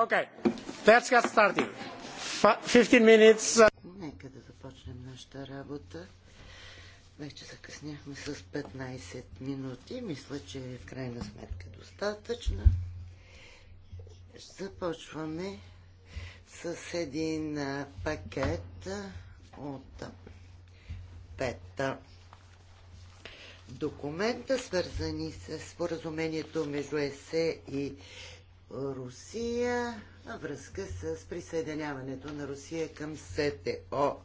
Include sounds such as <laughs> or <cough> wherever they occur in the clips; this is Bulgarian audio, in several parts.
Uh, Нека да започнем нашата работа. Вече закъсняхме с 15 минути. Мисля, че е в крайна сметка достатъчна. Започваме с един пакет от пета документа, свързани с споразумението между ЕСЕ и Русия във връзка с присъединяването на Русия към СТО.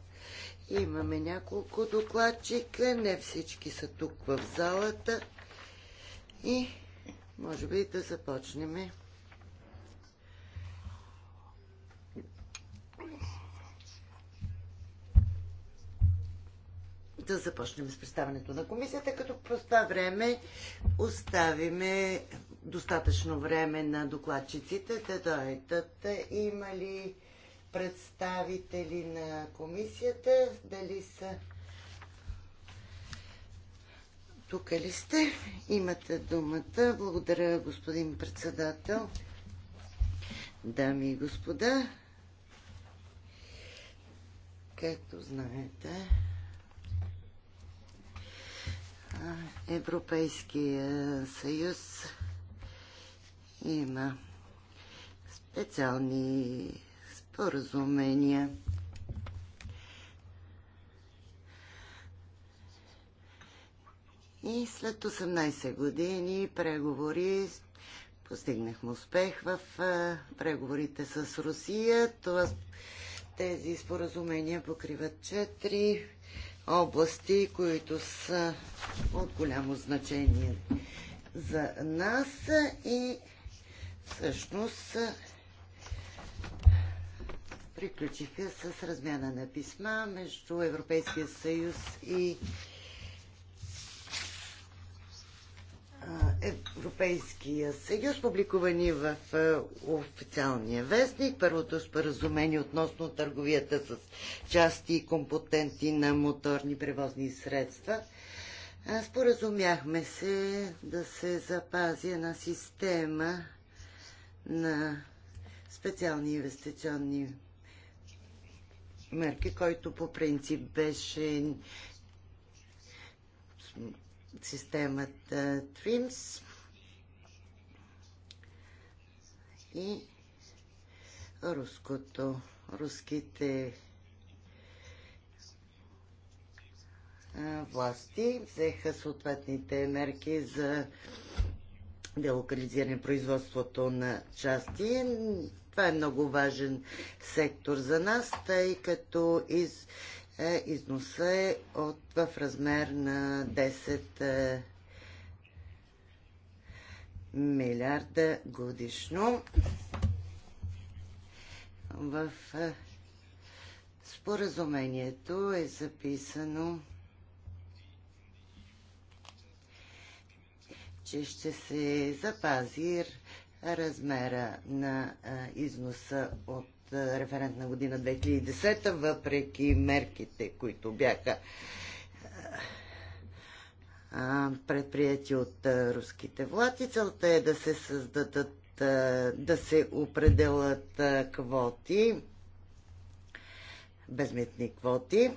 Имаме няколко докладчика, не всички са тук в залата и може би да започнем. да започнем с представането на комисията, като по това време оставиме достатъчно време на докладчиците да дойдат. Е, има ли представители на комисията? Дали са тук ли сте? Имате думата. Благодаря, господин председател. Дами и господа, както знаете, Европейския съюз има специални споразумения. И след 18 години преговори постигнахме успех в преговорите с Русия. Това, тези споразумения покриват 4 области, които са от голямо значение за нас и всъщност приключиха с размяна на писма между Европейския съюз и Европейския съюз, публикувани в официалния вестник. Първото споразумение относно търговията с части и компотенти на моторни превозни средства. Споразумяхме се да се запази една система на специални инвестиционни мерки, който по принцип беше системата TRIMS и руското, руските власти взеха съответните мерки за да локализираме производството на части. Това е много важен сектор за нас, тъй като из, е, износа е от, в размер на 10 е, милиарда годишно. В е, споразумението е записано че ще се запази размера на износа от референтна година 2010, въпреки мерките, които бяха предприяти от руските влади, Целта е да се създадат, да се определят квоти, безмитни квоти,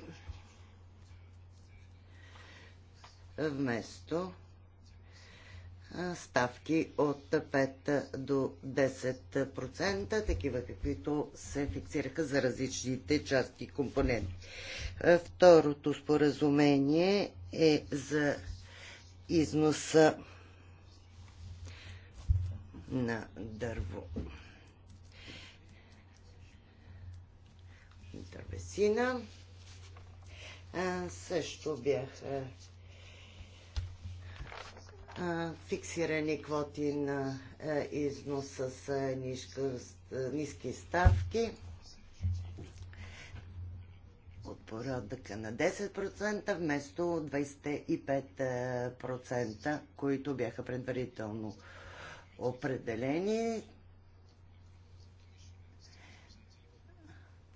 вместо ставки от 5 до 10%, такива каквито се фиксираха за различните части и компоненти. Второто споразумение е за износа на дърво. Дървесина. също бяха фиксирани квоти на е, износ с е, ниски ставки от порядъка на 10% вместо 25%, които бяха предварително определени.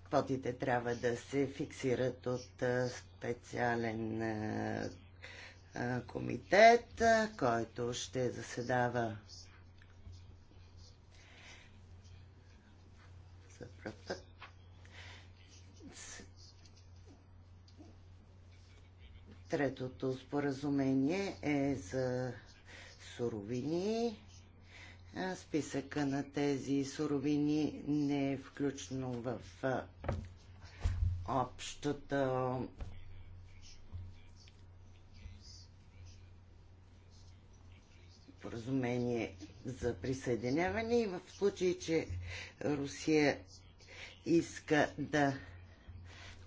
Квотите трябва да се фиксират от е, специален комитет, който ще заседава за пръв път. Третото споразумение е за суровини. Списъка на тези суровини не е включено в общото споразумение за присъединяване и в случай, че Русия иска да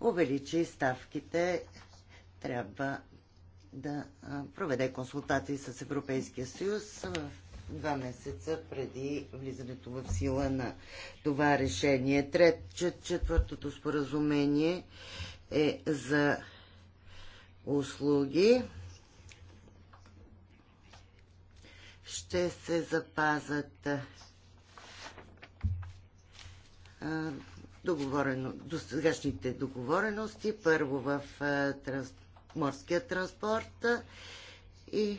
увеличи ставките, трябва да проведе консултации с Европейския съюз в два месеца преди влизането в сила на това решение. Трет, четвъртото споразумение е за услуги. ще се запазат договорено, до сегашните договорености, първо в транс, морския транспорт и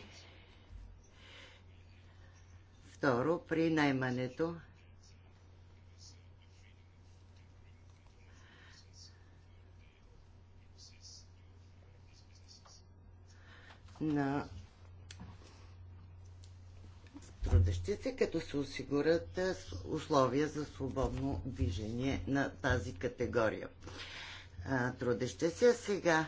второ при наймането на се, като се осигурят условия за свободно движение на тази категория трудещи се. Сега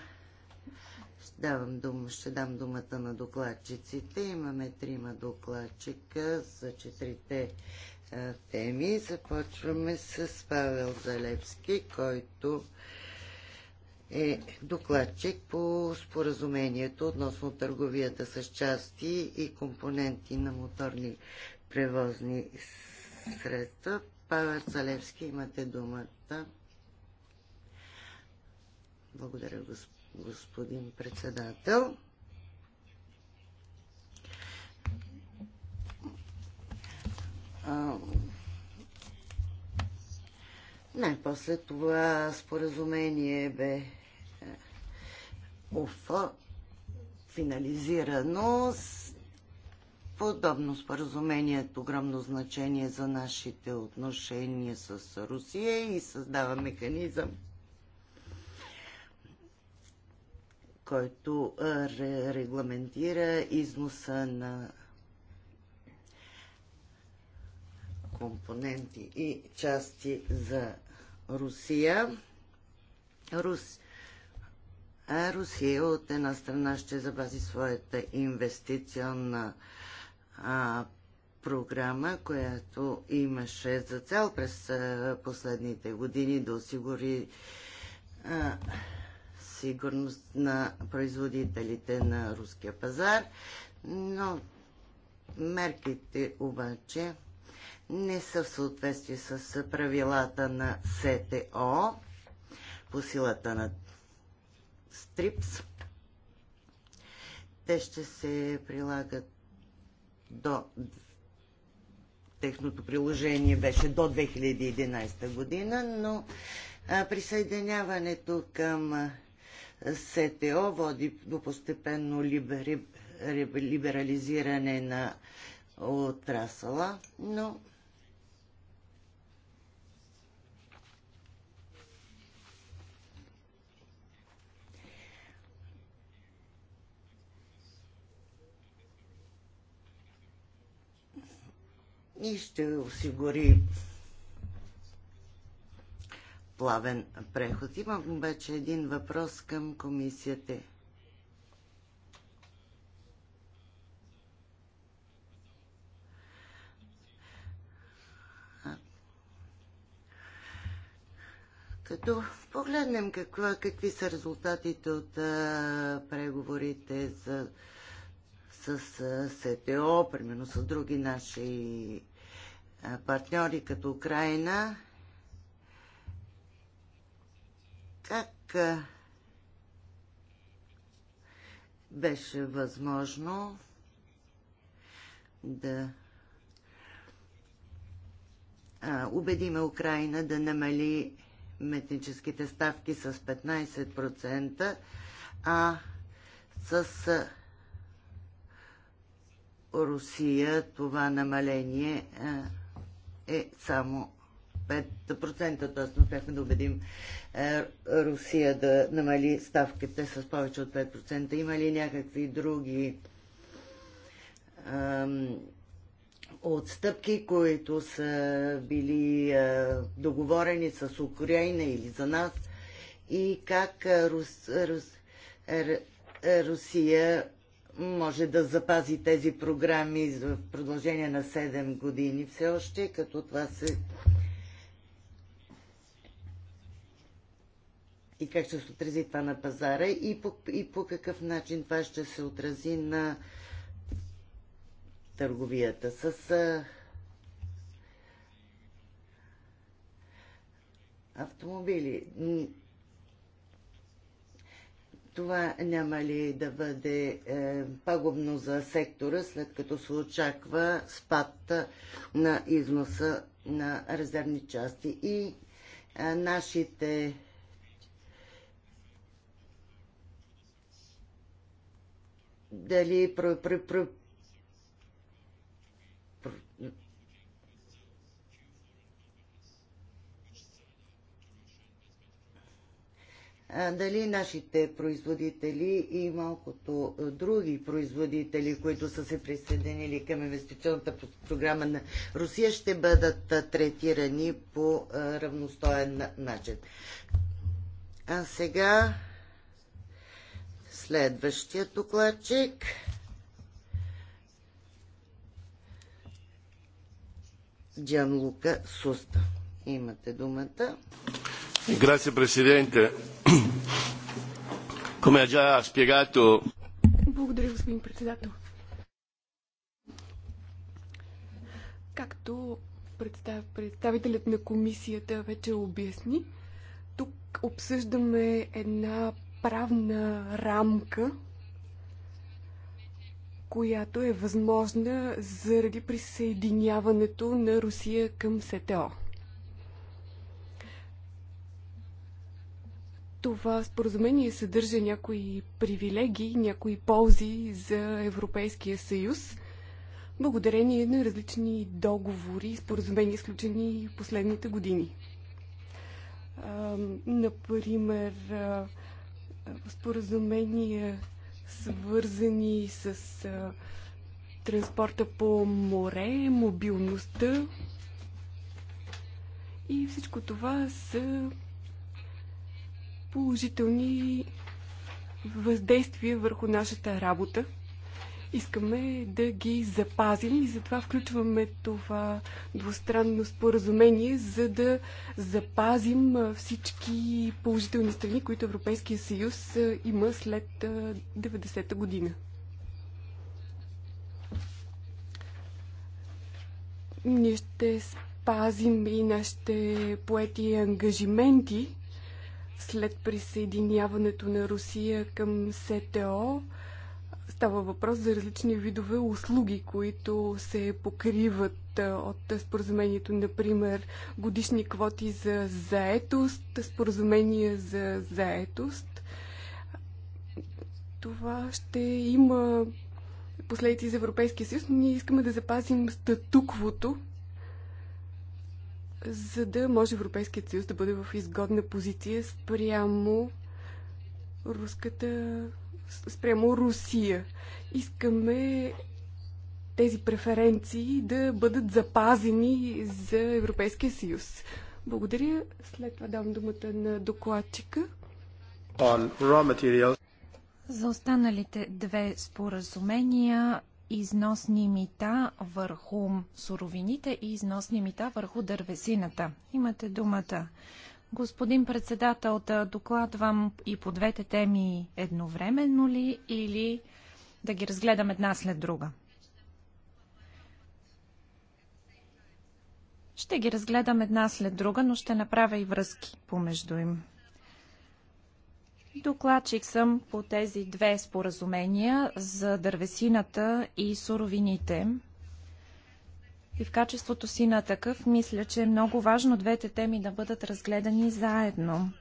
ще, давам дума, ще дам думата на докладчиците. Имаме трима докладчика за четирите теми. Започваме с Павел Залевски, който е докладчик по споразумението относно търговията с части и компоненти на моторни превозни средства. Павел Салевски, имате думата. Благодаря, господин председател. Най-после това споразумение бе УФА финализирано. С подобно споразумение е огромно значение за нашите отношения с Русия и създава механизъм, който регламентира износа на компоненти и части за Русия. Рус... Русия от една страна ще запази своята инвестиционна а, програма, която имаше за цел през а, последните години да осигури а, сигурност на производителите на руския пазар, но мерките обаче не са в съответствие с правилата на СТО по силата на СТРИПС. Те ще се прилагат до техното приложение беше до 2011 година, но присъединяването към СТО води до постепенно либерализиране на отрасъла, но и ще осигури плавен преход. Имам обаче един въпрос към комисията. Като погледнем какво, какви са резултатите от а, преговорите за с СТО, примерно с други наши партньори като Украина. Как беше възможно да убедиме Украина да намали метническите ставки с 15%, а с Русия това намаление е, е само 5%, т.е. не успяхме да убедим е, Русия да намали ставките с повече от 5%. Има ли някакви други отстъпки, които са били е, договорени с Украина или за нас и как Русия може да запази тези програми в продължение на 7 години все още, като това се... И как ще се отрази това на пазара и по, и по какъв начин това ще се отрази на търговията с автомобили това няма ли да бъде е, пагубно за сектора, след като се очаква спад на износа на резервни части и е, нашите дали дали нашите производители и малкото други производители, които са се присъединили към инвестиционната програма на Русия, ще бъдат третирани по равностоен начин. А сега следващия докладчик. Джан Лука Суста. Имате думата. Grazie Presidente. Come ha già spiegato... Благодаря, господин председател. Както представителят на комисията вече обясни, тук обсъждаме една правна рамка, която е възможна заради присъединяването на Русия към СТО. Това споразумение съдържа някои привилегии, някои ползи за Европейския съюз, благодарение на различни договори и споразумения, изключени последните години. Например, споразумения, свързани с транспорта по море, мобилността и всичко това са положителни въздействия върху нашата работа. Искаме да ги запазим и затова включваме това двустранно споразумение, за да запазим всички положителни страни, които Европейския съюз има след 90-та година. Ние ще спазим и нашите поети ангажименти след присъединяването на Русия към СТО. Става въпрос за различни видове услуги, които се покриват от споразумението, например годишни квоти за заетост, споразумение за заетост. Това ще има последици за Европейския съюз, но ние искаме да запазим статуквото за да може Европейският съюз да бъде в изгодна позиция спрямо руската, спрямо Русия. Искаме тези преференции да бъдат запазени за Европейския съюз. Благодаря. След това дам думата на докладчика. За останалите две споразумения износни мита върху суровините и износни мита върху дървесината. Имате думата. Господин председател, да докладвам и по двете теми едновременно ли или да ги разгледам една след друга? Ще ги разгледам една след друга, но ще направя и връзки помежду им. Докладчик съм по тези две споразумения за дървесината и суровините. И в качеството си на такъв, мисля, че е много важно двете теми да бъдат разгледани заедно.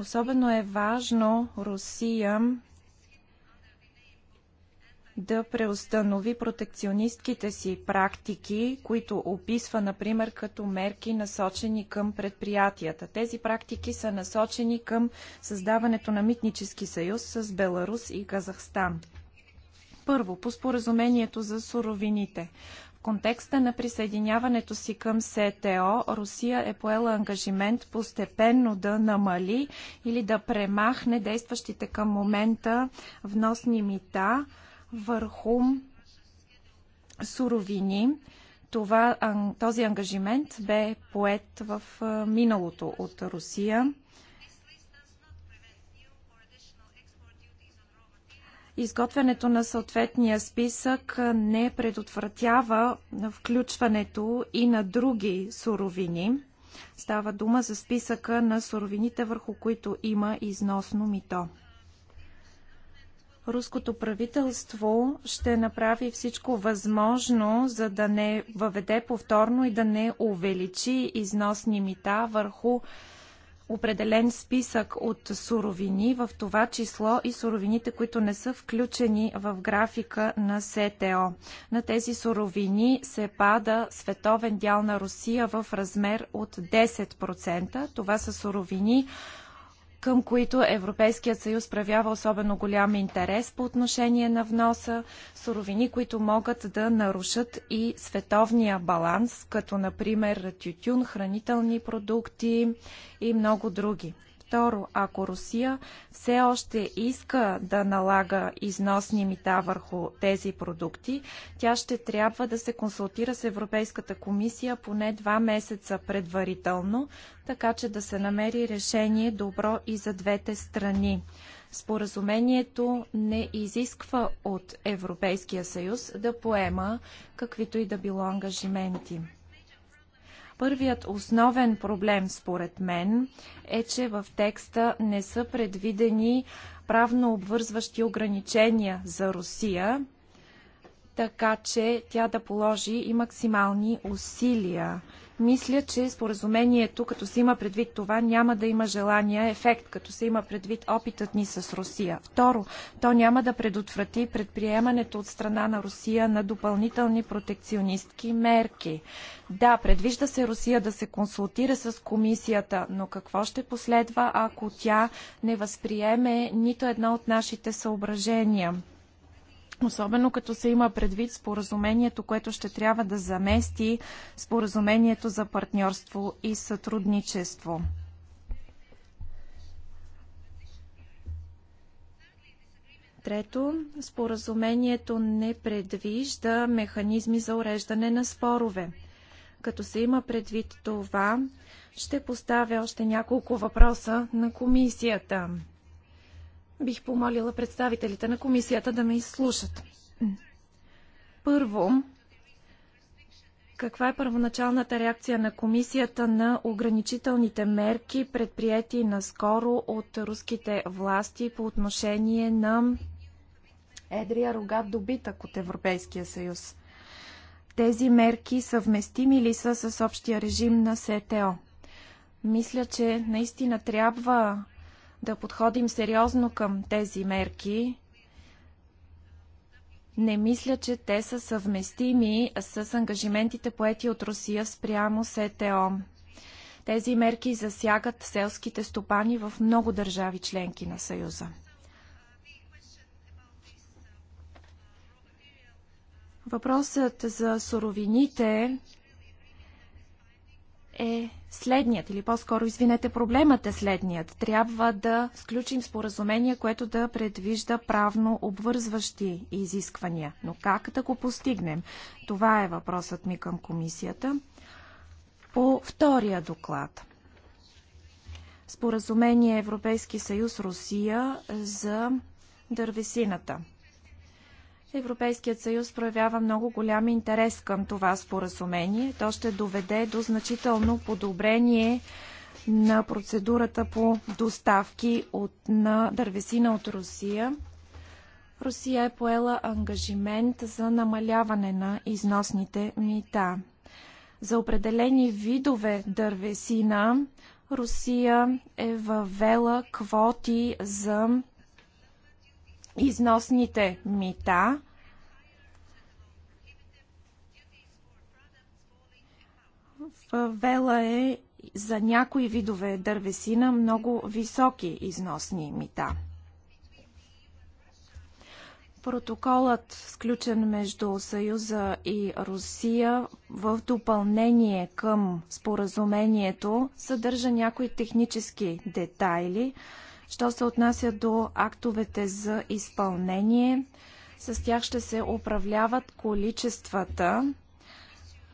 Особено е важно Русия да преустанови протекционистките си практики, които описва, например, като мерки насочени към предприятията. Тези практики са насочени към създаването на митнически съюз с Беларус и Казахстан. Първо, по споразумението за суровините. В контекста на присъединяването си към СТО, Русия е поела ангажимент постепенно да намали или да премахне действащите към момента вносни мита – върху суровини. Това, този ангажимент бе поет в миналото от Русия. Изготвянето на съответния списък не предотвратява включването и на други суровини. Става дума за списъка на суровините, върху които има износно мито руското правителство ще направи всичко възможно, за да не въведе повторно и да не увеличи износни мита върху определен списък от суровини, в това число и суровините, които не са включени в графика на СТО. На тези суровини се пада световен дял на Русия в размер от 10%. Това са суровини, към които Европейският съюз проявява особено голям интерес по отношение на вноса, суровини, които могат да нарушат и световния баланс, като например тютюн, хранителни продукти и много други. Второ, ако Русия все още иска да налага износни мита върху тези продукти, тя ще трябва да се консултира с Европейската комисия поне два месеца предварително, така че да се намери решение добро и за двете страни. Споразумението не изисква от Европейския съюз да поема каквито и да било ангажименти. Първият основен проблем, според мен, е, че в текста не са предвидени правно обвързващи ограничения за Русия, така че тя да положи и максимални усилия мисля, че споразумението, като се има предвид това, няма да има желания ефект, като се има предвид опитът ни с Русия. Второ, то няма да предотврати предприемането от страна на Русия на допълнителни протекционистки мерки. Да, предвижда се Русия да се консултира с комисията, но какво ще последва, ако тя не възприеме нито едно от нашите съображения? Особено като се има предвид споразумението, което ще трябва да замести споразумението за партньорство и сътрудничество. Трето, споразумението не предвижда механизми за уреждане на спорове. Като се има предвид това, ще поставя още няколко въпроса на комисията. Бих помолила представителите на комисията да ме изслушат. Първо, каква е първоначалната реакция на комисията на ограничителните мерки, предприяти наскоро от руските власти по отношение на едрия рогат добитък от Европейския съюз? Тези мерки съвместими ли са с общия режим на СТО? Мисля, че наистина трябва да подходим сериозно към тези мерки. Не мисля, че те са съвместими с ангажиментите поети от Русия спрямо СТО. Тези мерки засягат селските стопани в много държави членки на Съюза. Въпросът за суровините е следният, или по-скоро, извинете, проблемът е следният. Трябва да сключим споразумение, което да предвижда правно обвързващи изисквания. Но как да го постигнем? Това е въпросът ми към комисията. По втория доклад. Споразумение Европейски съюз Русия за дървесината. Европейският съюз проявява много голям интерес към това споразумение. То ще доведе до значително подобрение на процедурата по доставки от, на дървесина от Русия. Русия е поела ангажимент за намаляване на износните мита. За определени видове дървесина Русия е въвела квоти за износните мита. Вела е за някои видове дървесина много високи износни мита. Протоколът, сключен между Съюза и Русия в допълнение към споразумението, съдържа някои технически детайли, Що се отнася до актовете за изпълнение, с тях ще се управляват количествата.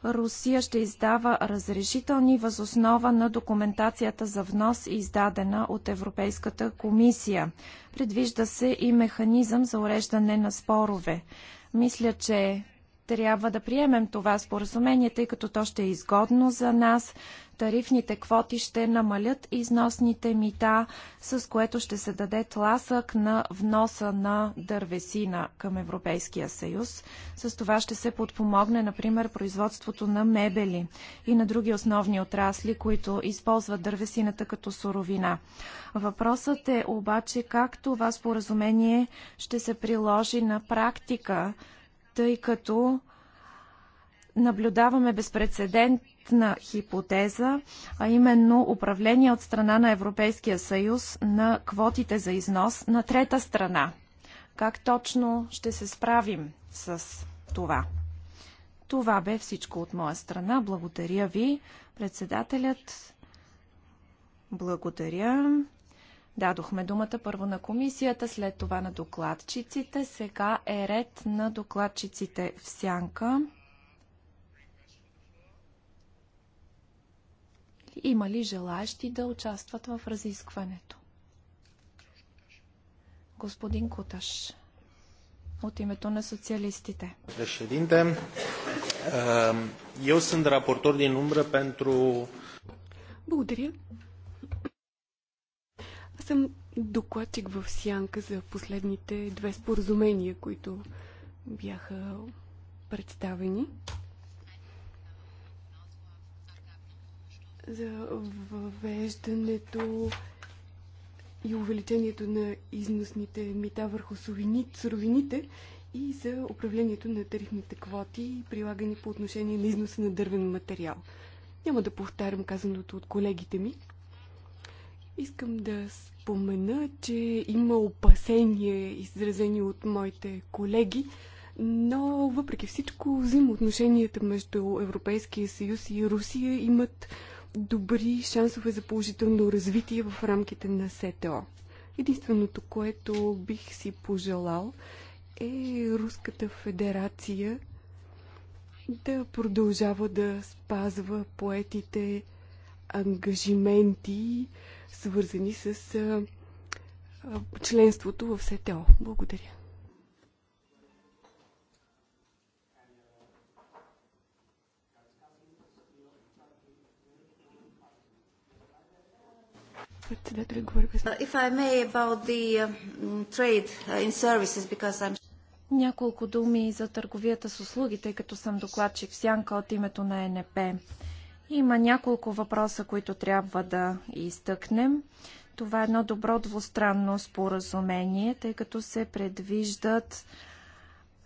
Русия ще издава разрешителни възоснова на документацията за внос, издадена от Европейската комисия. Предвижда се и механизъм за уреждане на спорове. Мисля, че трябва да приемем това споразумение, тъй като то ще е изгодно за нас, тарифните квоти ще намалят износните мита, с което ще се даде тласък на вноса на дървесина към Европейския съюз. С това ще се подпомогне, например, производството на мебели и на други основни отрасли, които използват дървесината като суровина. Въпросът е обаче как това споразумение ще се приложи на практика, тъй като наблюдаваме безпредседентно конкретна хипотеза, а именно управление от страна на Европейския съюз на квотите за износ на трета страна. Как точно ще се справим с това? Това бе всичко от моя страна. Благодаря ви, председателят. Благодаря. Дадохме думата първо на комисията, след това на докладчиците. Сега е ред на докладчиците в сянка. Има ли желащи да участват в разискването? Господин Куташ, от името на социалистите. Președинте, eu sunt raportor din umbră pentru... Благодаря. Аз съм докладчик в сянка за последните две споразумения, които бяха представени. за въвеждането и увеличението на износните мита върху суровините и за управлението на тарифните квоти, прилагани по отношение на износа на дървен материал. Няма да повтарям казаното от колегите ми. Искам да спомена, че има опасения, изразени от моите колеги, но въпреки всичко взаимоотношенията между Европейския съюз и Русия имат добри шансове за положително развитие в рамките на СТО. Единственото, което бих си пожелал е Руската федерация да продължава да спазва поетите ангажименти, свързани с членството в СТО. Благодаря. Uh, няколко думи за търговията с услуги, тъй като съм докладчик в Сянка от името на ЕНП. Има няколко въпроса, които трябва да изтъкнем. Това е едно добро двустранно споразумение, тъй като се предвиждат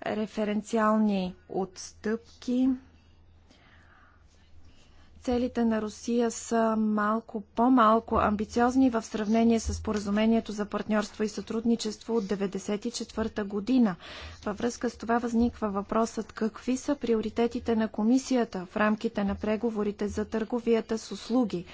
референциални отстъпки целите на Русия са малко по-малко амбициозни в сравнение с поразумението за партньорство и сътрудничество от 1994 година. Във връзка с това възниква въпросът какви са приоритетите на комисията в рамките на преговорите за търговията с услуги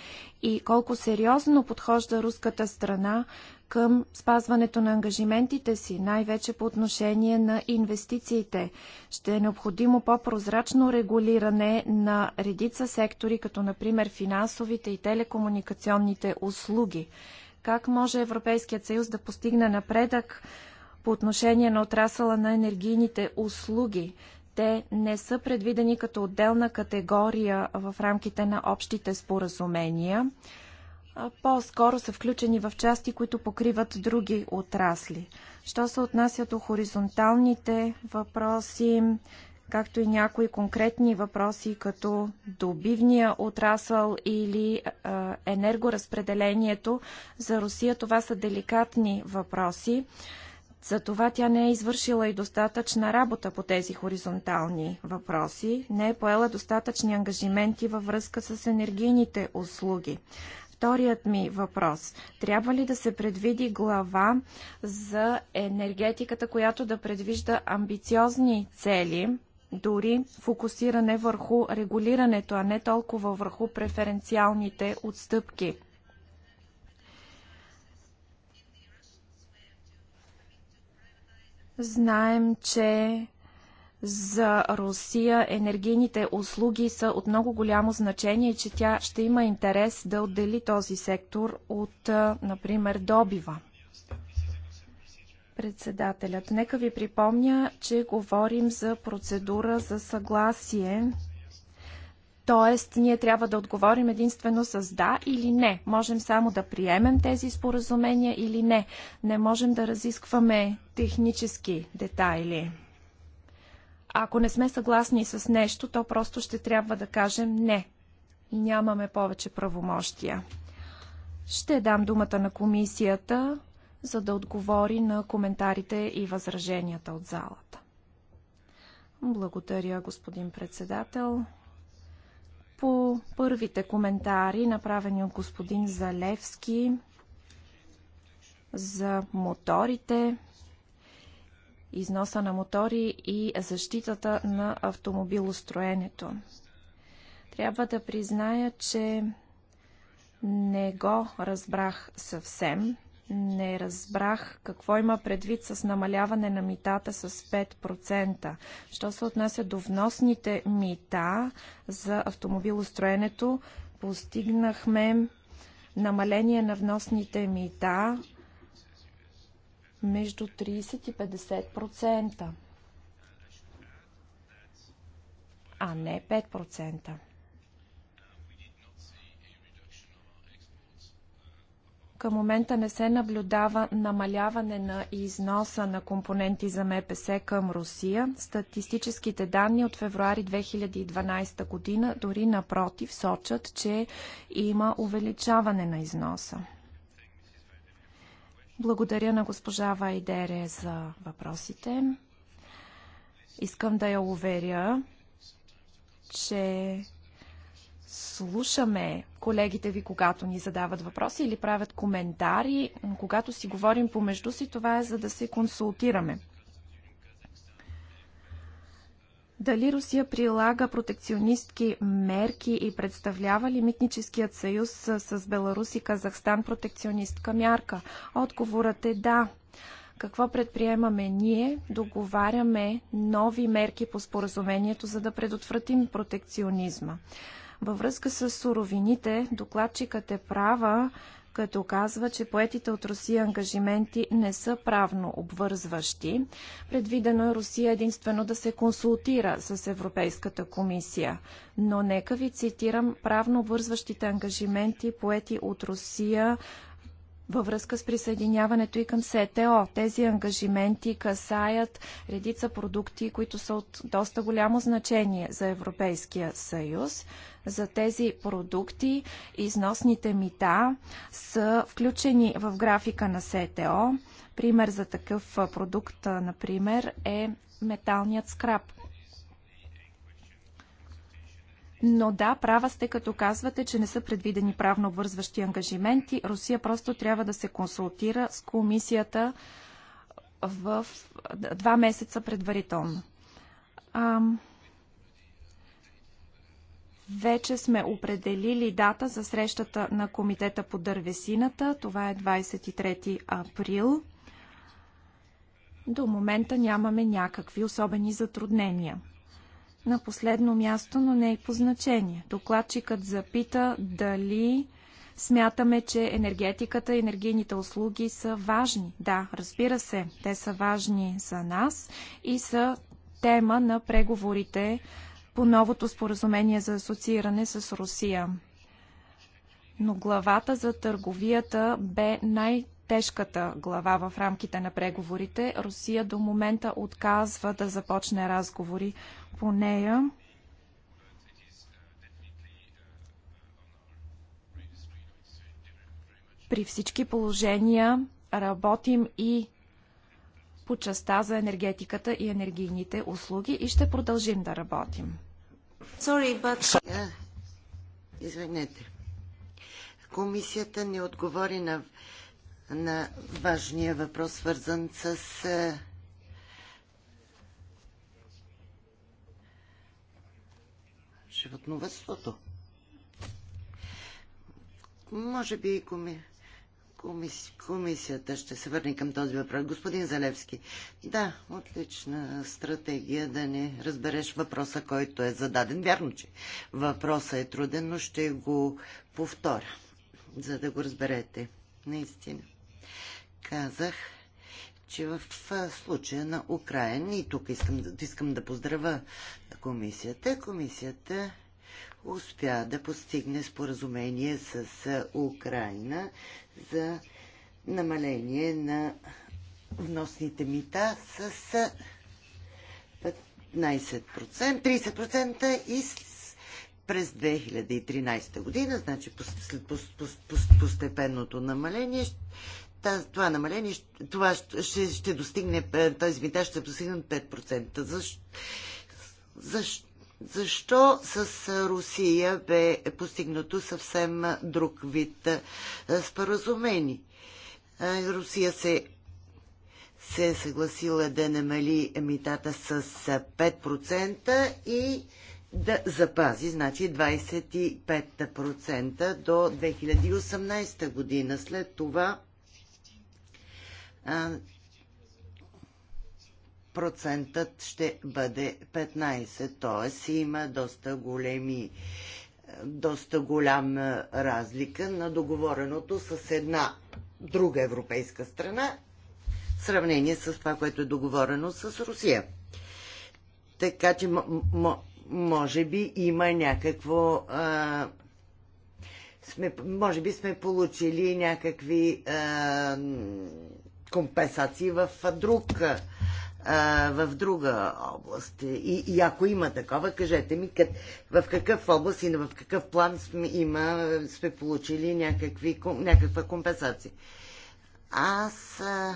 и колко сериозно подхожда руската страна към спазването на ангажиментите си, най-вече по отношение на инвестициите. Ще е необходимо по-прозрачно регулиране на редица сектори, като например финансовите и телекомуникационните услуги. Как може Европейският съюз да постигне напредък по отношение на отрасъла на енергийните услуги? те не са предвидени като отделна категория в рамките на общите споразумения. По-скоро са включени в части, които покриват други отрасли. Що се отнася до хоризонталните въпроси, както и някои конкретни въпроси, като добивния отрасъл или енергоразпределението, за Русия това са деликатни въпроси. Затова тя не е извършила и достатъчна работа по тези хоризонтални въпроси, не е поела достатъчни ангажименти във връзка с енергийните услуги. Вторият ми въпрос. Трябва ли да се предвиди глава за енергетиката, която да предвижда амбициозни цели, дори фокусиране върху регулирането, а не толкова върху преференциалните отстъпки? Знаем, че за Русия енергийните услуги са от много голямо значение и че тя ще има интерес да отдели този сектор от, например, добива. Председателят, нека ви припомня, че говорим за процедура за съгласие Тоест, ние трябва да отговорим единствено с да или не. Можем само да приемем тези споразумения или не. Не можем да разискваме технически детайли. Ако не сме съгласни с нещо, то просто ще трябва да кажем не. И нямаме повече правомощия. Ще дам думата на комисията, за да отговори на коментарите и възраженията от залата. Благодаря, господин председател по първите коментари, направени от господин Залевски за моторите, износа на мотори и защитата на автомобилостроенето. Трябва да призная, че не го разбрах съвсем. Не разбрах какво има предвид с намаляване на митата с 5%. Що се отнася до вносните мита за автомобилостроенето, постигнахме намаление на вносните мита между 30 и 50%, а не 5%. Към момента не се наблюдава намаляване на износа на компоненти за МПС към Русия. Статистическите данни от февруари 2012 година дори напротив сочат, че има увеличаване на износа. Благодаря на госпожа Вайдере за въпросите. Искам да я уверя, че слушаме колегите ви, когато ни задават въпроси или правят коментари. Когато си говорим помежду си, това е за да се консултираме. Дали Русия прилага протекционистки мерки и представлява ли митническият съюз с Беларус и Казахстан протекционистка мярка? Отговорът е да. Какво предприемаме ние? Договаряме нови мерки по споразумението, за да предотвратим протекционизма. Във връзка с суровините, докладчикът е права, като казва, че поетите от Русия ангажименти не са правно обвързващи. Предвидено е Русия единствено да се консултира с Европейската комисия. Но нека ви цитирам правно обвързващите ангажименти, поети от Русия във връзка с присъединяването и към СТО. Тези ангажименти касаят редица продукти, които са от доста голямо значение за Европейския съюз за тези продукти. Износните мита са включени в графика на СТО. Пример за такъв продукт, например, е металният скраб. Но да, права сте като казвате, че не са предвидени правно обвързващи ангажименти. Русия просто трябва да се консултира с комисията в два месеца предварително. Ам... Вече сме определили дата за срещата на Комитета по дървесината. Това е 23 април. До момента нямаме някакви особени затруднения. На последно място, но не и е по значение. Докладчикът запита дали смятаме, че енергетиката и енергийните услуги са важни. Да, разбира се, те са важни за нас и са тема на преговорите по новото споразумение за асоцииране с Русия. Но главата за търговията бе най- тежката глава в рамките на преговорите. Русия до момента отказва да започне разговори по нея. При всички положения работим и по частта за енергетиката и енергийните услуги и ще продължим да работим. Sorry, but... извинете. Комисията не отговори на, на важния въпрос, свързан с животновътството. Може би и комисията. Комисията ще се върне към този въпрос. Господин Залевски, да, отлична стратегия да не разбереш въпроса, който е зададен. Вярно, че въпросът е труден, но ще го повторя, за да го разберете. Наистина. Казах, че в случая на Украина, и тук искам, искам да поздравя комисията, комисията успя да постигне споразумение с Украина за намаление на вносните мита с 15%, 30% и през 2013 година, значи след постепенното намаление, това намаление, това ще, ще достигне, тази мита ще достигне 5%. Защо? Защо? Защо с Русия бе постигнато съвсем друг вид споразумени? Русия се се е съгласила да намали емитата с 5% и да запази, значи 25% до 2018 година. След това процентът ще бъде 15, т.е. има доста големи доста голяма разлика на договореното с една друга европейска страна в сравнение с това, което е договорено с Русия. Така че може би има някакво. А, сме, може би сме получили някакви а, компенсации в друг в друга област. И, и ако има такова, кажете ми кът, в какъв област и в какъв план сме, има, сме получили някакви, някаква компенсация. Аз а,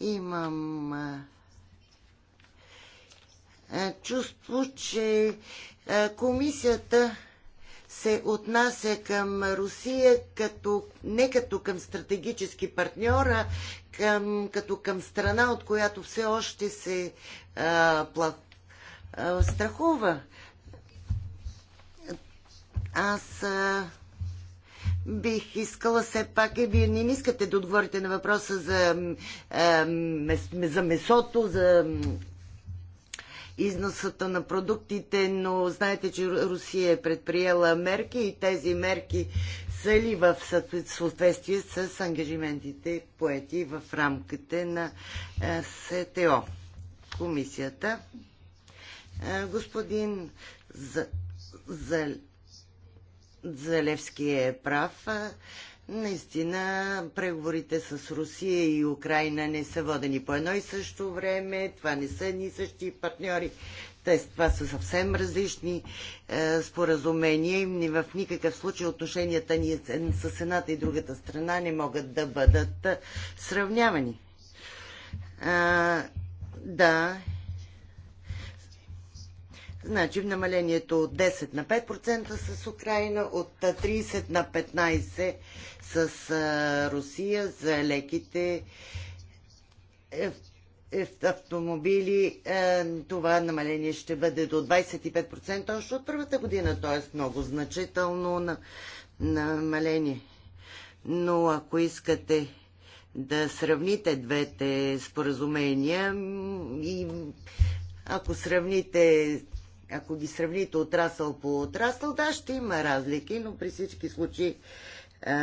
имам а, чувство, че а, комисията се отнася към Русия като, не като към стратегически партньор, а към, като към страна, от която все още се а, пла, а, страхува. Аз а, бих искала все пак, и е, вие не искате да отговорите на въпроса за, а, мес, за месото, за износата на продуктите, но знаете, че Русия е предприела мерки и тези мерки са ли в съответствие с ангажиментите поети в рамките на е, СТО? Комисията. Е, господин Залевски е прав. Е, Наистина, преговорите с Русия и Украина не са водени по едно и също време. Това не са ни същи партньори. Те, това са съвсем различни е, споразумения и в никакъв случай отношенията ни е с едната и другата страна не могат да бъдат е, сравнявани. А, да, Значи намалението от 10 на 5% с Украина, от 30 на 15% с Русия за леките е, е, автомобили е, това намаление ще бъде до 25% още от първата година, т.е. много значително намаление. Но ако искате да сравните двете споразумения и ако сравните ако ги сравните отрасъл по отрасъл, да, ще има разлики, но при всички случаи е,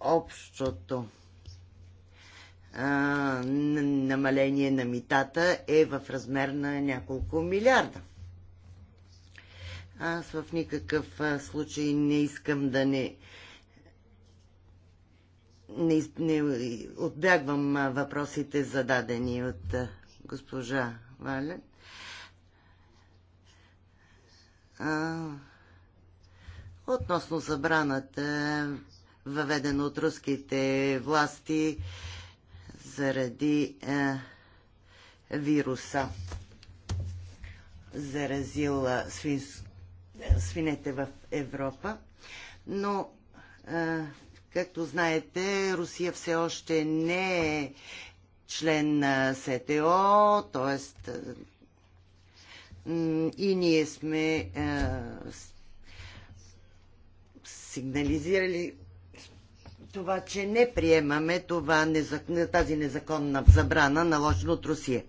общото е, намаление на митата е в размер на няколко милиарда. Аз в никакъв случай не искам да не, не, не отбягвам въпросите зададени от госпожа Вален. относно забраната, въведена от руските власти заради а, вируса, заразил свин, свинете в Европа. Но, а, както знаете, Русия все още не е член на СТО, т.е и ние сме сигнализирали това, че не приемаме това, тази незаконна забрана, наложена от Русия.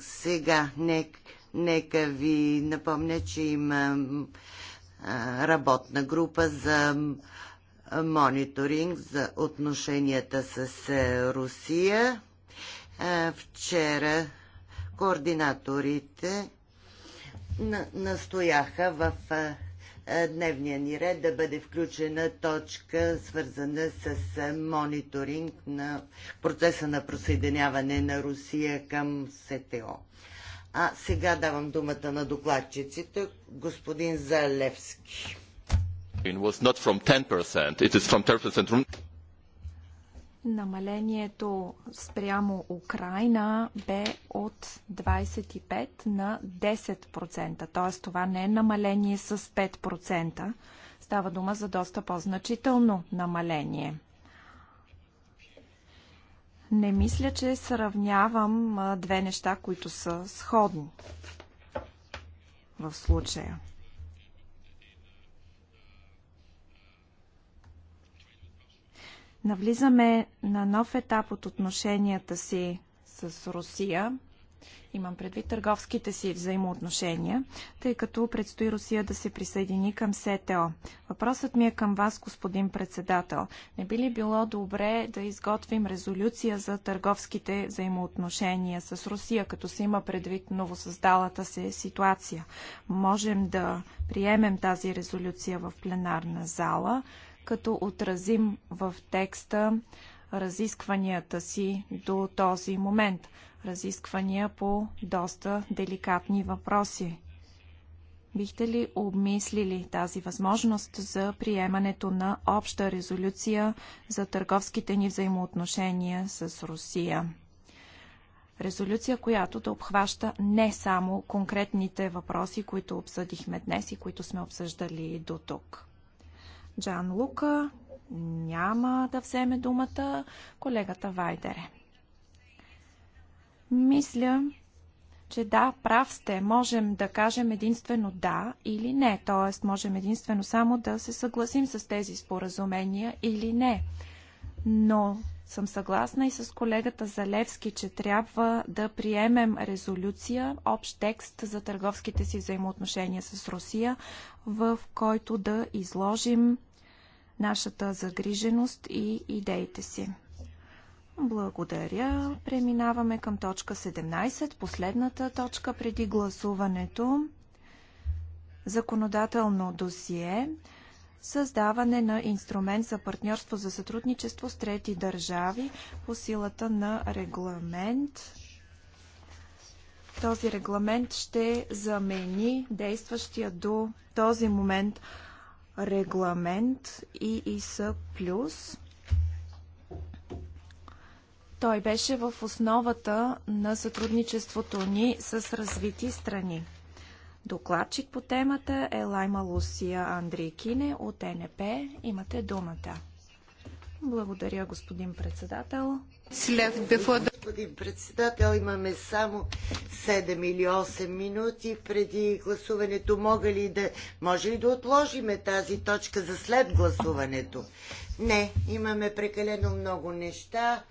Сега, нека, нека ви напомня, че има работна група за мониторинг за отношенията с Русия. Вчера Координаторите настояха в дневния ни ред да бъде включена точка, свързана с мониторинг на процеса на присъединяване на Русия към СТО. А сега давам думата на докладчиците, господин Залевски. It was not from 10%, it is from 10% Намалението спрямо Украина бе от 25 на 10%, т.е. това не е намаление с 5%. Става дума за доста по-значително намаление. Не мисля, че сравнявам две неща, които са сходни в случая. Навлизаме на нов етап от отношенията си с Русия. Имам предвид търговските си взаимоотношения, тъй като предстои Русия да се присъедини към СТО. Въпросът ми е към вас, господин председател. Не би ли било добре да изготвим резолюция за търговските взаимоотношения с Русия, като се има предвид новосъздалата се ситуация? Можем да приемем тази резолюция в пленарна зала като отразим в текста разискванията си до този момент. Разисквания по доста деликатни въпроси. Бихте ли обмислили тази възможност за приемането на обща резолюция за търговските ни взаимоотношения с Русия? Резолюция, която да обхваща не само конкретните въпроси, които обсъдихме днес и които сме обсъждали до тук. Джан Лука няма да вземе думата колегата Вайдере. Мисля, че да, прав сте. Можем да кажем единствено да или не. Тоест, можем единствено само да се съгласим с тези споразумения или не. Но съм съгласна и с колегата Залевски, че трябва да приемем резолюция, общ текст за търговските си взаимоотношения с Русия, в който да изложим нашата загриженост и идеите си. Благодаря. Преминаваме към точка 17, последната точка преди гласуването. Законодателно досие създаване на инструмент за партньорство за сътрудничество с трети държави по силата на регламент. Този регламент ще замени действащия до този момент регламент ИИС+. Той беше в основата на сътрудничеството ни с развити страни. Докладчик по темата е Лайма Лусия Андрейкине от НП. Имате думата. Благодаря, господин председател. След before... Господин председател, имаме само 7 или 8 минути преди гласуването. Мога ли да... Може ли да отложиме тази точка за след гласуването? Не, имаме прекалено много неща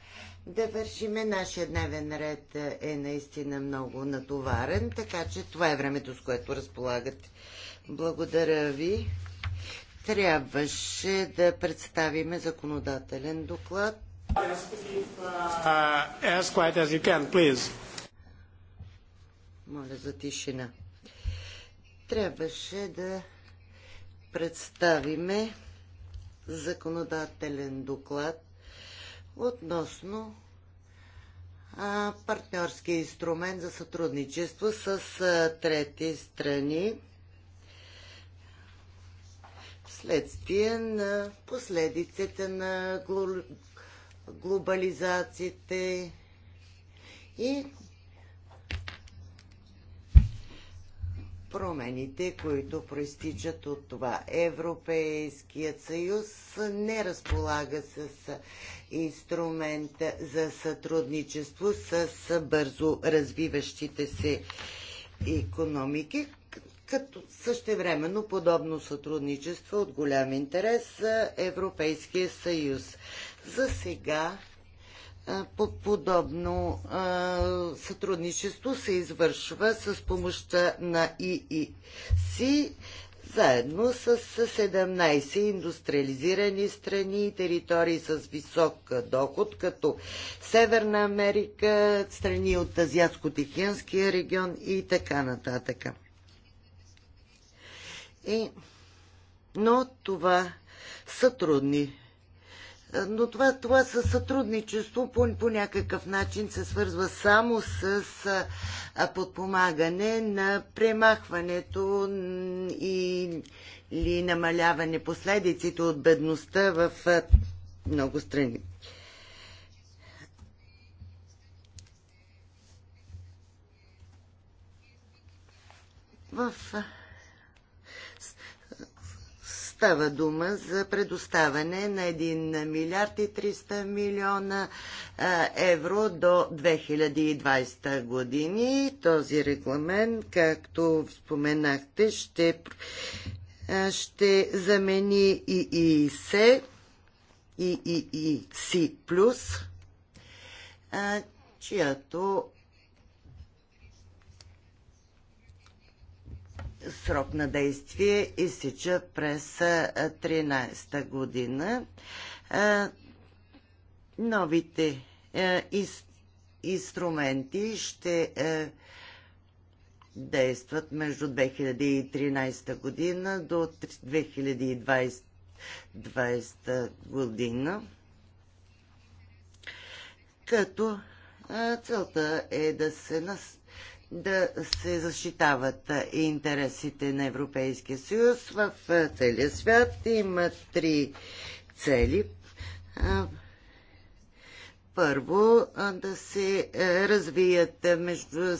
да вършиме. Нашия дневен ред е, е наистина много натоварен, така че това е времето, с което разполагате. Благодаря ви. Трябваше да представиме законодателен доклад. Uh, as quiet as you can, please. Моля за тишина. Трябваше да представиме законодателен доклад относно партньорски инструмент за сътрудничество с трети страни вследствие на последиците на глобализациите и промените, които проистичат от това. Европейският съюз не разполага с инструмента за сътрудничество с бързо развиващите се економики, като същевременно подобно сътрудничество от голям интерес за Европейския съюз. За сега по подобно сътрудничество се извършва с помощта на ИИС заедно с 17 индустриализирани страни и територии с висок доход, като Северна Америка, страни от Азиатско-Тихиянския регион и така нататък. И... Но това са трудни но това, това със сътрудничество по, по някакъв начин се свързва само с подпомагане на премахването и, или намаляване последиците от бедността в много страни. В Става дума за предоставяне на 1 милиард и 300 милиона евро до 2020 години. Този регламент, както споменахте, ще, ще замени и ИИС, и ИИС+, чиято срок на действие изсича през 13-та година. Новите инструменти ще действат между 2013 година до 2020 година, като целта е да се настъпи да се защитават интересите на Европейския съюз в целия свят. Има три цели. Първо, да се развият между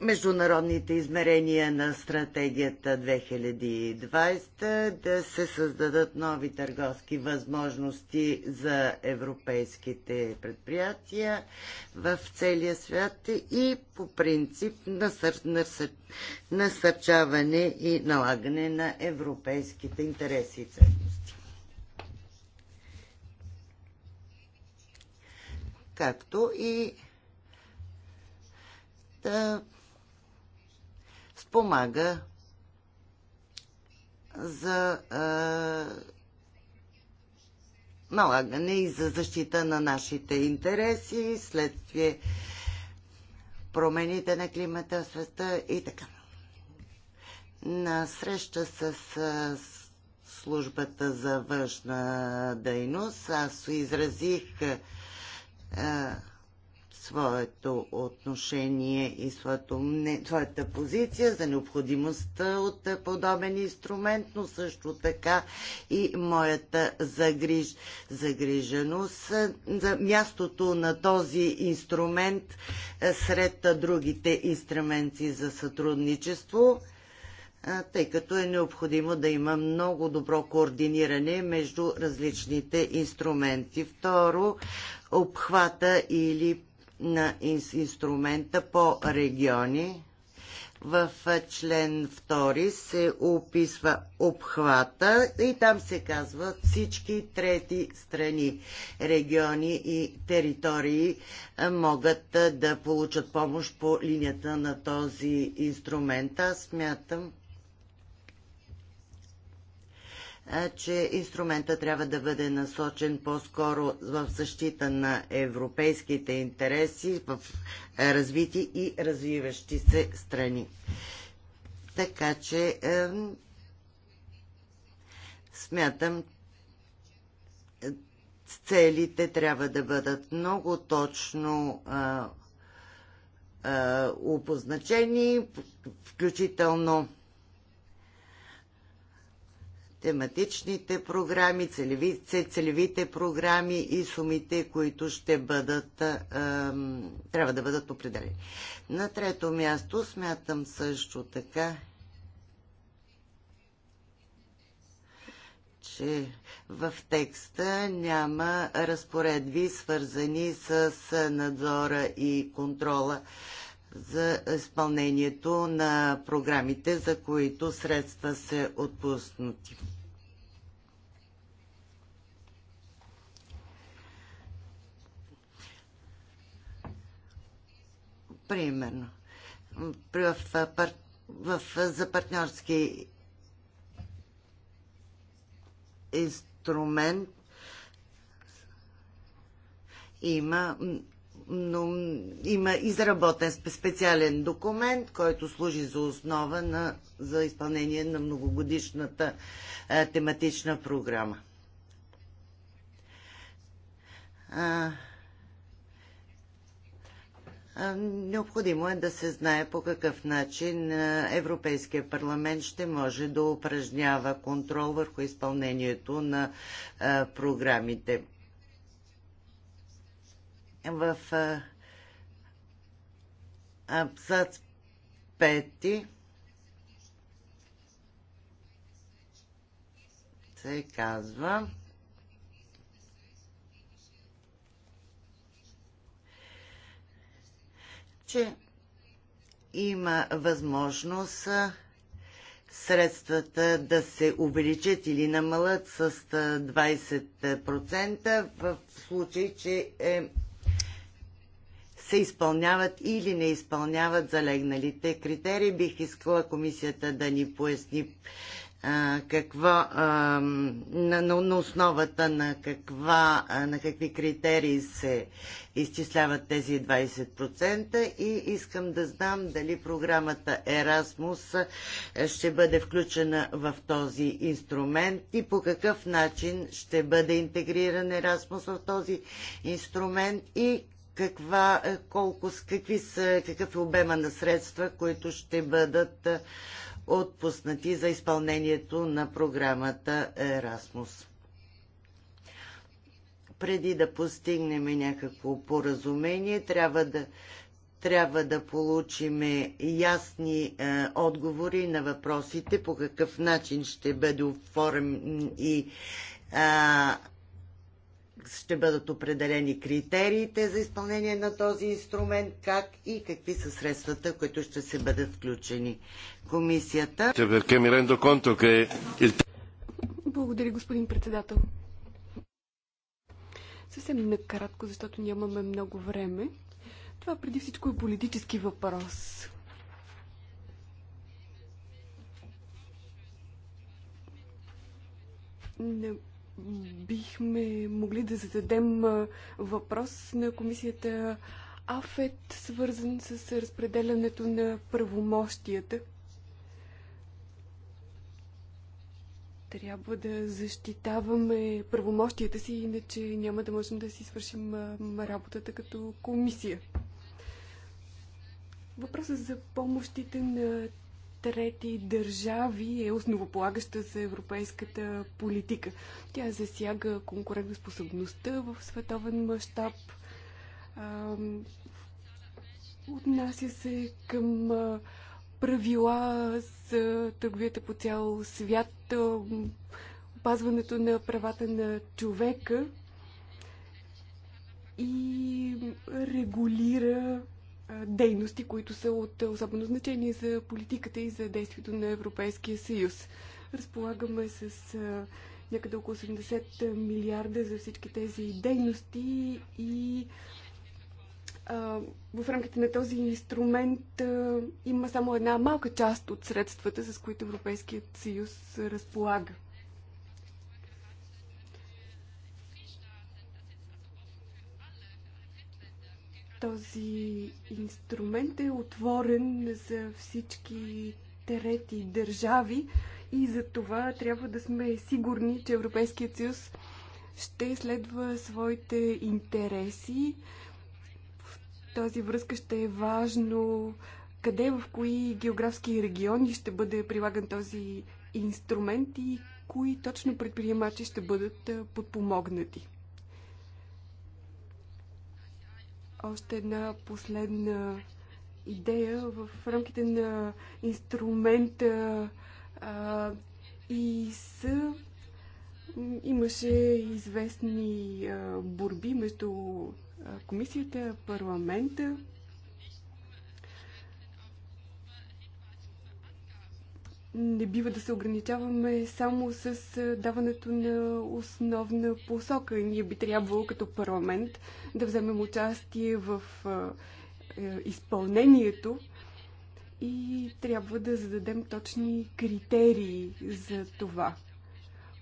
международните измерения на стратегията 2020, да се създадат нови търговски възможности за европейските предприятия в целия свят и по принцип насър... насър... насърчаване и налагане на европейските интереси и ценности. Както и да спомага за налагане и за защита на нашите интереси, следствие промените на климата в света и така. На среща с, с службата за външна дейност аз изразих а, своето отношение и своето, не, своята позиция за необходимостта от подобен инструмент, но също така и моята загриж, загриженост е, за мястото на този инструмент е, сред другите инструменти за сътрудничество е, тъй като е необходимо да има много добро координиране между различните инструменти. Второ, обхвата или на инструмента по региони. В член 2 се описва обхвата и там се казват всички трети страни, региони и територии могат да получат помощ по линията на този инструмент. Аз смятам, че инструмента трябва да бъде насочен по-скоро в защита на европейските интереси в развити и развиващи се страни. Така че е, смятам, целите трябва да бъдат много точно е, е, обозначени, включително тематичните програми, целевите, целевите програми и сумите, които ще бъдат, е, трябва да бъдат определени. На трето място смятам също така, че в текста няма разпоредби, свързани с надзора и контрола за изпълнението на програмите, за които средства се отпуснати. Примерно, в, в, в, за партньорски инструмент има но има изработен специален документ, който служи за основа на, за изпълнение на многогодишната а, тематична програма. А, Необходимо е да се знае по какъв начин Европейския парламент ще може да упражнява контрол върху изпълнението на програмите в абзац 5 се казва че има възможност средствата да се увеличат или намалят с 20% в случай, че е се изпълняват или не изпълняват залегналите критерии. Бих искала комисията да ни поясни а, какво, а, на, на основата на, каква, на какви критерии се изчисляват тези 20% и искам да знам дали програмата Erasmus ще бъде включена в този инструмент и по какъв начин ще бъде интегриран Erasmus в този инструмент и каква, е, колко, какви са, какъв е обема на средства, които ще бъдат е, отпуснати за изпълнението на програмата Erasmus. Преди да постигнем някакво поразумение, трябва да, трябва да получим ясни е, отговори на въпросите по какъв начин ще бъде оформен и е, ще бъдат определени критериите за изпълнение на този инструмент, как и какви са средствата, които ще се бъдат включени. Комисията. Благодаря, господин председател. Съвсем накратко, защото нямаме много време. Това преди всичко е политически въпрос. Не бихме могли да зададем въпрос на комисията АФЕТ, свързан с разпределянето на правомощията. Трябва да защитаваме правомощията си, иначе няма да можем да си свършим работата като комисия. Въпросът за помощите на трети държави е основополагаща за европейската политика. Тя засяга конкурентоспособността в световен мащаб. Отнася се към правила за търговията по цял свят, опазването на правата на човека и регулира дейности, които са от особено значение за политиката и за действието на Европейския съюз. Разполагаме с някъде около 70 милиарда за всички тези дейности и в рамките на този инструмент има само една малка част от средствата, с които Европейският съюз разполага. Този инструмент е отворен за всички трети държави и за това трябва да сме сигурни, че Европейският съюз ще следва своите интереси. В тази връзка ще е важно къде, в кои географски региони ще бъде прилаган този инструмент и кои точно предприемачи ще бъдат подпомогнати. Още една последна идея в рамките на инструмента а, и с имаше известни а, борби между комисията, парламента, не бива да се ограничаваме само с даването на основна посока. Ние би трябвало като парламент да вземем участие в е, изпълнението и трябва да зададем точни критерии за това.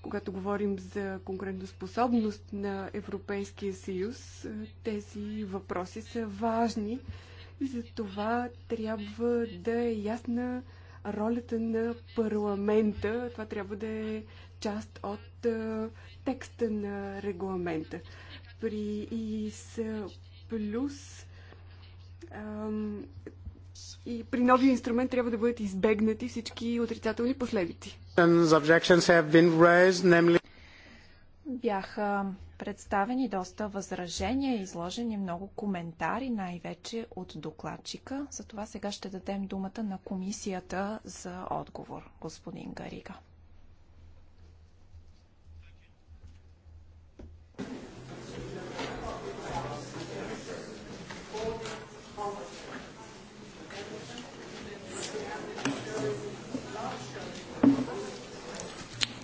Когато говорим за конкурентоспособност на Европейския съюз, тези въпроси са важни и за това трябва да е ясна ролята на парламента, това трябва да е част от текста на регламента. При ИС плюс и при новия инструмент трябва да бъдат избегнати всички отрицателни последици. Бяха представени доста възражения, изложени много коментари, най-вече от докладчика. Затова сега ще дадем думата на комисията за отговор, господин Гарига.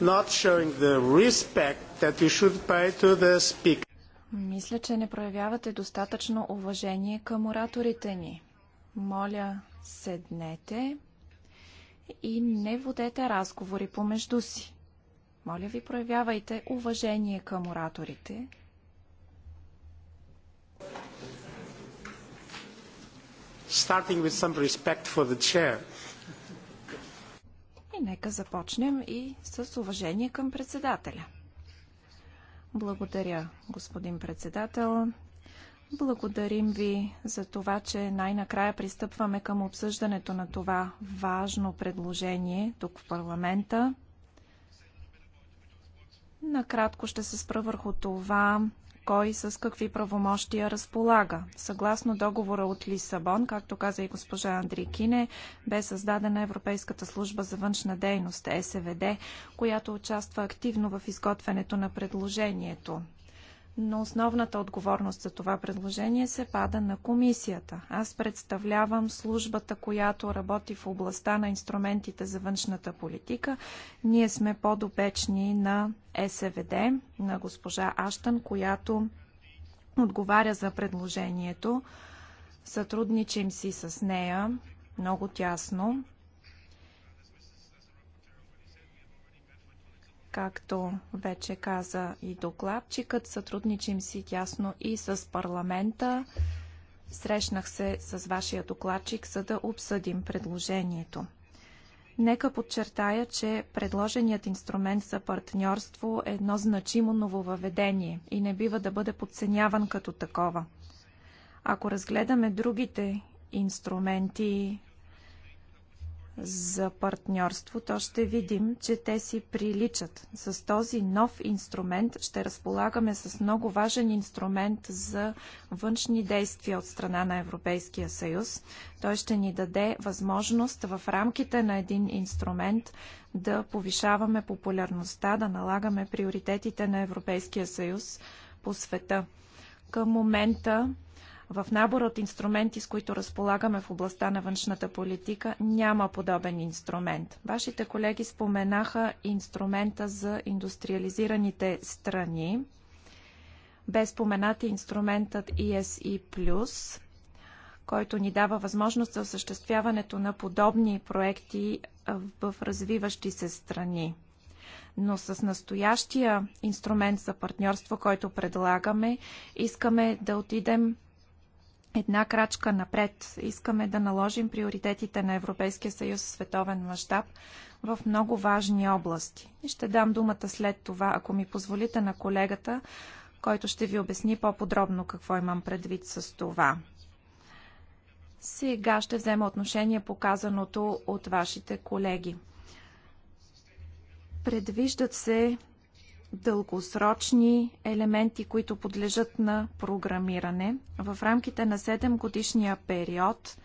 not showing the respect that you should pay to the speaker. Мисля, че не проявявате достатъчно уважение към ораторите ни. Моля, седнете и не водете разговори помежду си. Моля ви, проявявайте уважение към ораторите. Starting with some respect for the chair нека започнем и с уважение към председателя. Благодаря, господин председател. Благодарим ви за това, че най-накрая пристъпваме към обсъждането на това важно предложение тук в парламента. Накратко ще се спра върху това, кой с какви правомощия разполага. Съгласно договора от Лисабон, както каза и госпожа Кине, бе създадена Европейската служба за външна дейност, СВД, която участва активно в изготвянето на предложението но основната отговорност за това предложение се пада на комисията. Аз представлявам службата, която работи в областта на инструментите за външната политика. Ние сме подопечни на СВД, на госпожа Аштън, която отговаря за предложението. Сътрудничим си с нея много тясно. Както вече каза и докладчикът, сътрудничим си тясно и с парламента. Срещнах се с вашия докладчик, за да обсъдим предложението. Нека подчертая, че предложеният инструмент за партньорство е едно значимо нововъведение и не бива да бъде подценяван като такова. Ако разгледаме другите инструменти за партньорство, то ще видим, че те си приличат. С този нов инструмент ще разполагаме с много важен инструмент за външни действия от страна на Европейския съюз. Той ще ни даде възможност в рамките на един инструмент да повишаваме популярността, да налагаме приоритетите на Европейския съюз по света. Към момента в набора от инструменти, с които разполагаме в областта на външната политика, няма подобен инструмент. Вашите колеги споменаха инструмента за индустриализираните страни. Бе споменат инструментът ESE+, e който ни дава възможност за осъществяването на подобни проекти в развиващи се страни но с настоящия инструмент за партньорство, който предлагаме, искаме да отидем една крачка напред. Искаме да наложим приоритетите на Европейския съюз в световен мащаб в много важни области. И ще дам думата след това, ако ми позволите, на колегата, който ще ви обясни по-подробно какво имам предвид с това. Сега ще взема отношение по казаното от вашите колеги. Предвиждат се дългосрочни елементи, които подлежат на програмиране. В рамките на 7 годишния период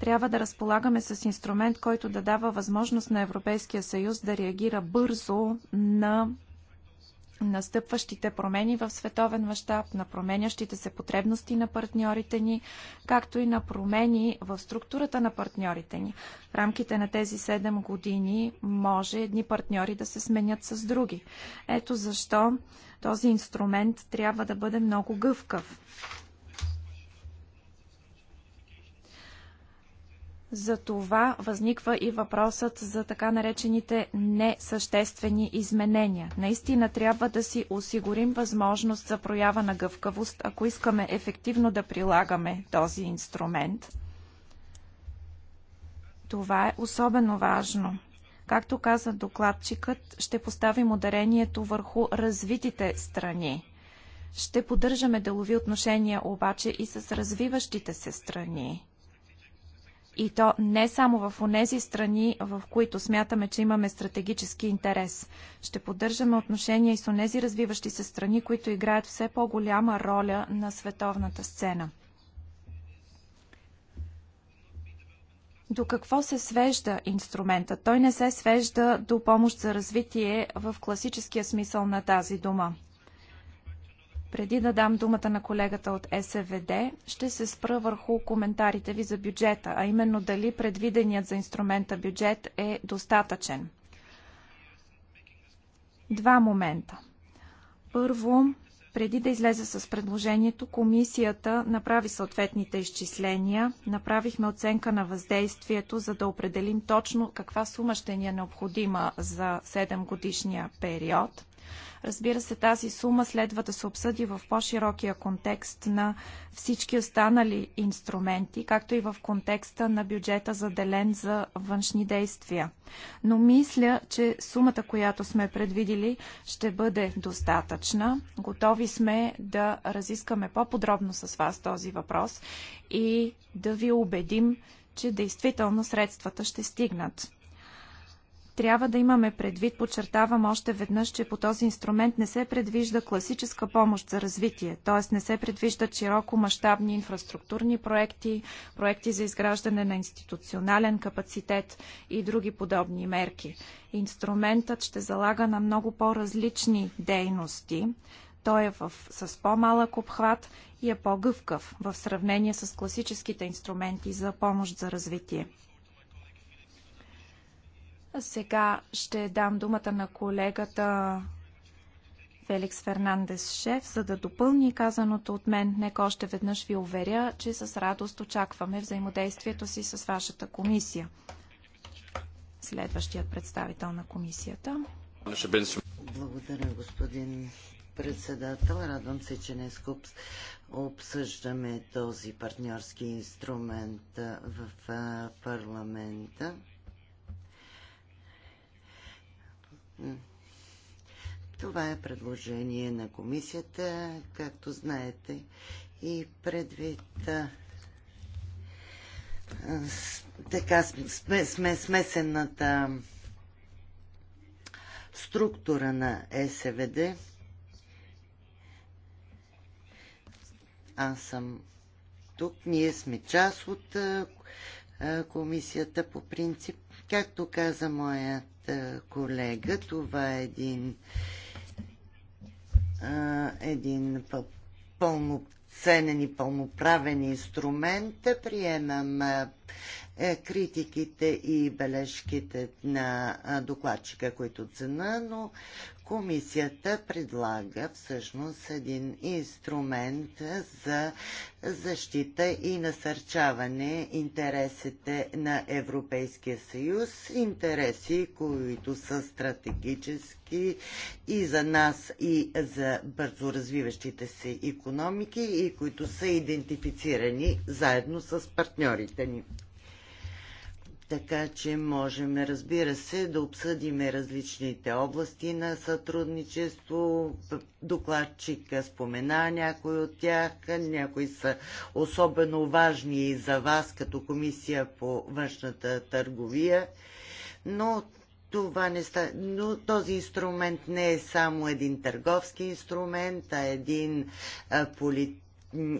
трябва да разполагаме с инструмент, който да дава възможност на Европейския съюз да реагира бързо на настъпващите промени в световен мащаб, на променящите се потребности на партньорите ни, както и на промени в структурата на партньорите ни. В рамките на тези 7 години може едни партньори да се сменят с други. Ето защо този инструмент трябва да бъде много гъвкав. За това възниква и въпросът за така наречените несъществени изменения. Наистина трябва да си осигурим възможност за проява на гъвкавост, ако искаме ефективно да прилагаме този инструмент. Това е особено важно. Както каза докладчикът, ще поставим ударението върху развитите страни. Ще поддържаме делови отношения обаче и с развиващите се страни и то не само в онези страни, в които смятаме, че имаме стратегически интерес. Ще поддържаме отношения и с онези развиващи се страни, които играят все по-голяма роля на световната сцена. До какво се свежда инструмента? Той не се свежда до помощ за развитие в класическия смисъл на тази дума. Преди да дам думата на колегата от СВД, ще се спра върху коментарите ви за бюджета, а именно дали предвиденият за инструмента бюджет е достатъчен. Два момента. Първо, преди да излезе с предложението, комисията направи съответните изчисления, направихме оценка на въздействието, за да определим точно каква сума ще ни е необходима за 7 годишния период. Разбира се, тази сума следва да се обсъди в по-широкия контекст на всички останали инструменти, както и в контекста на бюджета заделен за външни действия. Но мисля, че сумата, която сме предвидили, ще бъде достатъчна. Готови сме да разискаме по-подробно с вас този въпрос и да ви убедим, че действително средствата ще стигнат. Трябва да имаме предвид, подчертавам още веднъж, че по този инструмент не се предвижда класическа помощ за развитие, т.е. не се предвиждат широко мащабни инфраструктурни проекти, проекти за изграждане на институционален капацитет и други подобни мерки. Инструментът ще залага на много по-различни дейности. Той е в, с по-малък обхват и е по-гъвкав в сравнение с класическите инструменти за помощ за развитие. Сега ще дам думата на колегата Феликс Фернандес Шеф, за да допълни казаното от мен. Нека още веднъж ви уверя, че с радост очакваме взаимодействието си с вашата комисия. Следващият представител на комисията. Благодаря, господин председател. Радвам се, че днес обсъждаме този партньорски инструмент в парламента. Това е предложение на комисията, както знаете, и предвид а, така сме, сме, смесената структура на СВД. Аз съм тук, ние сме част от а, комисията по принцип. Както каза моят колега. Това е един, един пълноценен и пълноправен инструмент. Приемам е, критиките и бележките на докладчика, които цена, но Комисията предлага всъщност един инструмент за защита и насърчаване интересите на Европейския съюз, интереси, които са стратегически и за нас, и за бързо развиващите се економики, и които са идентифицирани заедно с партньорите ни така че можем, разбира се, да обсъдим различните области на сътрудничество. Докладчика спомена някои от тях, някои са особено важни и за вас като комисия по външната търговия, но това не ста... Но този инструмент не е само един търговски инструмент, а един полит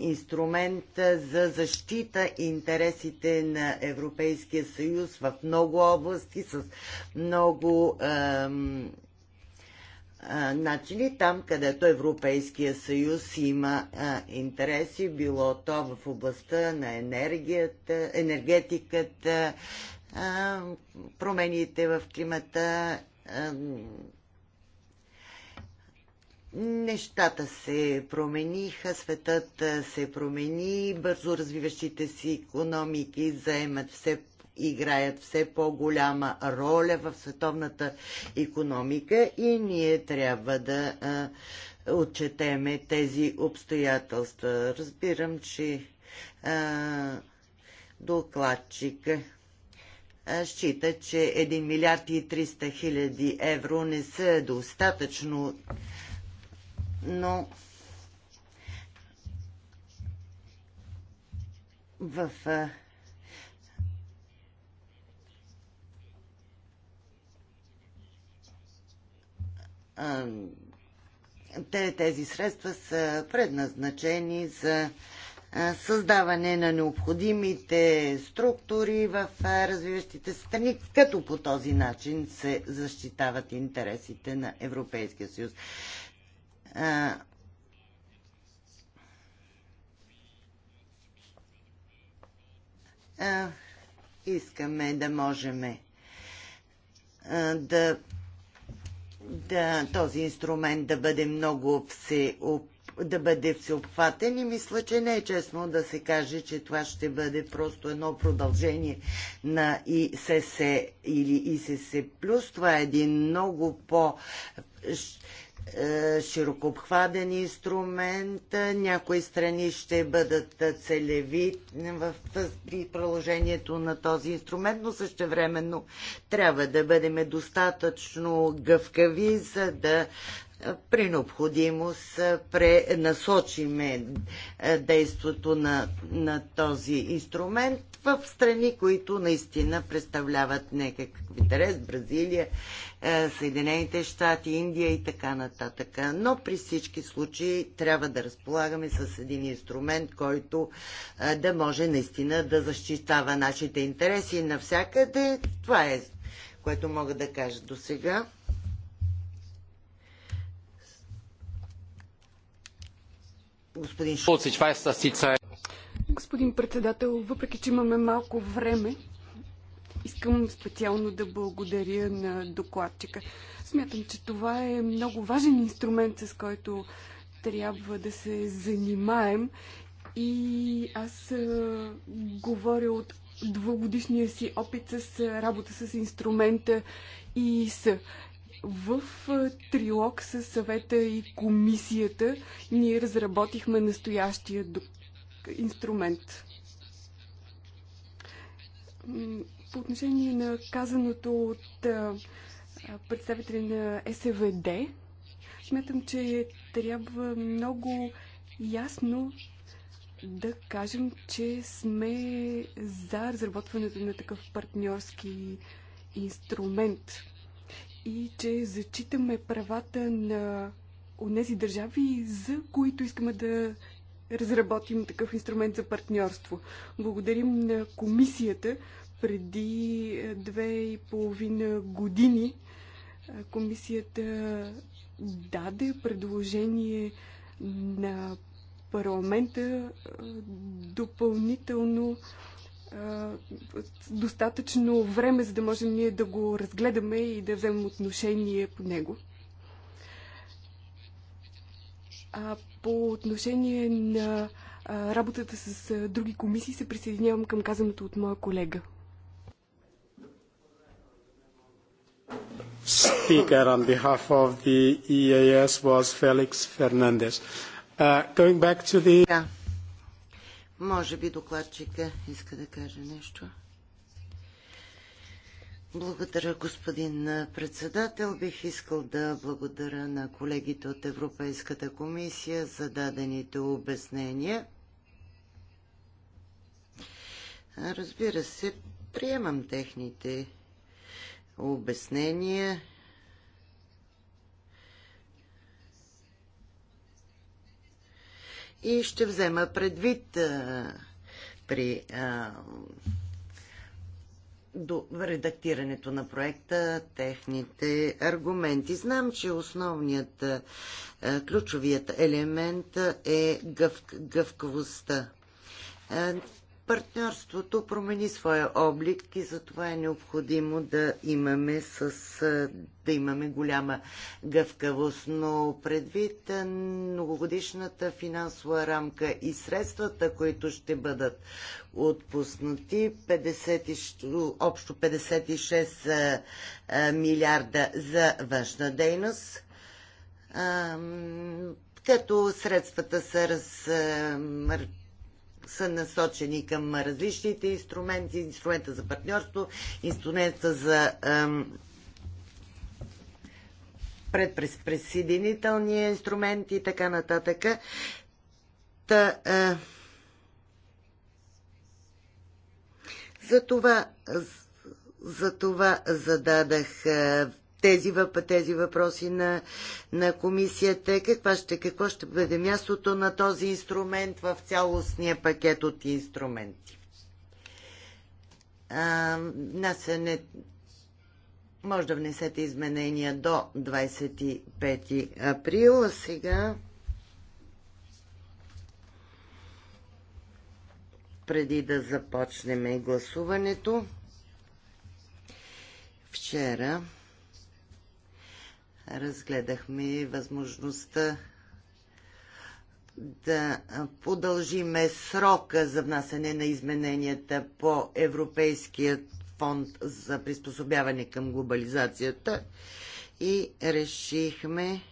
инструмент за защита интересите на Европейския съюз в много области с много начини там, където Европейския съюз има интереси, било то в областта на енергията, енергетиката, промените в климата, нещата се промениха, светът се промени, бързо развиващите си економики заемат все играят все по-голяма роля в световната економика и ние трябва да а, отчетеме тези обстоятелства. Разбирам, че а, докладчик счита, че 1 милиард и 300 хиляди евро не са достатъчно но в те, тези средства са предназначени за създаване на необходимите структури в развиващите страни, като по този начин се защитават интересите на Европейския съюз а, искаме да можем да, да този инструмент да бъде много все, да бъде всеобхватен и мисля, че не е честно да се каже, че това ще бъде просто едно продължение на ИСС или ИСС+. Това е един много по е, широкообхваден инструмент. Някои страни ще бъдат целеви в, при приложението на този инструмент, но същевременно трябва да бъдем достатъчно гъвкави, за да при необходимост пренасочиме действото на, на този инструмент в страни, които наистина представляват някакъв интерес Бразилия, Съединените щати, Индия и така нататък. Но при всички случаи трябва да разполагаме с един инструмент, който да може наистина да защитава нашите интереси навсякъде. Това е което мога да кажа до сега. господин Господин председател, въпреки че имаме малко време, искам специално да благодаря на докладчика. Смятам, че това е много важен инструмент, с който трябва да се занимаем. И аз а, говоря от двугодишния си опит с работа с инструмента и с. В трилог с съвета и комисията ние разработихме настоящия инструмент. По отношение на казаното от представители на СВД, смятам, че трябва много ясно да кажем, че сме за разработването на такъв партньорски инструмент и че зачитаме правата на онези държави, за които искаме да разработим такъв инструмент за партньорство. Благодарим на комисията. Преди е, две и половина години е, комисията даде предложение на парламента е, допълнително а, достатъчно време, за да можем ние да го разгледаме и да вземем отношение по него. А по отношение на а, работата с а, други комисии се присъединявам към казаното от моя колега. Speaker on behalf of the EAS was Felix Fernandez. Uh, going back to the... Yeah. Може би докладчика иска да каже нещо. Благодаря, господин председател. Бих искал да благодаря на колегите от Европейската комисия за дадените обяснения. Разбира се, приемам техните обяснения и ще взема предвид а, при а, до редактирането на проекта техните аргументи. Знам, че основният а, ключовият елемент е гъв, гъвкавостта партньорството промени своя облик и затова е необходимо да имаме, с, да имаме голяма гъвкавост. Но предвид многогодишната финансова рамка и средствата, които ще бъдат отпуснати, 50, общо 56 милиарда за външна дейност, като средствата са раз, са насочени към различните инструменти, инструмента за партньорство, инструмента за предпресъединителни инструменти и така нататък. Та, а, за това, за това зададах тези, тези въпроси на, на комисията. Каква ще, какво ще бъде мястото на този инструмент в цялостния пакет от инструменти? А, насене, може да внесете изменения до 25 април. А сега преди да започнем гласуването. Вчера разгледахме възможността да продължиме срока за внасене на измененията по Европейският фонд за приспособяване към глобализацията и решихме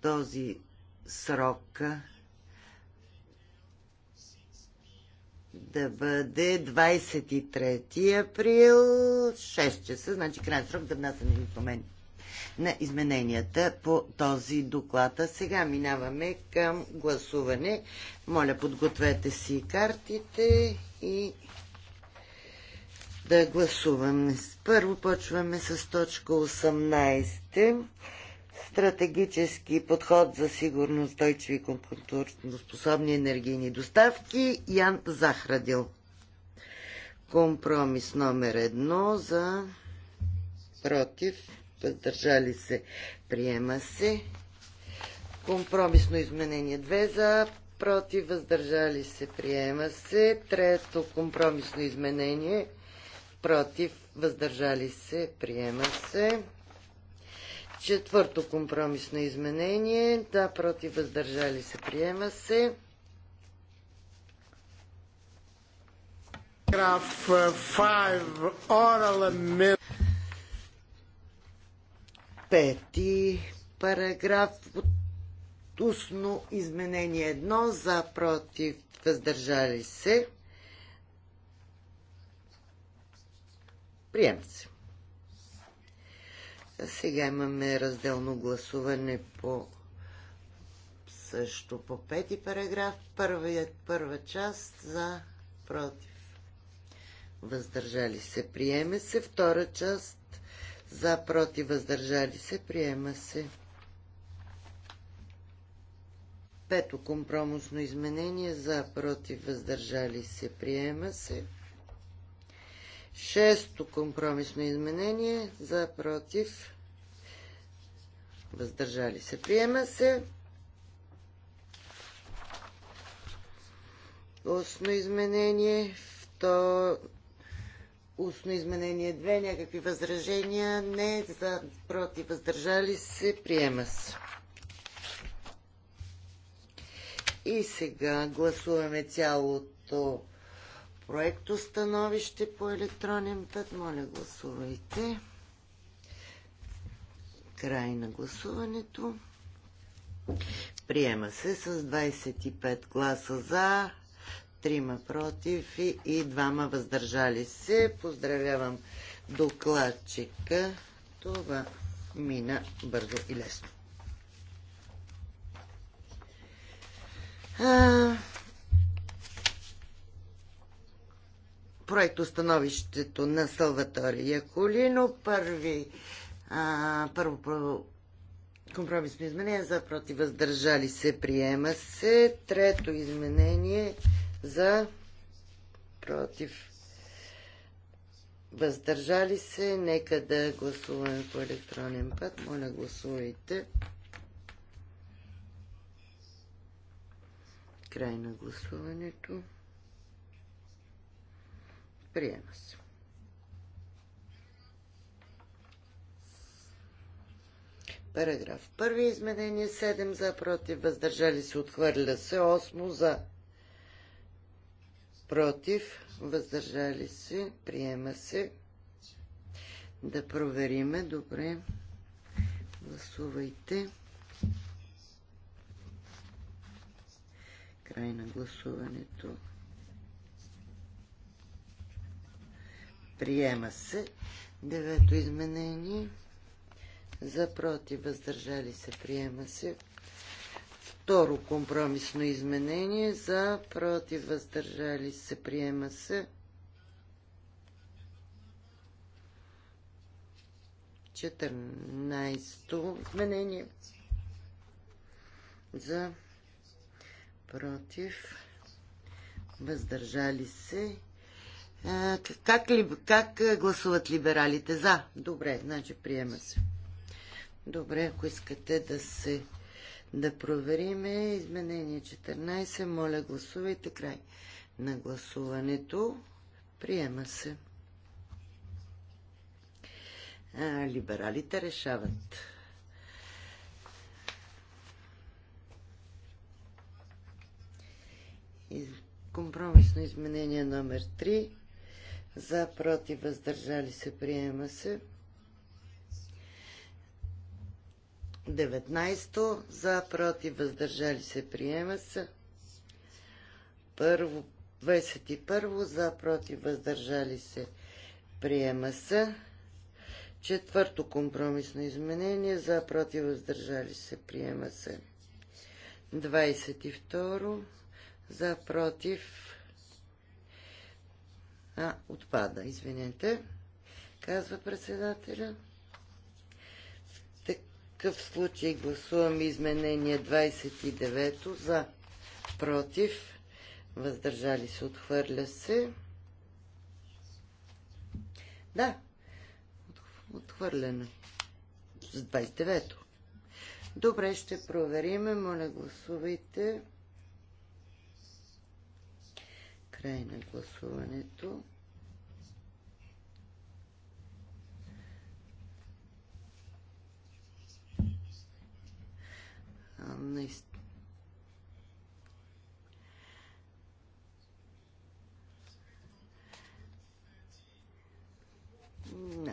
този срок да бъде 23 април, 6 часа, значи край срок да внасяме промени на измененията по този доклад. А сега минаваме към гласуване. Моля, подгответе си картите и да гласуваме. Първо почваме с точка 18 стратегически подход за сигурно устойчиви конкурентоспособни енергийни доставки Ян Захрадил. Компромис номер едно за против, въздържали се, приема се. Компромисно изменение 2 за против, въздържали се, приема се. Трето компромисно изменение против, въздържали се, приема се. Четвърто компромисно изменение. Да, против, въздържали се, приема се. Параграф 5, е, е Пети параграф от устно изменение едно, за против въздържали се. Приема се. Сега имаме разделно гласуване по също по пети параграф, първият, първа част за против. Въздържали се, приеме се. Втора част за против, въздържали се, приема се. Пето компромисно изменение за против, въздържали се, приема се. Шесто компромисно изменение за против. Въздържали се. Приема се. Устно изменение. Вто... Устно изменение 2. Някакви възражения. Не. За против. Въздържали се. Приема се. И сега гласуваме цялото проекто становище по електронен път. Моля, гласувайте. Край на гласуването. Приема се с 25 гласа за, 3 против и 2 въздържали се. Поздравявам докладчика. Това мина бързо и лесно. А, проектостановището на Салватори Яколино. Първи, а, първо, първо компромисно изменение за против въздържали се приема се. Трето изменение за против въздържали се. Нека да гласуваме по електронен път. Моля, гласувайте. Край на гласуването. Приема се. Параграф 1. Изменение 7 за против. Въздържали се. Отхвърля се. 8 за против. Въздържали се. Приема се. Да провериме. Добре. Гласувайте. Край на гласуването. Приема се. Девето изменение. За против въздържали се. Приема се. Второ компромисно изменение. За против въздържали се. Приема се. Четърнайсто изменение. За против въздържали се. Как, ли, как гласуват либералите? За. Добре, значи приема се. Добре, ако искате да се да провериме изменение 14, моля гласувайте край на гласуването. Приема се. А, либералите решават. Компромисно изменение номер 3 за против въздържали се приема се. 19 за против въздържали се приема се. Първо 21 за против въздържали се приема се. Четвърто компромисно изменение за против въздържали се приема се. 22 за против а, отпада, извинете, казва председателя. В такъв случай гласуваме изменение 29 то за против, въздържали се, отхвърля се. Да, отхвърлено с 29-то. Добре, ще провериме. Моля, гласувайте. Край на гласуването.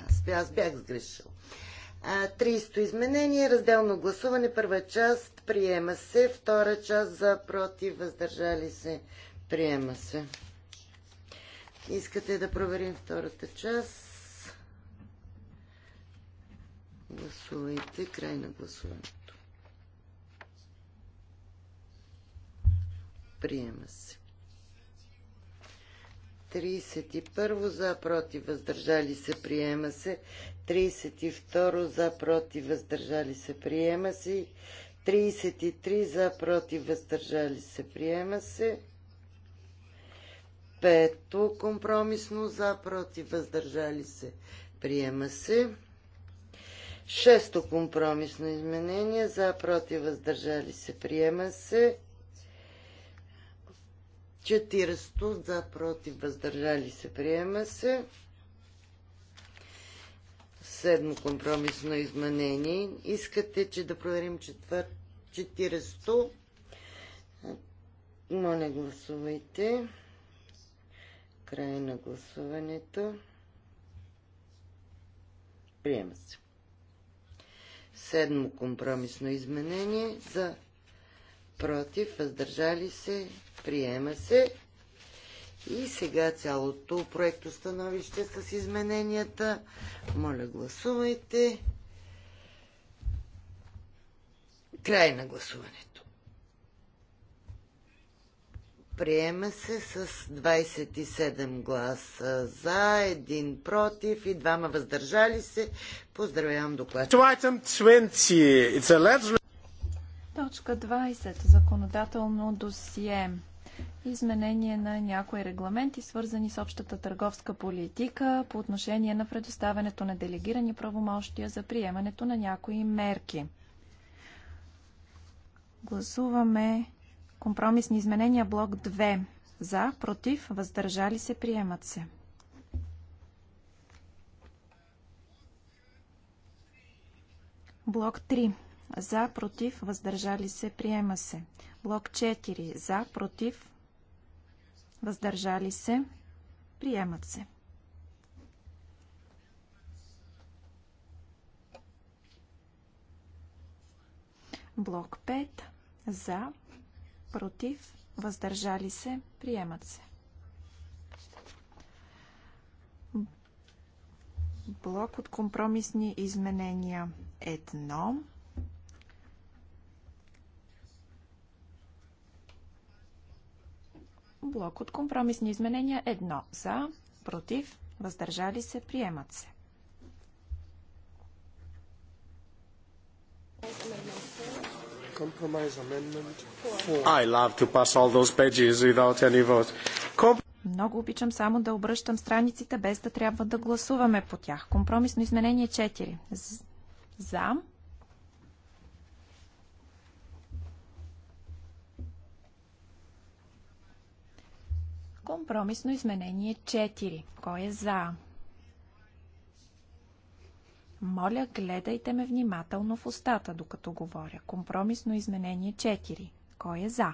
Аз, аз бях сгрешил. 30 изменение, разделно гласуване, първа част, приема се, втора част за против, въздържали се, Приема се. Искате да проверим втората част? Гласувайте. Край на гласуването. Приема се. 31 за против въздържали се приема се. 32 за против въздържали се приема се. 33 за против въздържали се приема се. Пето компромисно за, против, въздържали се. Приема се. Шесто компромисно изменение за, против, въздържали се. Приема се. Четиресто, за, против, въздържали се. Приема се. Седмо компромисно изменение. Искате, че да проверим четвър... 40 Моля, гласувайте. Край на гласуването. Приема се. Седмо компромисно изменение за против, въздържали се, приема се. И сега цялото проекто становище с измененията. Моля, гласувайте. Край на гласуването. Приема се с 27 гласа за, един против и двама въздържали се. Поздравявам доклад. Точка 20. Законодателно досие. Изменение на някои регламенти, свързани с общата търговска политика по отношение на предоставянето на делегирани правомощия за приемането на някои мерки. Гласуваме Компромисни изменения блок 2. За, против, въздържали се, приемат се. Блок 3. За, против, въздържали се, приема се. Блок 4. За, против, въздържали се, приемат се. Блок 5. За, против, въздържали се, приемат се. Блок от компромисни изменения едно. Блок от компромисни изменения едно. За, против, въздържали се, приемат се. Compromise amendment I love to pass all those pages without any vote. много обичам само да обръщам страниците, без да трябва да гласуваме по тях. Компромисно изменение 4. За. Компромисно изменение 4. Кой е за? Моля, гледайте ме внимателно в устата, докато говоря. Компромисно изменение 4. Кой е за?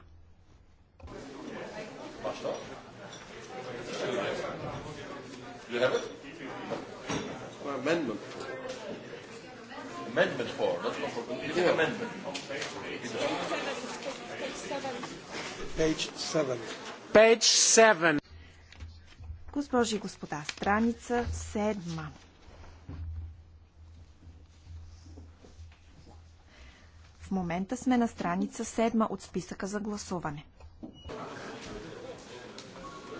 Госпожи и господа, страница седма. В момента сме на страница 7 от списъка за гласуване.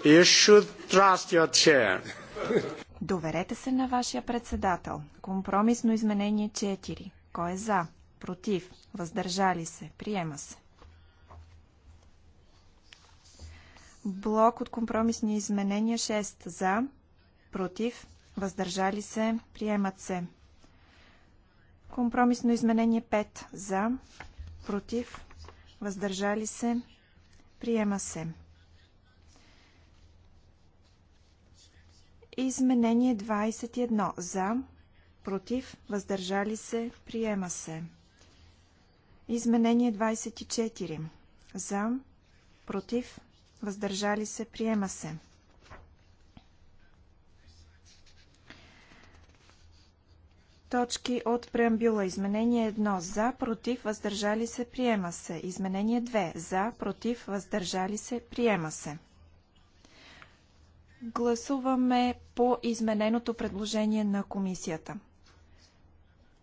You should trust your chair. Доверете се на вашия председател. Компромисно изменение 4. Кой е за? Против? Въздържали се? Приема се. Блок от компромисни изменения 6. За? Против? Въздържали се? Приемат се. Компромисно изменение 5 за, против, въздържали се, приема се. Изменение 21 за, против, въздържали се, приема се. Изменение 24 за, против, въздържали се, приема се. точки от преамбюла. Изменение 1. За, против, въздържали се, приема се. Изменение 2. За, против, въздържали се, приема се. Гласуваме по измененото предложение на комисията.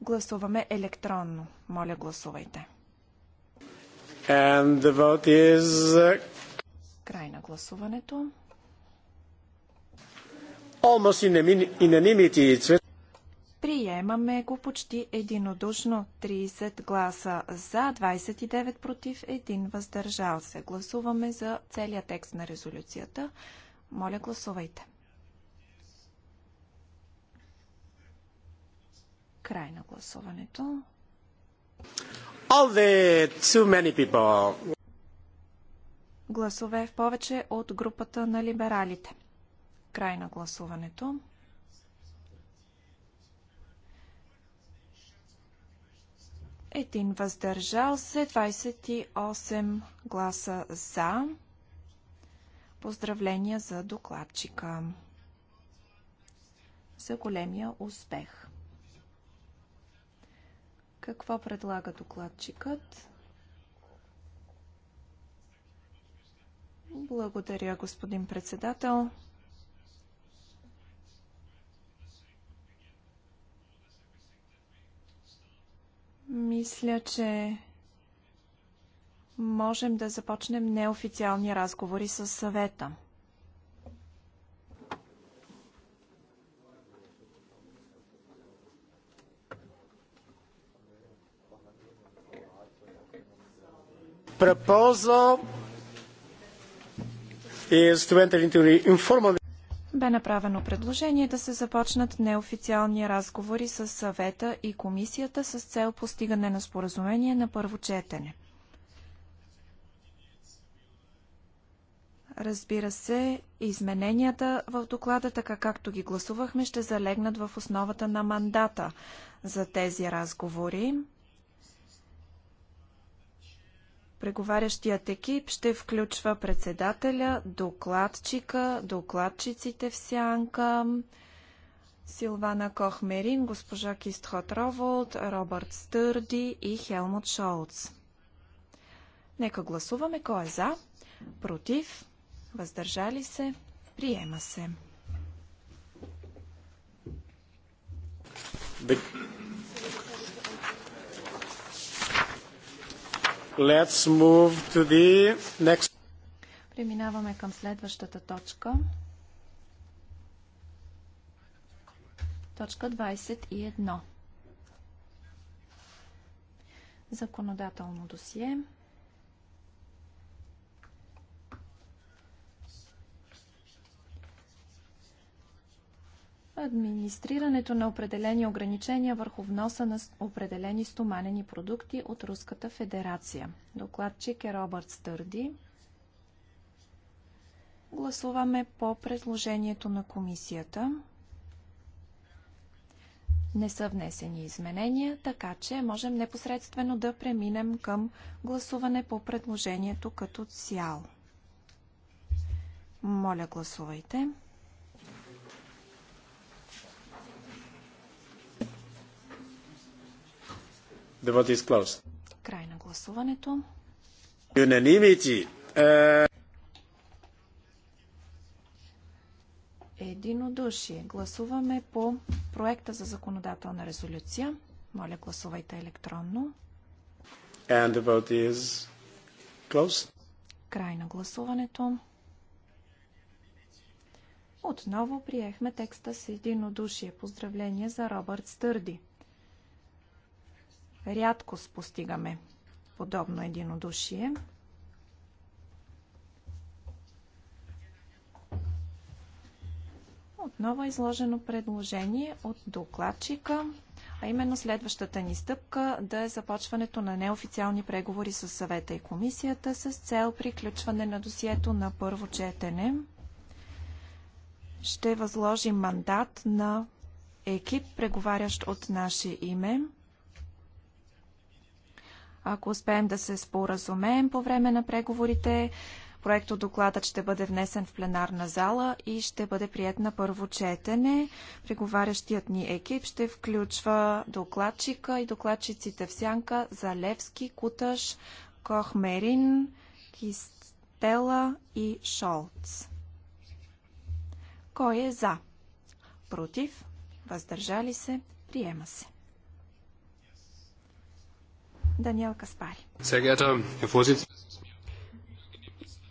Гласуваме електронно. Моля, гласувайте. And the vote is... Uh, Край на гласуването. Almost unanimity. Приемаме го почти единодушно. 30 гласа за, 29 против, 1 въздържал се. Гласуваме за целия текст на резолюцията. Моля, гласувайте. Край на гласуването. All the too many people. Гласове в повече от групата на либералите. Край на гласуването. един въздържал се, 28 гласа за. Поздравления за докладчика. За големия успех. Какво предлага докладчикът? Благодаря, господин председател. Мисля, че можем да започнем неофициални разговори с съвета. Proposal is to enter into the informal бе направено предложение да се започнат неофициални разговори с съвета и комисията с цел постигане на споразумение на първо четене. Разбира се, измененията в доклада, така както ги гласувахме, ще залегнат в основата на мандата за тези разговори. Преговарящият екип ще включва председателя, докладчика, докладчиците в сянка, Силвана Кохмерин, госпожа Кистхот Роволд, Робърт Стърди и Хелмут Шолц. Нека гласуваме кой е за, против, въздържали се, приема се. Let's move to the next. Преминаваме към следващата точка. Точка 21. Законодателно досие. администрирането на определени ограничения върху вноса на определени стоманени продукти от Руската федерация. Докладчик е Робърт Стърди. Гласуваме по предложението на комисията. Не са внесени изменения, така че можем непосредствено да преминем към гласуване по предложението като цяло. Моля, гласувайте. The vote is closed. Край на гласуването. Unanimity. Е. Единодушие. Гласуваме по проекта за законодателна резолюция. Моля, гласувайте електронно. And the vote is closed. Край на гласуването. Отново приехме текста с единодушие. Поздравление за Робърт Стърди. Рядко спостигаме подобно единодушие. Отново е изложено предложение от докладчика, а именно следващата ни стъпка да е започването на неофициални преговори с съвета и комисията с цел приключване на досието на първо четене. Ще възложим мандат на екип, преговарящ от наше име – ако успеем да се споразумеем по време на преговорите, проекто докладът ще бъде внесен в пленарна зала и ще бъде прият на първо четене. Преговарящият ни екип ще включва докладчика и докладчиците в сянка Залевски, Куташ, Кохмерин, Кистела и Шолц. Кой е за? Против? Въздържали се? Приема се. Даниел Каспари.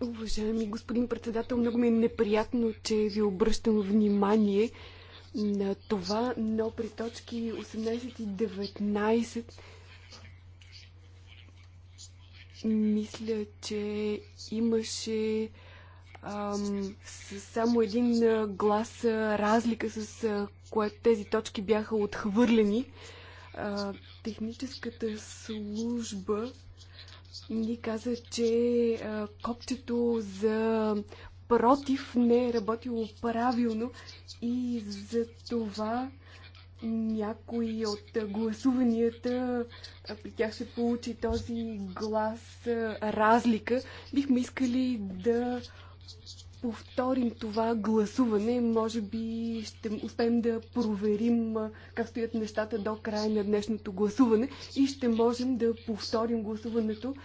Уважаеми господин председател, много ми е неприятно, че ви обръщам внимание на това, но при точки 18 и 19 мисля, че имаше ам, само един глас разлика, с което тези точки бяха отхвърлени. А, техническата служба ни каза, че а, копчето за против не е работило правилно и за това някои от гласуванията, при тях се получи този глас разлика. Бихме искали да повторим това гласуване, може би ще успеем да проверим как стоят нещата до края на днешното гласуване и ще можем да повторим гласуването,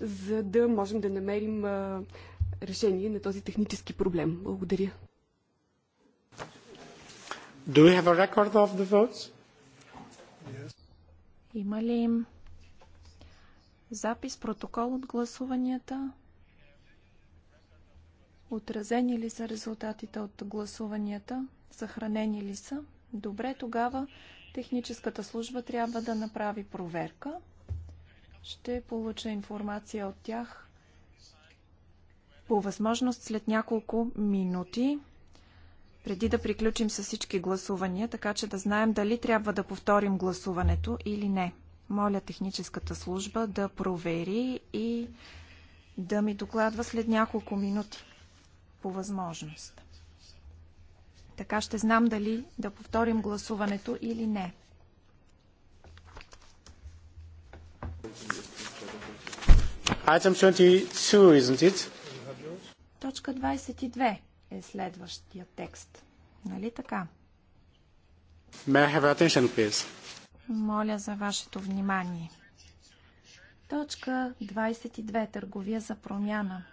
за да можем да намерим решение на този технически проблем. Благодаря. Do we have a record of the votes? Yes. Има ли запис, протокол от гласуванията? Отразени ли са резултатите от гласуванията? Съхранени ли са? Добре, тогава техническата служба трябва да направи проверка. Ще получа информация от тях по възможност след няколко минути, преди да приключим с всички гласувания, така че да знаем дали трябва да повторим гласуването или не. Моля техническата служба да провери и да ми докладва след няколко минути по възможност. Така ще знам дали да повторим гласуването или не. Item 22, isn't it? Точка 22 е следващия текст. Нали така? May I have attention, please? Моля за вашето внимание. Точка 22. Търговия за промяна.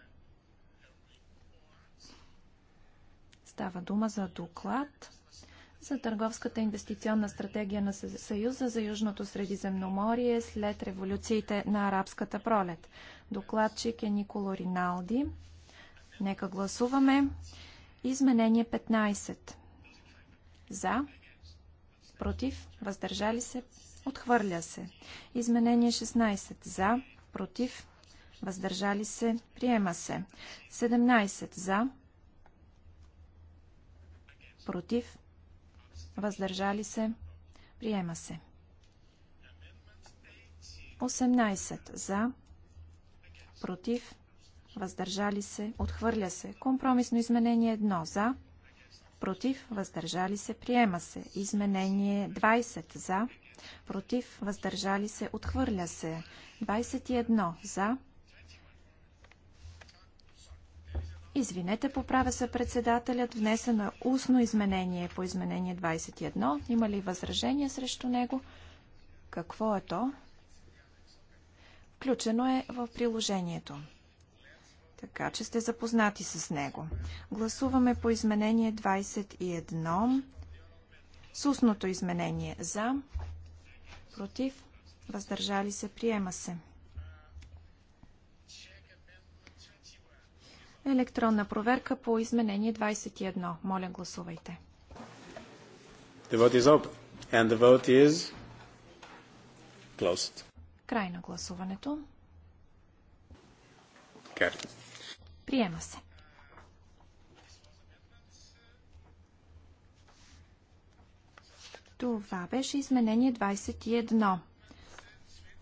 Става дума за доклад за търговската инвестиционна стратегия на Съюза за Южното Средиземноморие след революциите на арабската пролет. Докладчик е Николо Риналди. Нека гласуваме. Изменение 15. За. Против. Въздържали се. Отхвърля се. Изменение 16. За. Против. Въздържали се. Приема се. 17. За против, въздържали се, приема се. 18 за, против, въздържали се, отхвърля се. Компромисно изменение 1 за, против, въздържали се, приема се. Изменение 20 за, против, въздържали се, отхвърля се. 21 за, Извинете, поправя се председателят. Внесено е устно изменение по изменение 21. Има ли възражение срещу него? Какво е то? Включено е в приложението. Така че сте запознати с него. Гласуваме по изменение 21. С устното изменение за, против, въздържали се, приема се. Електронна проверка по изменение 21. Моля, гласувайте. The vote is open. And the vote is closed. Край на гласуването. Carry. Приема се. Това беше изменение 21.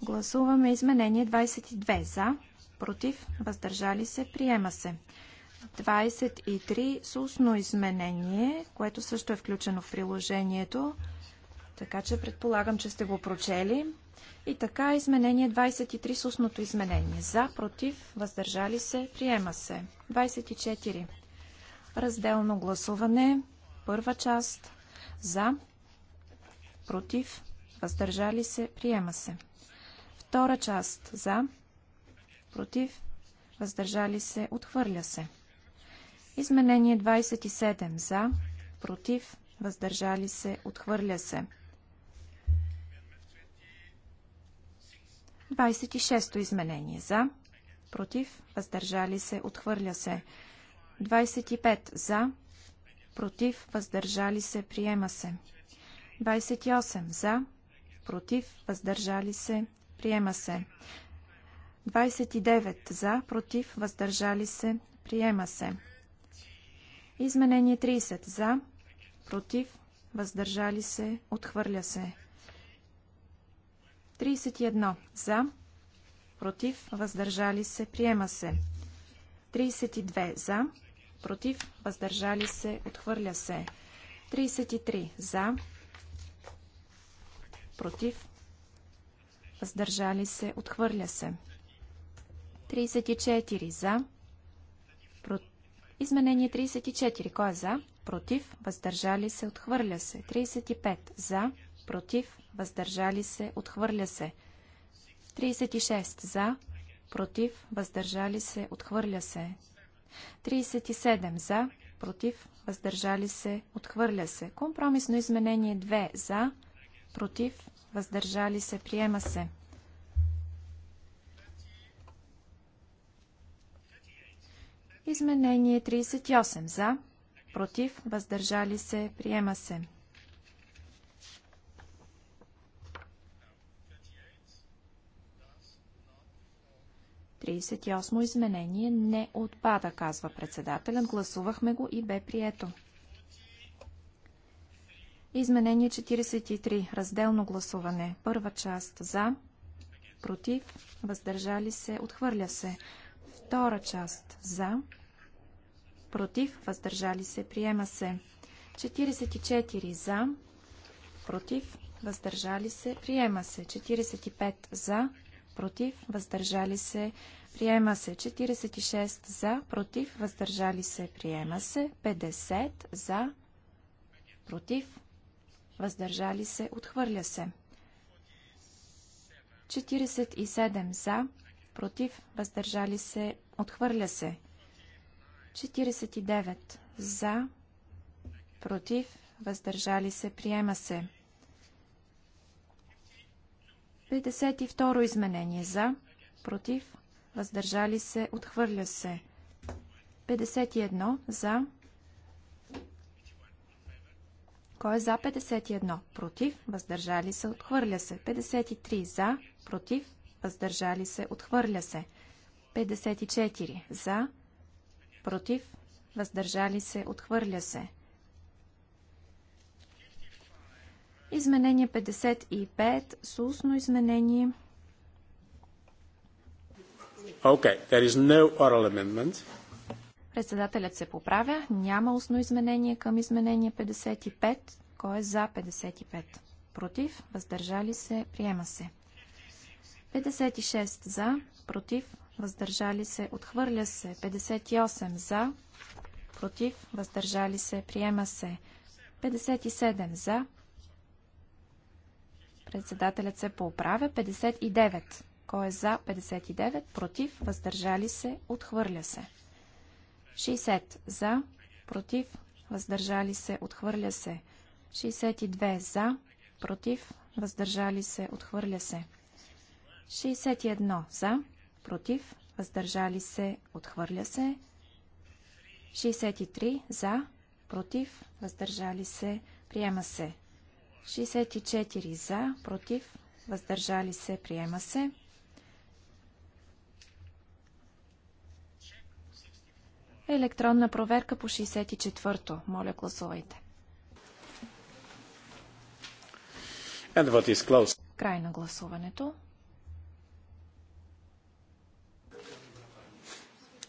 Гласуваме изменение 22 за, против, въздържали се, приема се. 23 с устно изменение, което също е включено в приложението, така че предполагам, че сте го прочели. И така, изменение 23 с устното изменение. За, против, въздържали се, приема се. 24. Разделно гласуване. Първа част. За, против, въздържали се, приема се. Втора част. За, против, въздържали се, отхвърля се. Изменение 27 за, против, въздържали се, отхвърля се. 26-то изменение за, против, въздържали се, отхвърля се. 25 за, против, въздържали се, приема се. 28 за, против, въздържали се, приема се. 29 за, против, въздържали се, приема се. Изменение 30 за, против, въздържали се, отхвърля се. 31 за, против, въздържали се, приема се. 32 за, против, въздържали се, отхвърля се. 33 за, против, въздържали се, отхвърля се. 34 за. Про... Изменение 34. Кой е за? Против. Въздържали се. Отхвърля се. 35. За. Против. Въздържали се. Отхвърля се. 36. За. Против. Въздържали се. Отхвърля се. 37. За. Против. Въздържали се. Отхвърля се. Компромисно изменение 2. За. Против. Въздържали се. Приема се. Изменение 38 за, против, въздържали се, приема се. Тридесет изменение не отпада, казва председателят. Гласувахме го и бе прието. Изменение 43. Разделно гласуване. Първа част за, против, въздържали се, отхвърля се. Втора част. За. Против. Въздържали се. Приема се. 44. За. Против. Въздържали се. Приема се. 45. За. Против. Въздържали се. Приема се. 46. За. Против. Въздържали се. Приема се. 50. За. Против. Въздържали се. Отхвърля се. 47. За против, въздържали се, отхвърля се. 49 за, против, въздържали се, приема се. 52 изменение за, против, въздържали се, отхвърля се. 51 за. Кой е за 51? Против, въздържали се, отхвърля се. 53 за, против, въздържали се, отхвърля се. 54. За, против, въздържали се, отхвърля се. Изменение 55 с устно изменение. Okay, there is no oral amendment. Председателят се поправя. Няма устно изменение към изменение 55. Кой е за 55? Против? Въздържали се? Приема се. 56 за, против, въздържали се, отхвърля се. 58 за, против, въздържали се, приема се. 57 за. Председателят се поправя. 59. Кой е за 59? Против, въздържали се, отхвърля се. 60 за, против, въздържали се, отхвърля се. 62 за, против, въздържали се, отхвърля се. 61 за, против, въздържали се, отхвърля се. 63 за, против, въздържали се, приема се. 64 за, против, въздържали се, приема се. Електронна проверка по 64-то. Моля, гласувайте. Край на гласуването.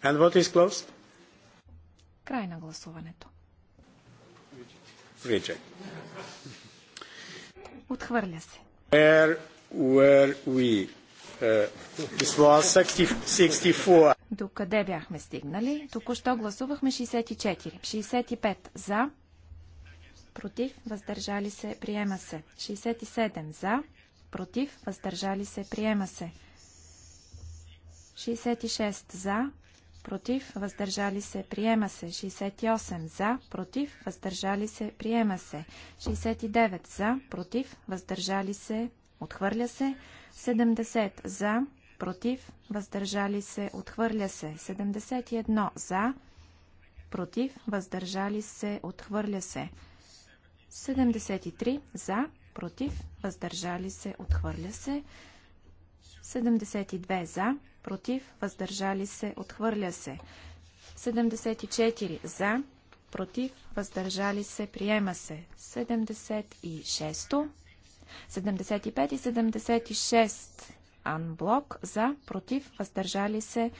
And what is closed? Край на гласуването. Reject. Отхвърля се. Where were we? Uh, this was 64. До къде бяхме стигнали? Току-що гласувахме 64. 65 за, против, въздържали се, приема се. 67 за, против, въздържали се, приема се. 66 за, против, въздържали се, приема се. 68 за, против, въздържали се, приема се. 69 за, против, въздържали се, отхвърля се. 70 за, против, въздържали се, отхвърля се. 71 за, против, въздържали се, отхвърля се. 73 за, против, въздържали се, отхвърля се. 72 за, против, въздържали се, отхвърля се. 74 за, против, въздържали се, приема се. 76 75 и 76 анблок за, против, въздържали се,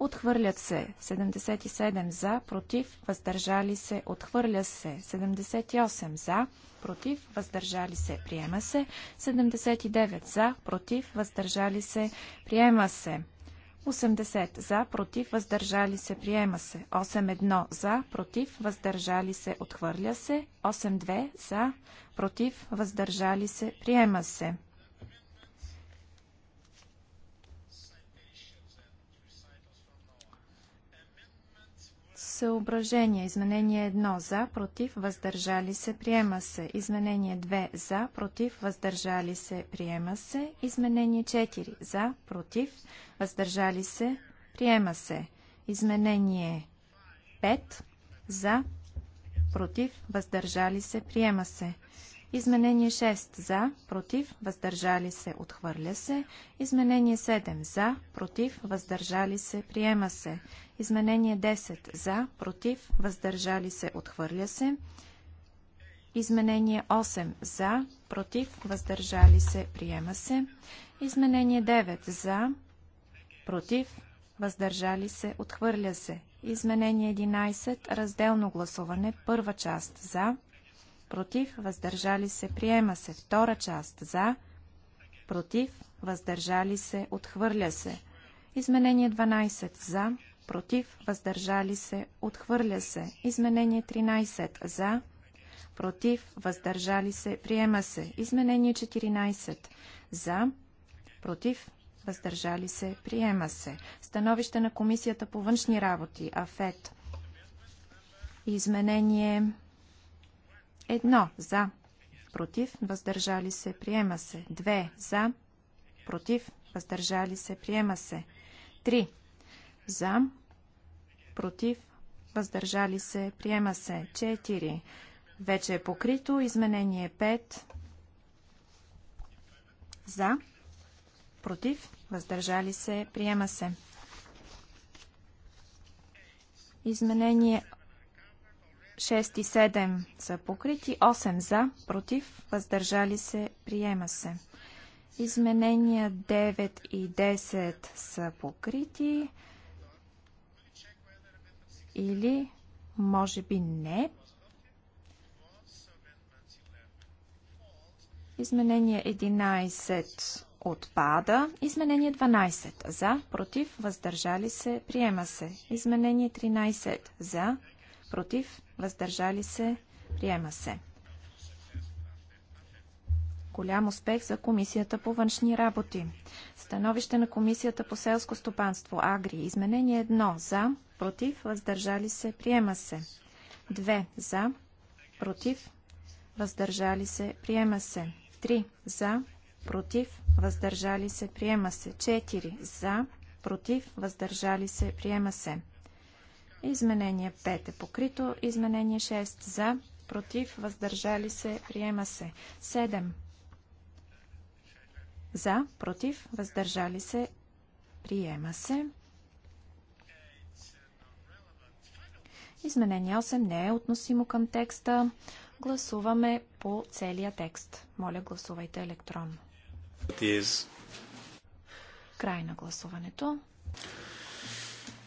отхвърлят се. 77 за, против, въздържали се, отхвърля се. 78 за, против, въздържали се, приема се. 79 за, против, въздържали се, приема се. 80 за, против, въздържали се, приема се. 81 за, против, въздържали се, отхвърля се. 82 за, против, въздържали се, приема се. съображения. Изменение 1 за, против, въздържали се, приема се. Изменение 2 за, против, въздържали се, приема се. Изменение 4 за, против, въздържали се, приема се. Изменение 5 за, против, въздържали се, приема се. Изменение 6 за, против, въздържали се, отхвърля се. Изменение 7 за, против, въздържали се, приема се. Изменение 10 за, против, въздържали се, отхвърля се. Изменение 8 за, против, въздържали се, приема се. Изменение 9 за, против, въздържали се, отхвърля се. Изменение 11 разделно гласуване, първа част за, против, въздържали се, приема се. Втора част за, против, въздържали се, отхвърля се. Изменение 12 за, против, въздържали се, отхвърля се. Изменение 13 за, против, въздържали се, приема се. Изменение 14 за, против, въздържали се, приема се. Становище на Комисията по външни работи, АФЕТ. Изменение 1 за, против, въздържали се, приема се. 2 за, против, въздържали се, приема се. 3 за, против, въздържали се, приема се. 4. Вече е покрито. Изменение 5. За, против, въздържали се, приема се. Изменение 6 и 7 са покрити, 8 за, против, въздържали се, приема се. Изменения 9 и 10 са покрити, или, може би не. Изменение 11 отпада. Изменение 12 за, против, въздържали се, приема се. Изменение 13 за, против, въздържали се, приема се. Голям успех за Комисията по външни работи. Становище на Комисията по селско стопанство Агри. Изменение 1. За. Против. Въздържали се. Приема се. 2. За. Против. Въздържали се. Приема се. 3. За. Против. Въздържали се. Приема се. 4. За. Против. Въздържали се. Приема се. Изменение 5 е покрито. Изменение 6 за. Против. Въздържали се. Приема се. 7 за, против, въздържали се, приема се. Изменение 8 не е относимо към текста. Гласуваме по целия текст. Моля, гласувайте електронно. Край на гласуването.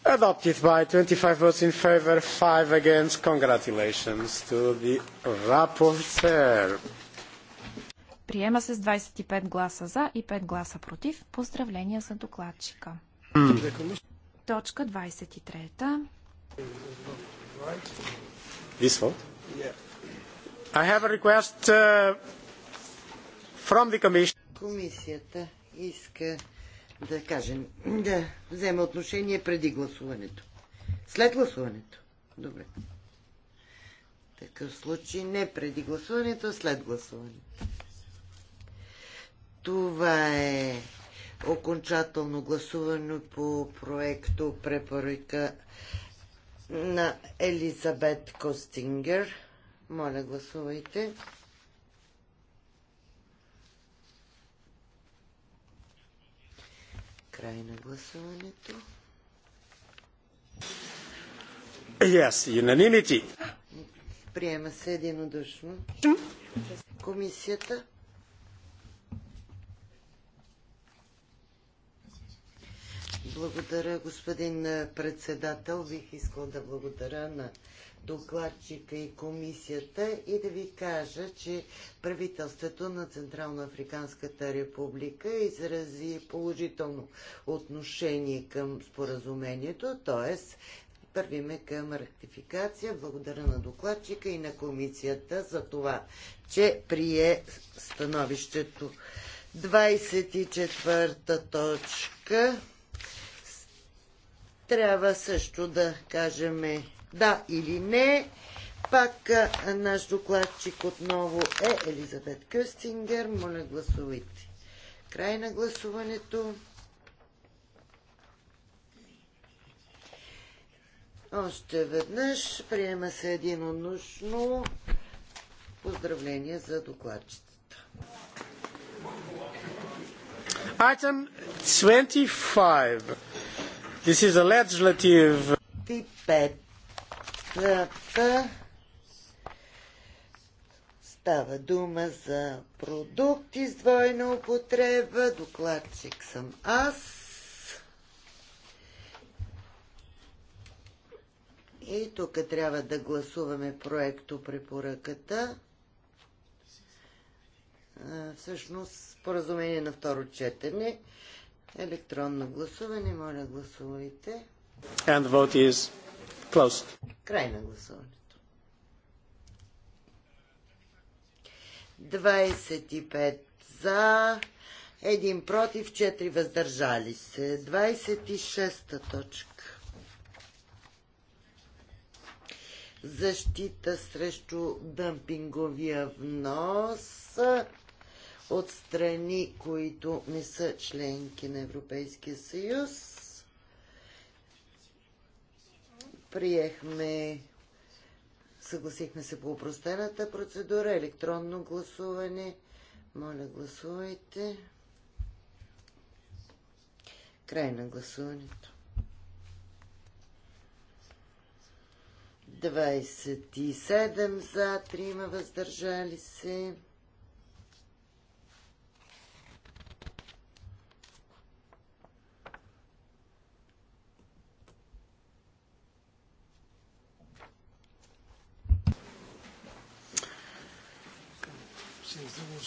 Adopted by 25 votes in favor, 5 against. Congratulations to the rapporteur. Приема се с 25 гласа за и 5 гласа против. Поздравления за докладчика. Точка 23. This one? Yeah. I have a request uh, from the commission. Комисията иска да кажем, да взема отношение преди гласуването. След гласуването. Добре. Такъв случай не преди гласуването, а след гласуването. Това е окончателно гласуване по проекто препоръка на Елизабет Костингер. Моля, гласувайте. Край на гласуването. Yes, unanimity. Приема се единодушно. Комисията. Благодаря, господин председател. Бих искал да благодаря на докладчика и комисията и да ви кажа, че правителството на Централно Африканската република изрази положително отношение към споразумението, т.е. Първиме към ратификация. Благодаря на докладчика и на комисията за това, че прие становището. 24 точка трябва също да кажем да или не. Пак наш докладчик отново е Елизабет Кюстингер. Моля, гласувайте. Край на гласуването. Още веднъж приема се единонощно поздравление за докладчицата. Item 25. This is a legislative... Пипетата uh, става дума за продукти с двойна употреба. Докладчик съм аз. И тук трябва да гласуваме проекто препоръката. Всъщност, споразумение на второ четене. Електронно гласуване. Моля, гласувайте. And the vote is closed. Край на гласуването. 25 за, 1 против, 4 въздържали се. 26-та точка. Защита срещу дъмпинговия внос от страни, които не са членки на Европейския съюз. Приехме, съгласихме се по упростената процедура, електронно гласуване. Моля, гласувайте. Край на гласуването. 27 за, 3 въздържали се.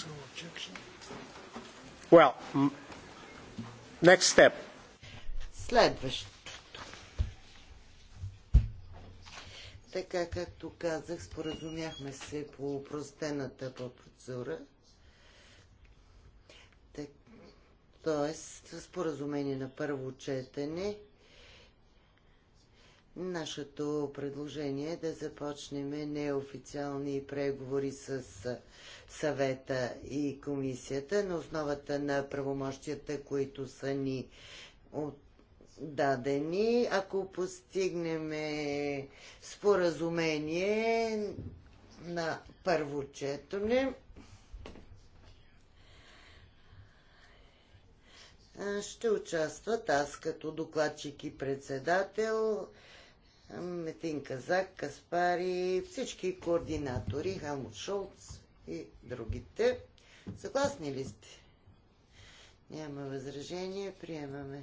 objection. Well, next step. Следващото. Така, както казах, споразумяхме се по упростената процедура. Тоест, споразумение на първо четене. Нашето предложение е да започнем неофициални преговори с съвета и комисията на основата на правомощията, които са ни дадени. Ако постигнем е, споразумение на първо четене, ще участват аз като докладчик и председател, Метин Казак, Каспари, всички координатори, Хамут Шолц, и другите. Съгласни ли сте? Няма възражение. Приемаме.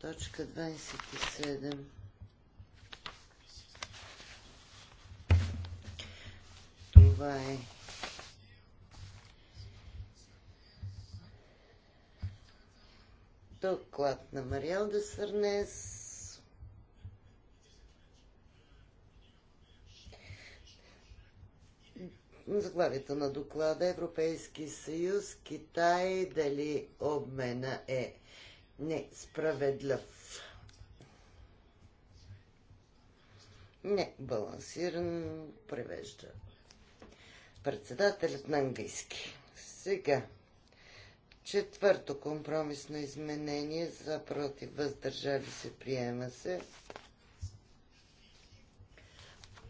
Точка 27. Това е доклад на Мариел Десърнес заглавието на доклада Европейски съюз, Китай, дали обмена е несправедлив. Не, балансиран превежда. Председателят на английски. Сега. Четвърто компромисно изменение за против въздържали се приема се.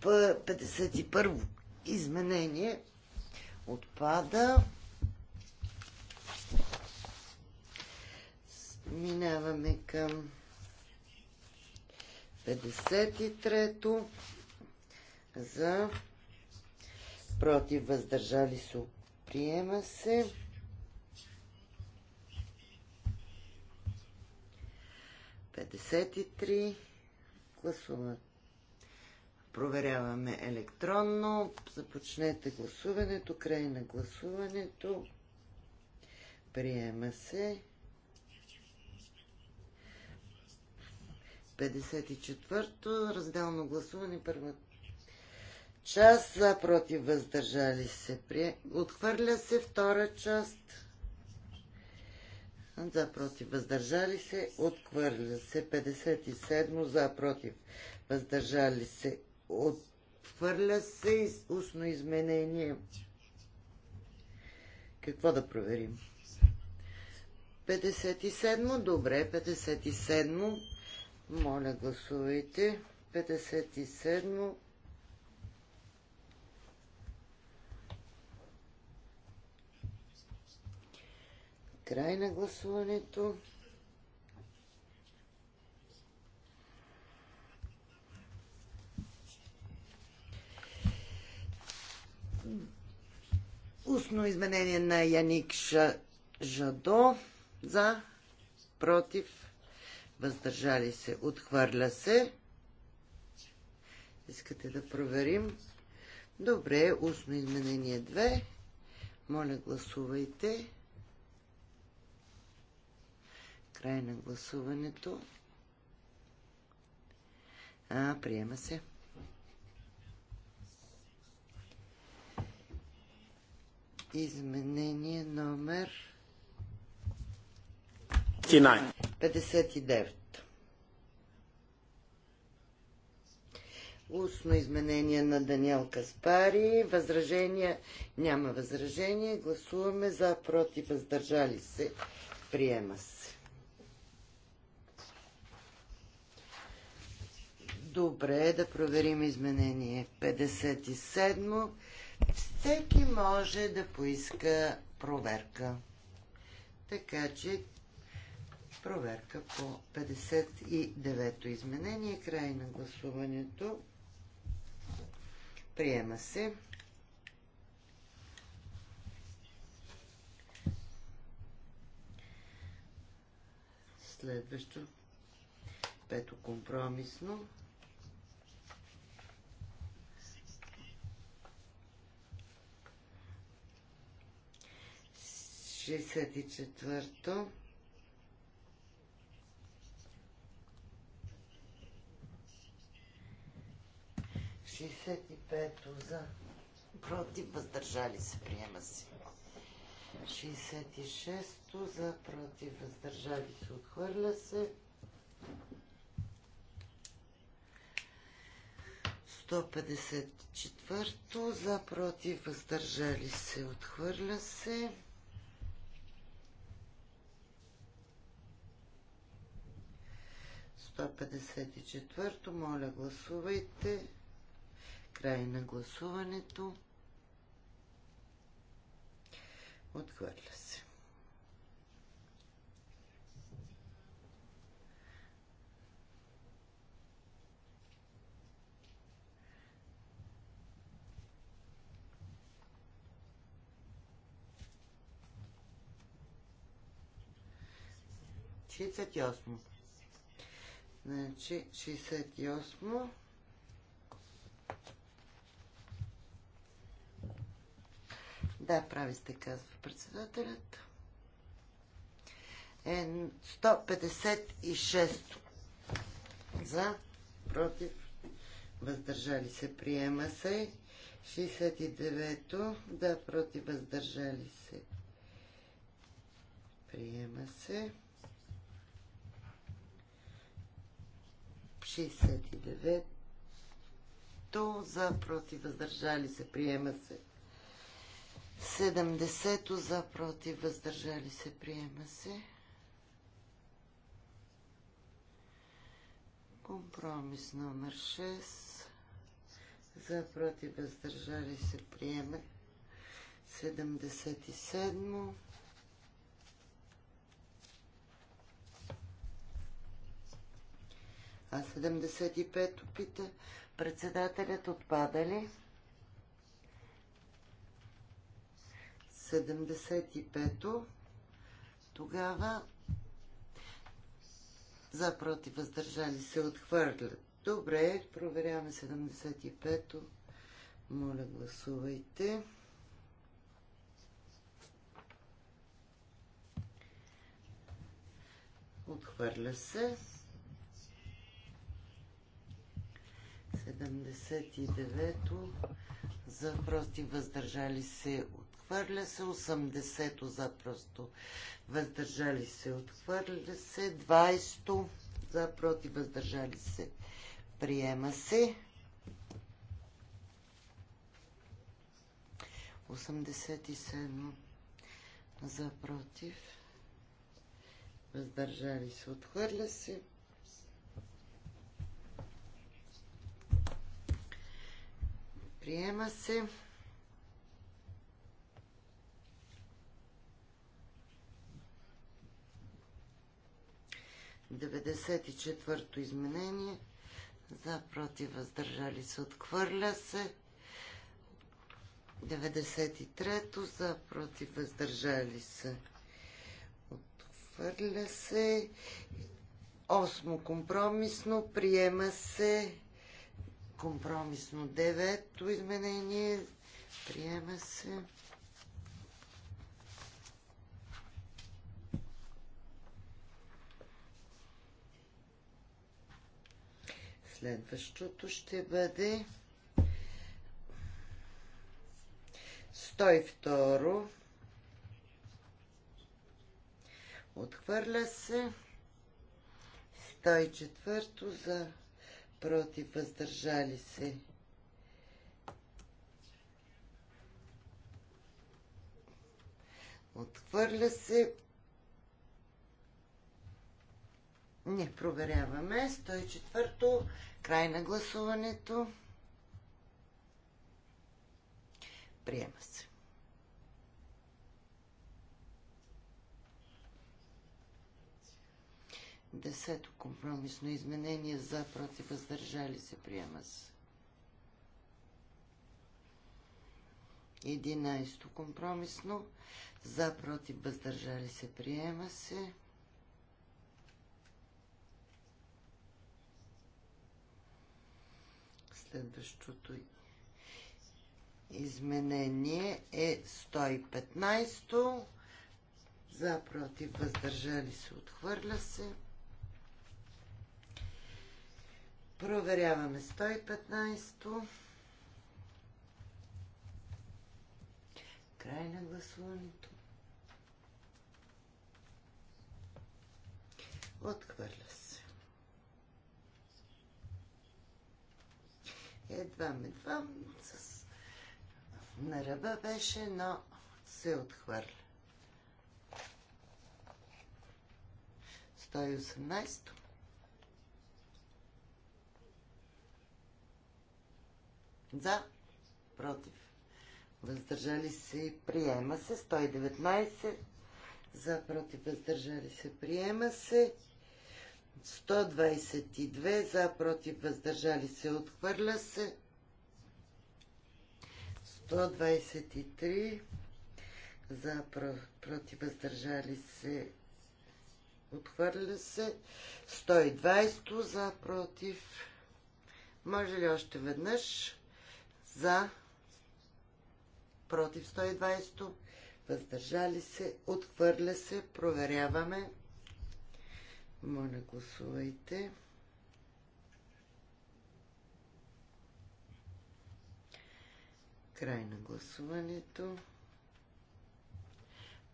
51 изменение отпада. Минаваме към 53-то за против въздържали се приема се. Пятдесет и три проверяваме електронно. Започнете гласуването, край на гласуването. Приема се. 54-то, разделно гласуване, първа част, за против въздържали се. Отхвърля се втора част. За против въздържали се, отхвърля се. 57 за против въздържали се, Отхвърля се устно изменение. Какво да проверим? 57. Добре, 57. Моля, гласувайте. 57. Край на гласуването. Устно изменение на Яник Жадо за, против, въздържали се, отхвърля се. Искате да проверим? Добре, устно изменение 2. Моля, гласувайте. Край на гласуването. А, приема се. Изменение номер 59. Устно изменение на Даниел Каспари. Възражения? Няма възражение. Гласуваме за, против, въздържали се. Приема се. Добре, да проверим изменение 57 всеки може да поиска проверка. Така че проверка по 59-то изменение, край на гласуването. Приема се. Следващо. Пето компромисно. 64-то. Шестдесет и за против, въздържали се, приема се. 66-то за против, въздържали се, отхвърля се. 154-то за против, въздържали се, отхвърля се. 154. Моля, гласувайте. Край на гласуването. Отхвърля се. Тридцать осмо. Значи 68. Да, прави сте, казва председателят. Е 156 за, против, въздържали се, приема се. 69-то, да, против, въздържали се, приема се. 69 то за против въздържали се приема се 70 за против въздържали се приема се компромис номер 6 за против въздържали се приема 77 А 75 то пита председателят отпада ли? 75-то. Тогава за против въздържали се отхвърлят. Добре, проверяваме 75-то. Моля, гласувайте. Отхвърля се. 79-то за против въздържали се отхвърля се, 80-то за просто въздържали се отхвърля се, 20-то за против въздържали се приема се. 87 за против въздържали се отхвърля се. Приема се. Деведесет и четвърто изменение. За, против, въздържали се, отхвърля се. 93-то за против въздържали се. Отхвърля се. Осмо компромисно приема се Компромисно Девето изменение. Приема се. Следващото ще бъде 102. Отхвърля се. 104 за против, въздържали се. Отхвърля се. Не проверяваме. 104-то. Край на гласуването. Приема се. Десето компромисно изменение за против въздържали се приема се. Единайсто компромисно за против въздържали се приема се. Следващото изменение е 115 за против въздържали се отхвърля се. Проверяваме 115-то. Край на гласуването. Отхвърля се. Едва ме два с... на ръба беше, но се отхвърля. 118-то. За. Против. Въздържали се. Приема се. 119. За. Против. Въздържали се. Приема се. 122. За. Против. Въздържали се. Отхвърля се. 123. За. Против. Въздържали се. Отхвърля се. 120 за против. Може ли още веднъж? за, против 120, въздържали се, отхвърля се, проверяваме. Моля, гласувайте. Край на гласуването.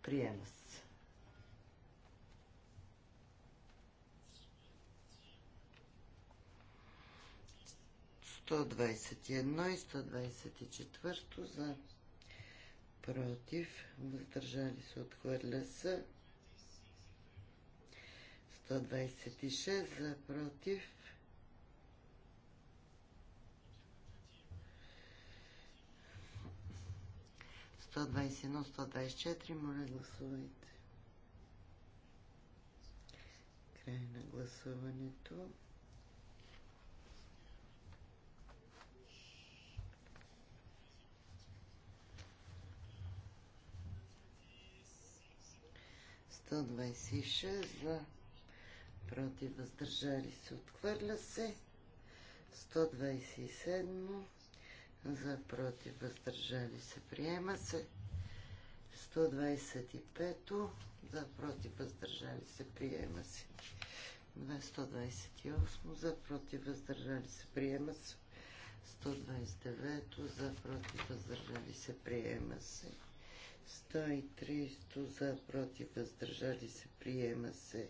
Приема се. 121 и 124 за против, въздържали се, от Хвърля са. 126 за против. Сто 124, едно, сто моля гласувайте. Край на гласуването. 126 за против въздържали се отхвърля се 127 за против въздържали се приема се 125 за против въздържали се приема се 128 за против въздържали се приема се 129 за против въздържали се приема се 130 за против въздържали се приема се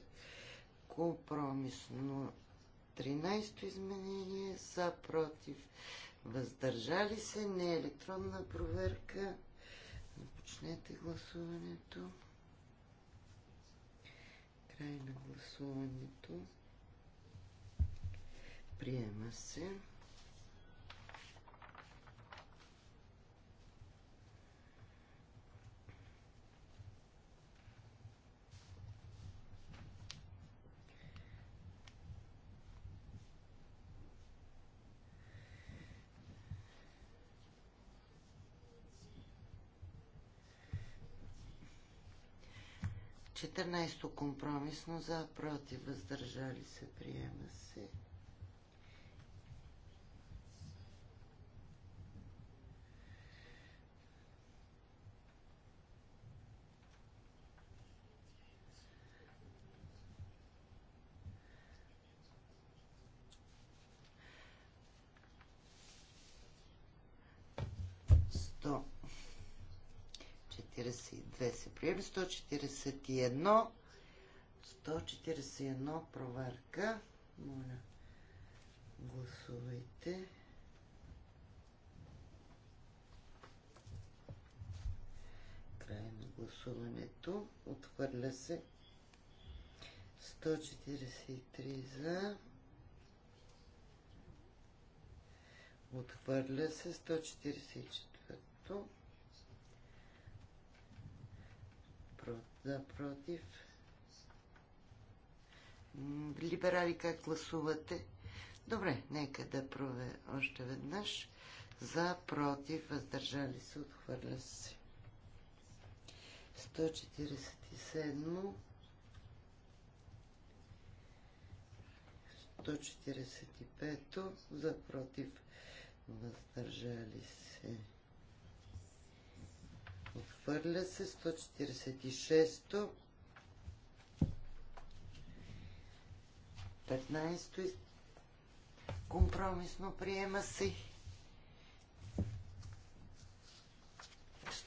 компромисно 13 то изменение за против въздържали се не е електронна проверка Започнете гласуването край на гласуването приема се 14 компромисно за, против, въздържали се, приема се. 142 се приема. 141. 141 проверка. Моля, гласувайте. Край на гласуването. Отхвърля се. 143 за. Отхвърля се 144 за против. Либерали как гласувате? Добре, нека да прове още веднъж. За, против, въздържали се, отхвърля се. 147. 145. За, против, въздържали се. Отхвърля се 146-то. 15-то компромисно приема се.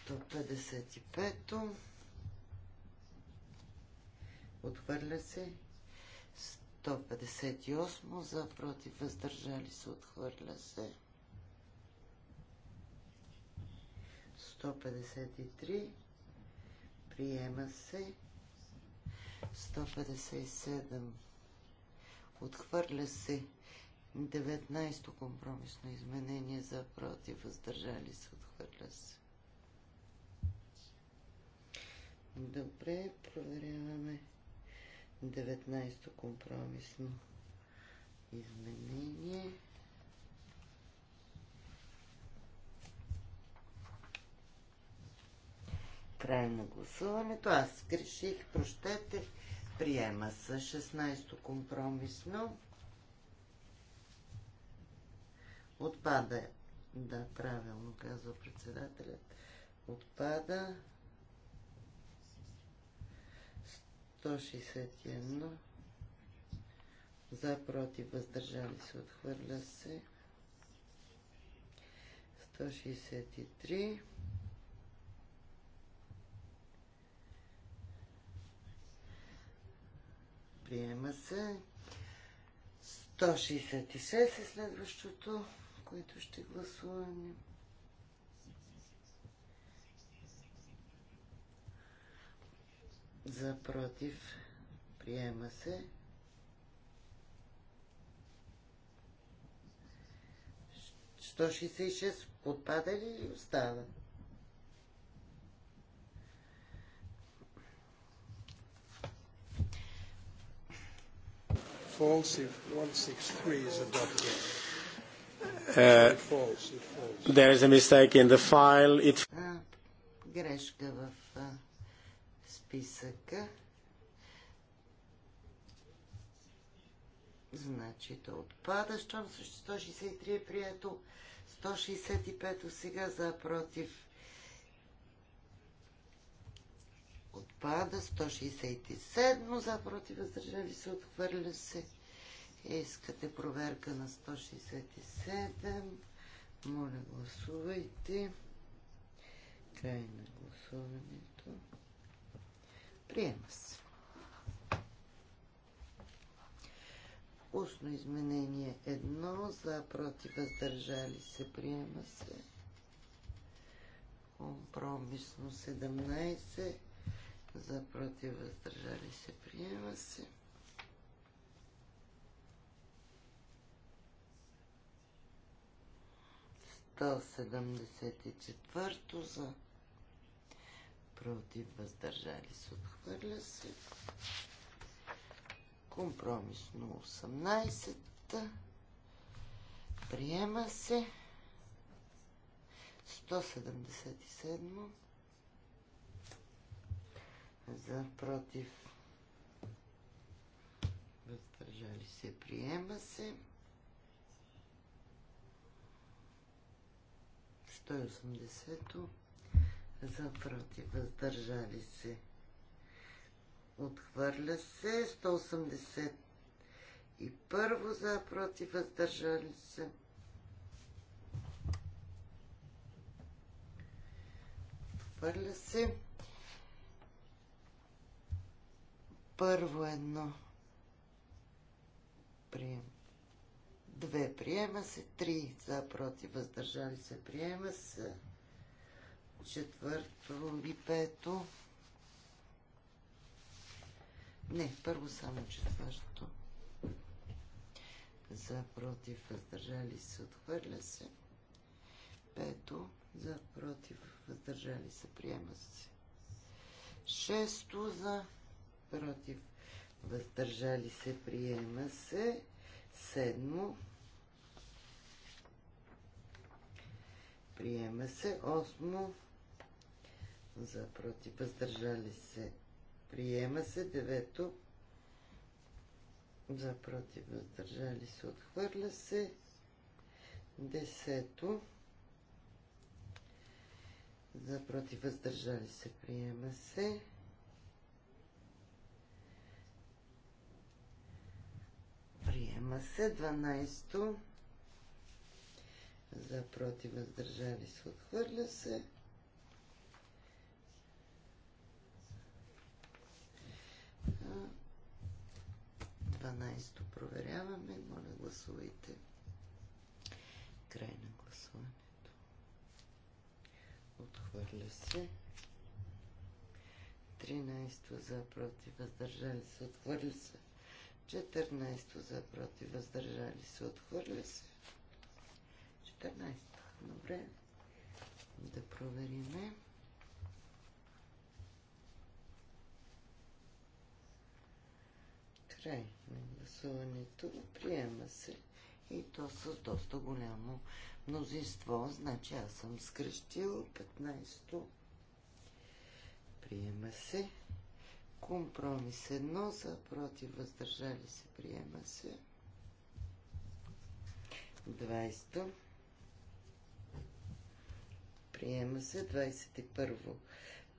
155-то. Отхвърля се 158 за против въздържали се отхвърля се. 153. Приема се. 157. Отхвърля се. 19 то компромисно изменение за против. Въздържали се. Отхвърля се. Добре, проверяваме 19-то компромисно изменение. края на гласуването. Аз греших, прощете. Приема се 16-то компромисно. Отпада. Да, правилно казва председателят. Отпада. 161. За, против, въздържали се, отхвърля се. 163. приема се. 166 е следващото, което ще гласуваме. За против приема се. 166 отпада ли и остава? falls if 163 is adopted. Uh, it falls, it falls. There is a mistake in the file. It... грешка в uh, списъка. Значи то отпада, щом 163 е прието, 165 сега за против отпада. 167 за против въздържали се отхвърля се. Искате проверка на 167. Моля, гласувайте. Край на гласуването. Приема се. Устно изменение 1. За против въздържали се. Приема се. Компромисно 17 за против въздържали се приема се. Сто седемдесет и четвърто за против въздържали се отхвърля се. Компромисно 18 приема се. 177 за против въздържали се приема се 180 за против въздържали се отхвърля се 180 и първо за против въздържали се отхвърля се Първо едно. Прием. Две приема се, три за против, въздържали се, приема се. Четвърто и пето. Не, първо само четвърто. За против, въздържали се, отхвърля се. Пето, за против, въздържали се, приема се. Шесто за против, въздържали се, приема се. Седмо, приема се. Осмо, за против, въздържали се, приема се. Девето, за против, въздържали се, отхвърля се. Десето, за против, въздържали се, приема се. Приема се 12 за против въздържали се отхвърля се. Дванайсто проверяваме. Моля, гласувайте. Край на гласуването. Отхвърля се. 13 за против въздържали се. Отхвърля се. 14 за против, въздържали се, отхвърля се. 14. Добре. Да провериме. Край на гласуването. Приема се. И то с доста голямо мнозинство. Значи аз съм скръщил 15. Приема се. Компромис 1 за против въздържали се приема се. 20. Приема се 21.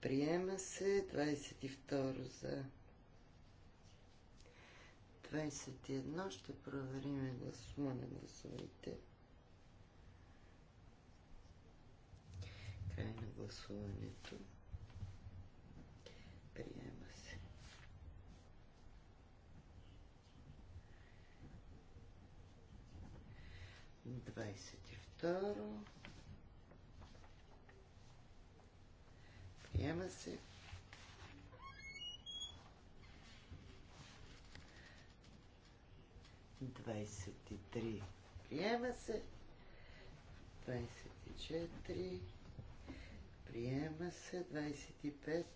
Приема се 22 за 21. Ще проверим гласуване. гласовете. Край на гласуването. 22. Приема се. Двадесет и три. Приема се. Двадесет и четири. Приема се. Двадесет и пет.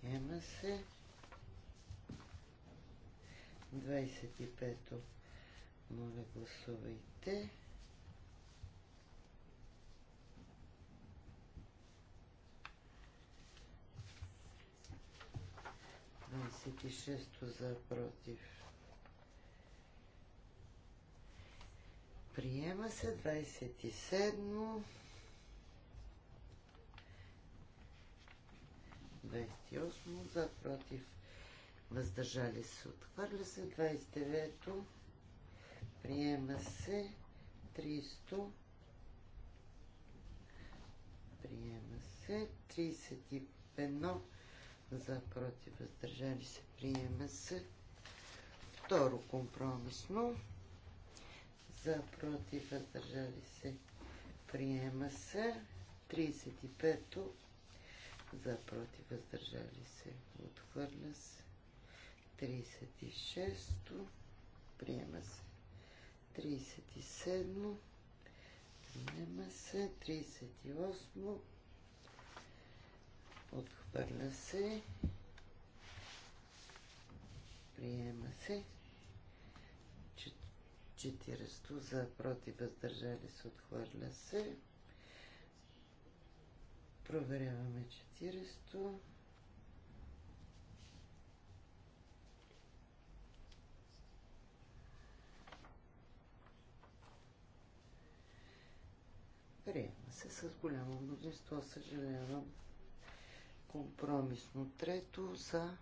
Приема се. Двадесет и пето моля, гласувайте. Двадесет и шесто за против. Приема се 27. 28 за против. Въздържали се. Отхвърля се 29. Приема се 300. Приема се 31 за против въздържали се. Приема се второ компромисно за против въздържали се. Приема се 35-то за против въздържали се. Отхвърля се 36-то. Приема се 37. Приема се. 38. Отхвърля се. Приема се. 40 за против въздържали се. Отхвърля се. Проверяваме 40. се с голямо множество, съжалявам. Компромисно трето за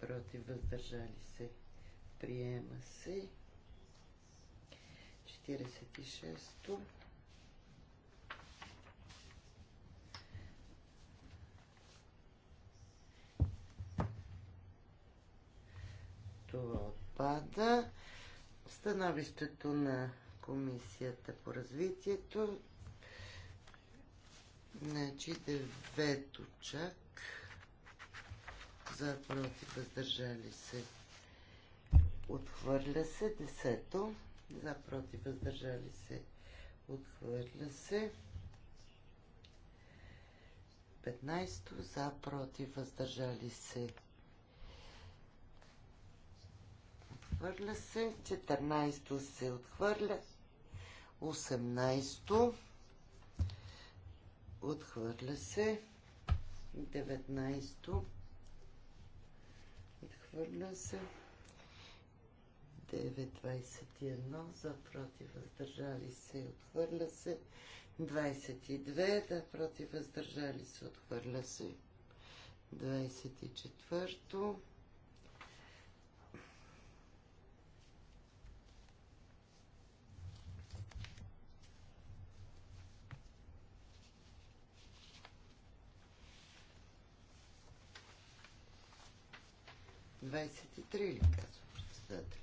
против въздържали се. Приема се. 46-то. Това отпада. Становището на Комисията по развитието Значи девето чак за против въздържали се отхвърля се. Десето за против въздържали се отхвърля се. 15 за против въздържали се отхвърля се 14 се отхвърля 18 Отхвърля се. 19-то. Отхвърля се. 9.21 за против въздържали се отхвърля се 22 за против въздържали се отхвърля се 24 то 23 ли казва председателя?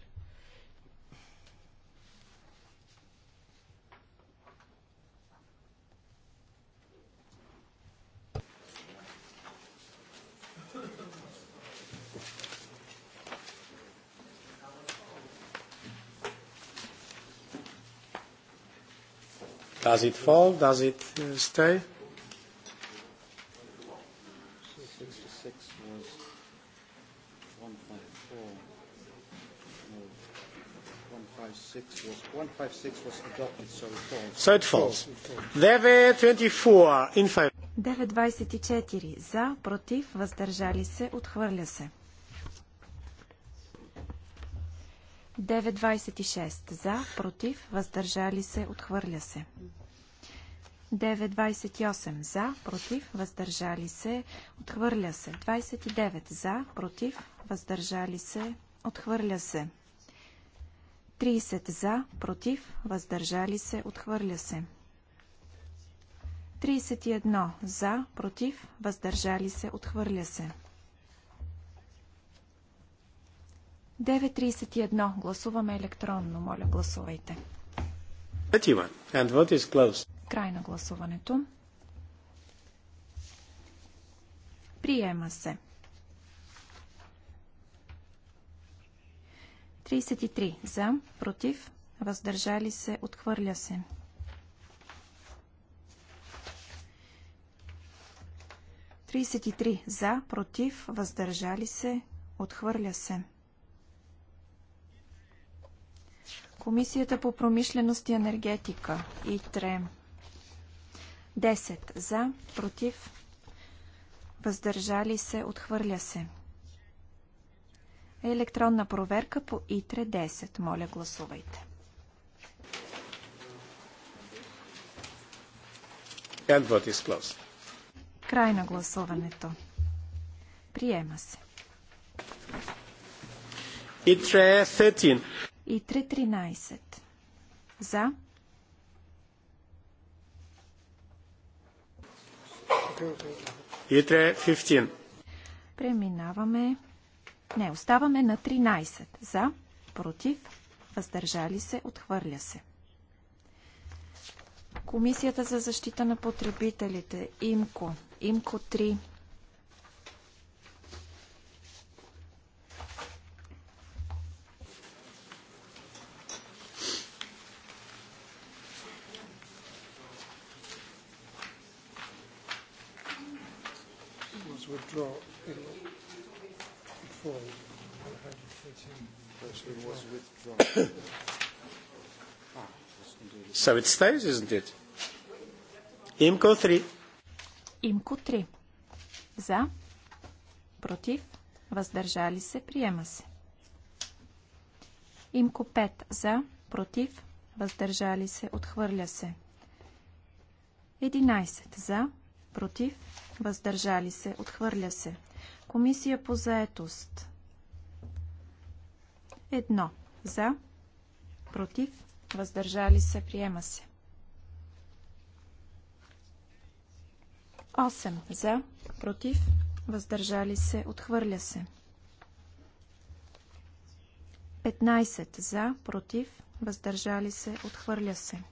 Does it fall? Does it stay? 9.24 9.24 за, против, въздържали се, отхвърля се. 9.26 за, против, въздържали се, отхвърля се. 9.28 за, против, въздържали се, отхвърля се. 29 за, против, въздържали се, отхвърля се. 30 за, против, въздържали се, отхвърля се. 31 за, против, въздържали се, отхвърля се. 9.31. Гласуваме електронно. Моля, гласувайте. Край на гласуването. Приема се. 33 за, против, въздържали се, отхвърля се. три за, против, въздържали се, отхвърля се. Комисията по промишленост и енергетика и ТРЕМ. 10 за, против, въздържали се, отхвърля се електронна проверка по ИТРЕ 10. Моля, гласувайте. Край на гласуването. Приема се. ИТРЕ 13. ИТРЕ 13. За. ИТРЕ 15. Преминаваме не, оставаме на 13. За, против, въздържали се, отхвърля се. Комисията за защита на потребителите, ИМКО, ИМКО 3. withdraw in full. So it stays, isn't it? Имко 3. Имко 3. За. Против. Въздържали се. Приема се. Имко 5. За. Против. Въздържали се. Отхвърля се. 11. За. Против. Въздържали се. Отхвърля се. Комисия по заетост. Едно. За. Против. Въздържали се. Приема се. 8. За. Против. Въздържали се. Отхвърля се. 15. За. Против. Въздържали се. Отхвърля се.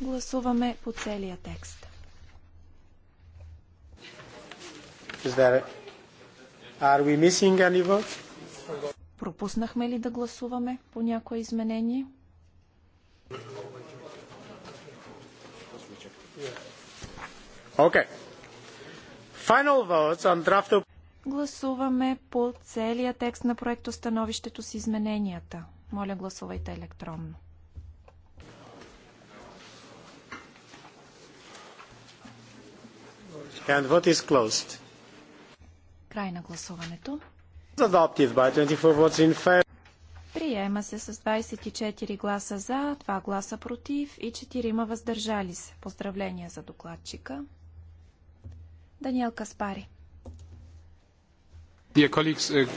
Гласуваме по целия текст. Is there... Are we missing any vote? Пропуснахме ли да гласуваме по някое изменение? Okay. Final votes on draft of... Гласуваме по целия текст на проекто становището с измененията. Моля, гласувайте електронно. And vote is closed. Край на гласуването. Приема се с 24 гласа за, 2 гласа против и 4 има въздържали се. Поздравления за докладчика. Даниел Каспари. Dear colleagues, uh,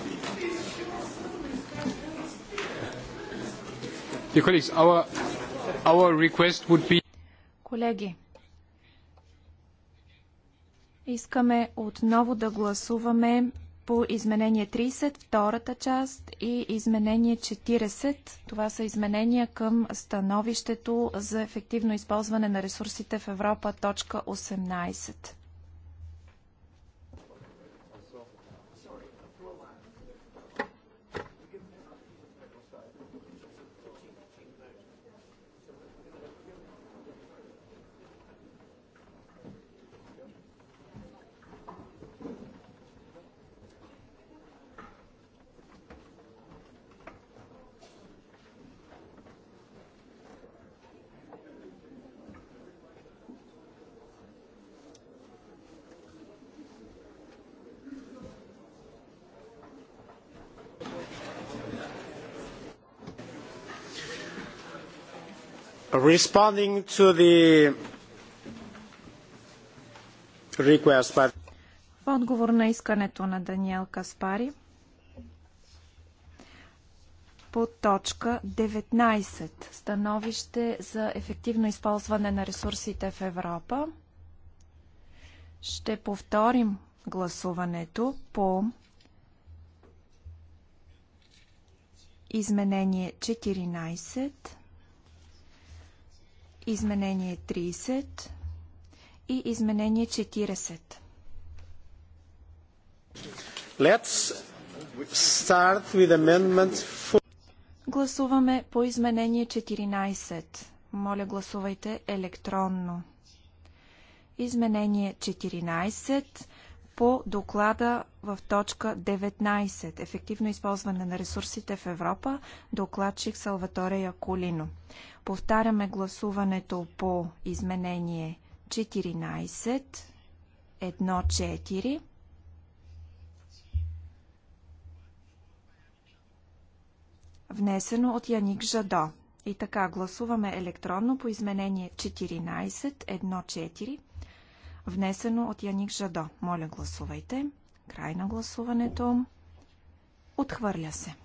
dear colleagues our, our request would be... Колеги, Искаме отново да гласуваме по изменение 30, втората част и изменение 40. Това са изменения към становището за ефективно използване на ресурсите в Европа, точка 18. Responding to the request by... В отговор на искането на Даниел Каспари по точка 19 становище за ефективно използване на ресурсите в Европа. Ще повторим гласуването по изменение 14 изменение 30 и изменение 40. Let's start with amendment Гласуваме по изменение 14. Моля, гласувайте електронно. Изменение 14 по доклада в точка 19 Ефективно използване на ресурсите в Европа, докладчик Салваторе Яколино. Повтаряме гласуването по изменение 14 1-4. внесено от Яник Жадо. И така гласуваме електронно по изменение 14.1.4 внесено от Яник Жадо. Моля, гласувайте. Край на гласуването. Отхвърля се.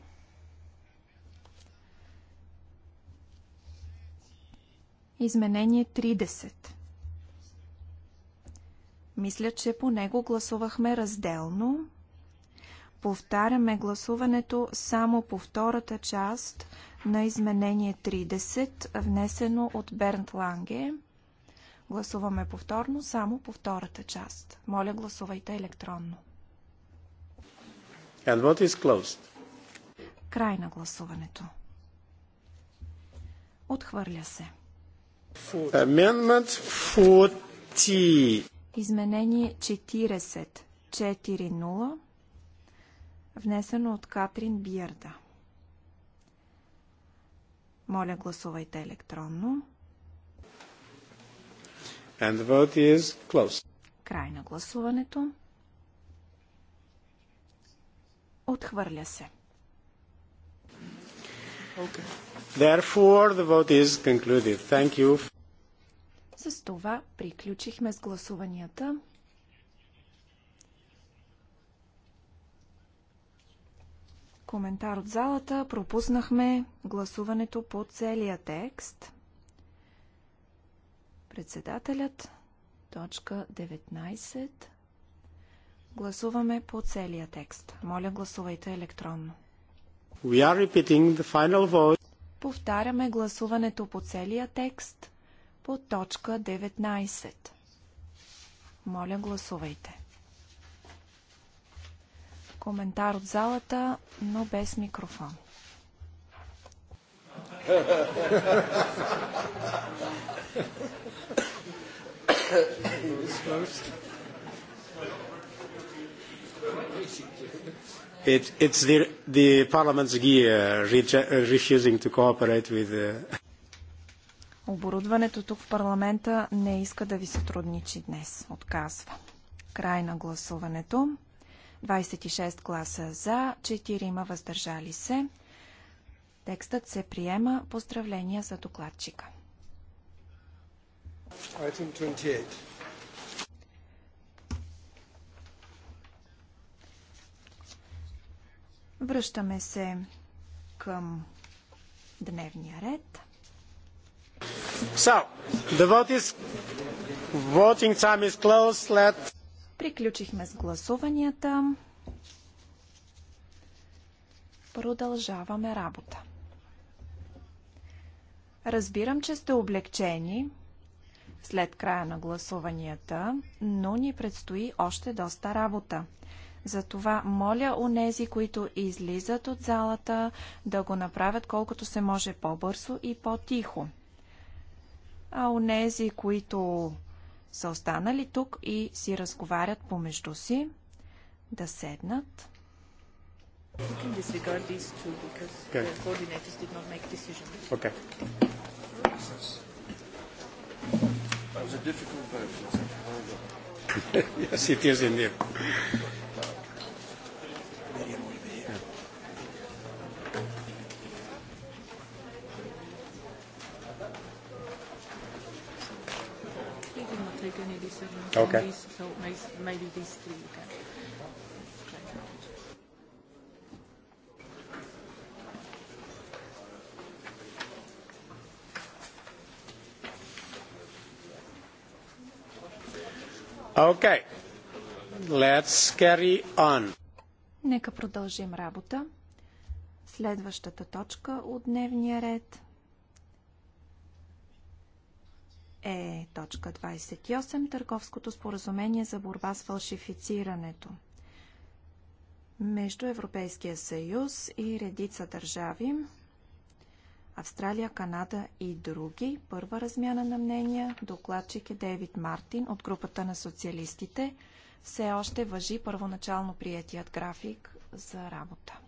Изменение 30. Мисля, че по него гласувахме разделно. Повтаряме гласуването само по втората част на изменение 30, внесено от Бернт Ланге. Гласуваме повторно само по втората част. Моля, гласувайте електронно. And what is closed? Край на гласуването. Отхвърля се. Amendment 40. Изменение 40. 4.0. Внесено от Катрин Биерда. Моля, гласувайте електронно. And the vote is closed. Край на гласуването. Отхвърля се. Okay. Therefore, the vote is concluded. Thank you. С това приключихме с гласуванията. Коментар от залата. Пропуснахме гласуването по целия текст. Председателят. Точка 19. Гласуваме по целия текст. Моля, гласувайте електронно. We are repeating the final vote. Повтаряме гласуването по целия текст по точка 19. Моля, гласувайте. Коментар от залата, но без микрофон. <laughs> It, it's the, the Parliament's gear uh, refusing to cooperate with the... Uh, Оборудването тук в парламента не иска да ви сътрудничи днес. Отказва. Край на гласуването. 26 гласа за, 4 има въздържали се. Текстът се приема. Поздравления за докладчика. Item 28. Връщаме се към дневния ред. So, the vote is... Voting time is closed. Let... Приключихме с гласуванията. Продължаваме работа. Разбирам, че сте облегчени, след края на гласуванията, но ни предстои още доста работа. Затова моля нези, които излизат от залата, да го направят колкото се може по-бързо и по-тихо. А нези, които са останали тук и си разговарят помежду си, да седнат. Okay. That was a difficult vote. yes, it is there. Okay. Maybe these three Okay. Let's carry on. Нека продължим работа. Следващата точка от дневния ред е точка 28 Търговското споразумение за борба с фалшифицирането между Европейския съюз и редица държави, Австралия, Канада и други. Първа размяна на мнения. Докладчик е Дейвид Мартин от групата на социалистите. Все още въжи първоначално приятият график за работа.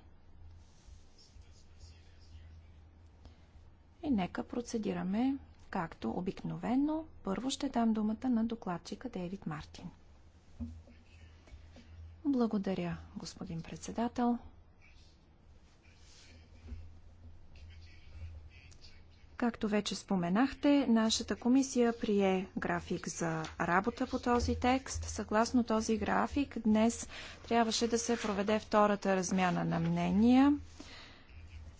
И нека процедираме както обикновено. Първо ще дам думата на докладчика Дейвид Мартин. Благодаря, господин председател. Както вече споменахте, нашата комисия прие график за работа по този текст. Съгласно този график, днес трябваше да се проведе втората размяна на мнения.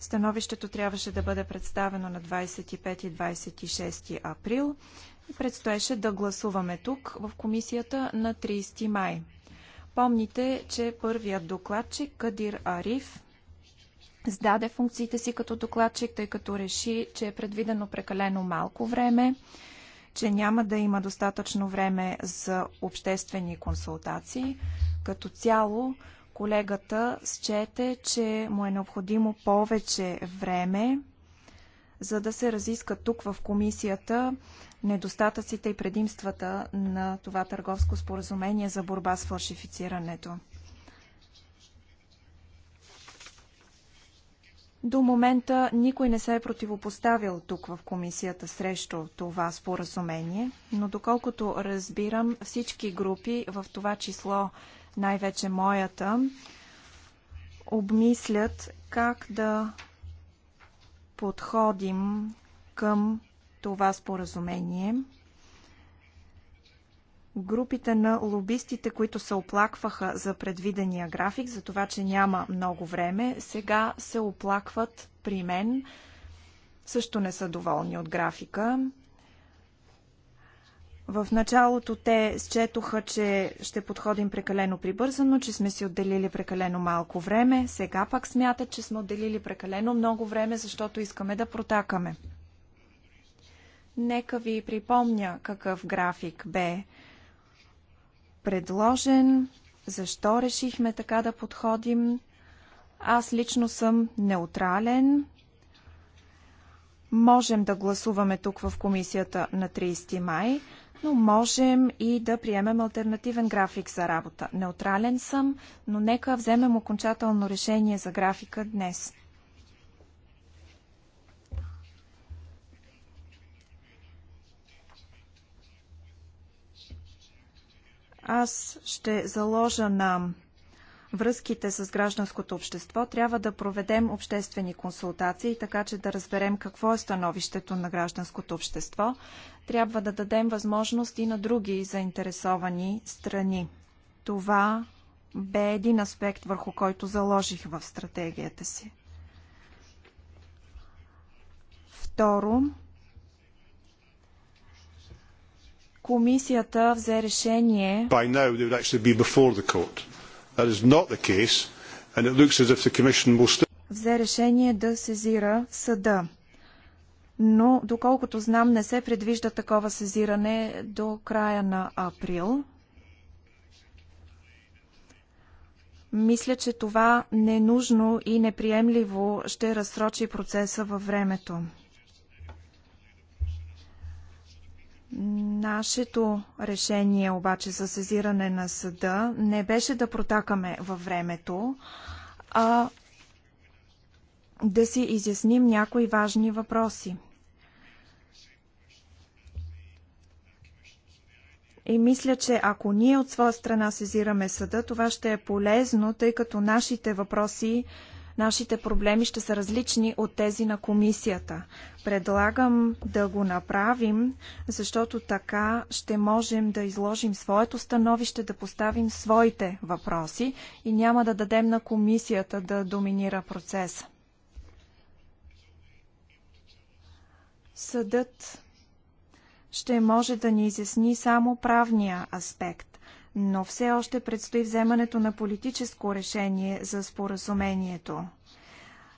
Становището трябваше да бъде представено на 25 и 26 април предстоеше да гласуваме тук в комисията на 30 май. Помните, че първият докладчик Кадир Ариф сдаде функциите си като докладчик, тъй като реши, че е предвидено прекалено малко време, че няма да има достатъчно време за обществени консултации. Като цяло, колегата счете, че му е необходимо повече време, за да се разиска тук в комисията недостатъците и предимствата на това търговско споразумение за борба с фалшифицирането. До момента никой не се е противопоставил тук в комисията срещу това споразумение, но доколкото разбирам, всички групи, в това число най-вече моята, обмислят как да подходим към това споразумение – групите на лобистите, които се оплакваха за предвидения график, за това, че няма много време, сега се оплакват при мен. Също не са доволни от графика. В началото те счетоха, че ще подходим прекалено прибързано, че сме си отделили прекалено малко време. Сега пак смятат, че сме отделили прекалено много време, защото искаме да протакаме. Нека ви припомня какъв график бе предложен, защо решихме така да подходим. Аз лично съм неутрален. Можем да гласуваме тук в комисията на 30 май, но можем и да приемем альтернативен график за работа. Неутрален съм, но нека вземем окончателно решение за графика днес. Аз ще заложа на връзките с гражданското общество. Трябва да проведем обществени консултации, така че да разберем какво е становището на гражданското общество. Трябва да дадем възможност и на други заинтересовани страни. Това бе един аспект, върху който заложих в стратегията си. Второ, комисията взе решение. By now they would actually be before the court. That is not the case and it looks as if the commission will still... Взе решение да сезира съда. Но, доколкото знам, не се предвижда такова сезиране до края на април. Мисля, че това ненужно и неприемливо ще разсрочи процеса във времето. Нашето решение обаче за сезиране на съда не беше да протакаме във времето, а да си изясним някои важни въпроси. И мисля, че ако ние от своя страна сезираме съда, това ще е полезно, тъй като нашите въпроси нашите проблеми ще са различни от тези на комисията. Предлагам да го направим, защото така ще можем да изложим своето становище, да поставим своите въпроси и няма да дадем на комисията да доминира процеса. Съдът ще може да ни изясни само правния аспект но все още предстои вземането на политическо решение за споразумението.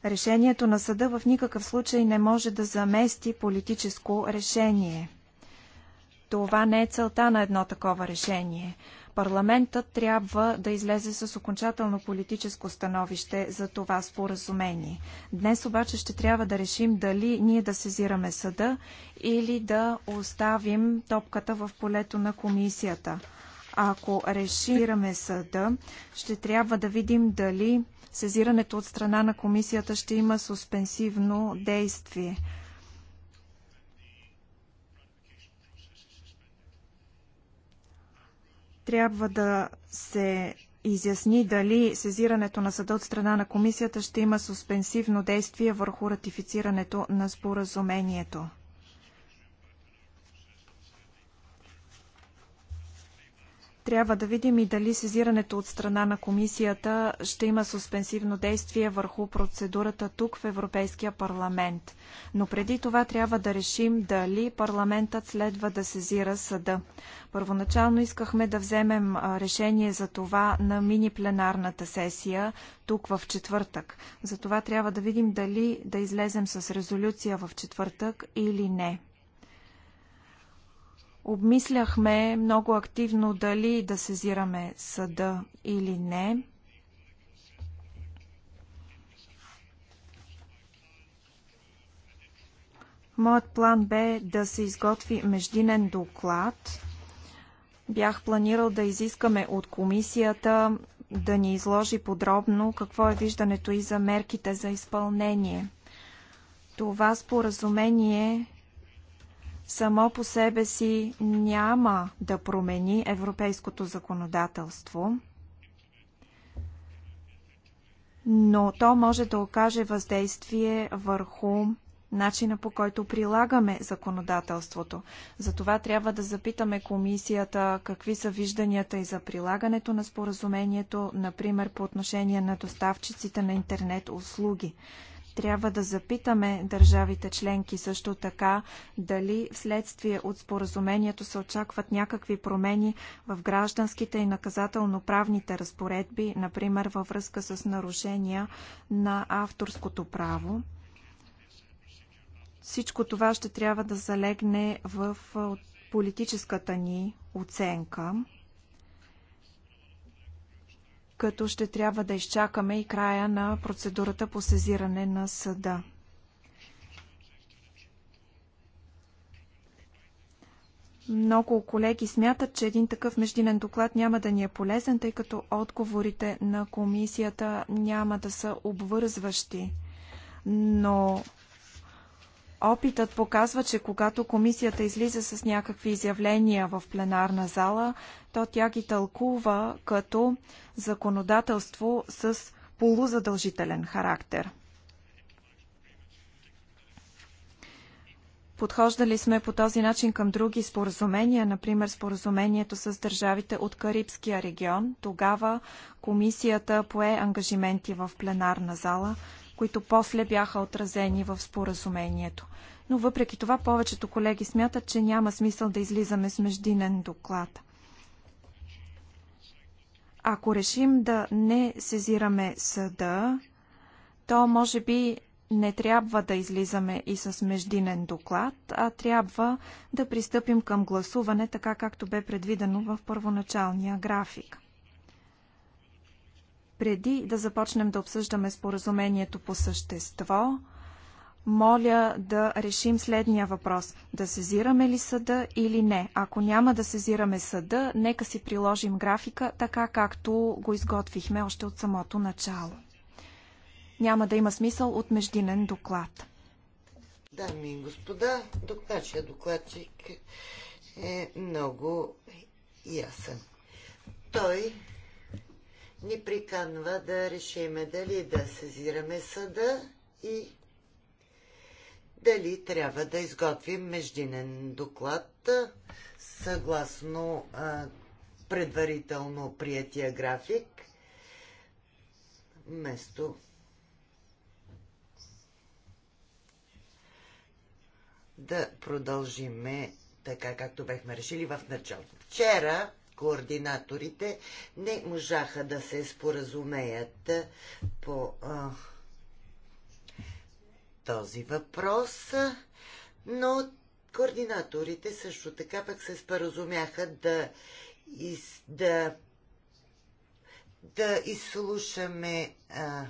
Решението на съда в никакъв случай не може да замести политическо решение. Това не е целта на едно такова решение. Парламентът трябва да излезе с окончателно политическо становище за това споразумение. Днес обаче ще трябва да решим дали ние да сезираме съда или да оставим топката в полето на комисията. Ако решираме съда, ще трябва да видим дали сезирането от страна на комисията ще има суспенсивно действие. Трябва да се изясни дали сезирането на съда от страна на комисията ще има суспенсивно действие върху ратифицирането на споразумението. Трябва да видим и дали сезирането от страна на комисията ще има суспенсивно действие върху процедурата тук в Европейския парламент. Но преди това трябва да решим дали парламентът следва да сезира съда. Първоначално искахме да вземем решение за това на мини пленарната сесия тук в четвъртък. Затова трябва да видим дали да излезем с резолюция в четвъртък или не. Обмисляхме много активно дали да сезираме съда или не. Моят план бе да се изготви междинен доклад. Бях планирал да изискаме от комисията да ни изложи подробно какво е виждането и за мерките за изпълнение. Това споразумение само по себе си няма да промени европейското законодателство, но то може да окаже въздействие върху начина по който прилагаме законодателството. Затова трябва да запитаме комисията какви са вижданията и за прилагането на споразумението, например по отношение на доставчиците на интернет услуги. Трябва да запитаме държавите членки също така дали вследствие от споразумението се очакват някакви промени в гражданските и наказателно-правните разпоредби, например във връзка с нарушения на авторското право. Всичко това ще трябва да залегне в политическата ни оценка като ще трябва да изчакаме и края на процедурата по сезиране на съда. Много колеги смятат, че един такъв междинен доклад няма да ни е полезен, тъй като отговорите на комисията няма да са обвързващи. Но Опитът показва, че когато комисията излиза с някакви изявления в пленарна зала, то тя ги тълкува като законодателство с полузадължителен характер. Подхождали сме по този начин към други споразумения, например споразумението с държавите от Карибския регион. Тогава комисията пое ангажименти в пленарна зала, които после бяха отразени в споразумението. Но въпреки това повечето колеги смятат, че няма смисъл да излизаме с междинен доклад. Ако решим да не сезираме съда, то може би не трябва да излизаме и с междинен доклад, а трябва да пристъпим към гласуване, така както бе предвидено в първоначалния график. Преди да започнем да обсъждаме споразумението по същество, моля да решим следния въпрос. Да сезираме ли съда или не? Ако няма да сезираме съда, нека си приложим графика така, както го изготвихме още от самото начало. Няма да има смисъл от междинен доклад. Дами и господа, нашия докладчик е много ясен. Той ни приканва да решиме дали да сезираме съда и дали трябва да изготвим междинен доклад съгласно предварително приятия график вместо да продължиме така, както бехме решили в началото. Вчера координаторите не можаха да се споразумеят по а, този въпрос, но координаторите също така пък се споразумяха да, из, да, да изслушаме а,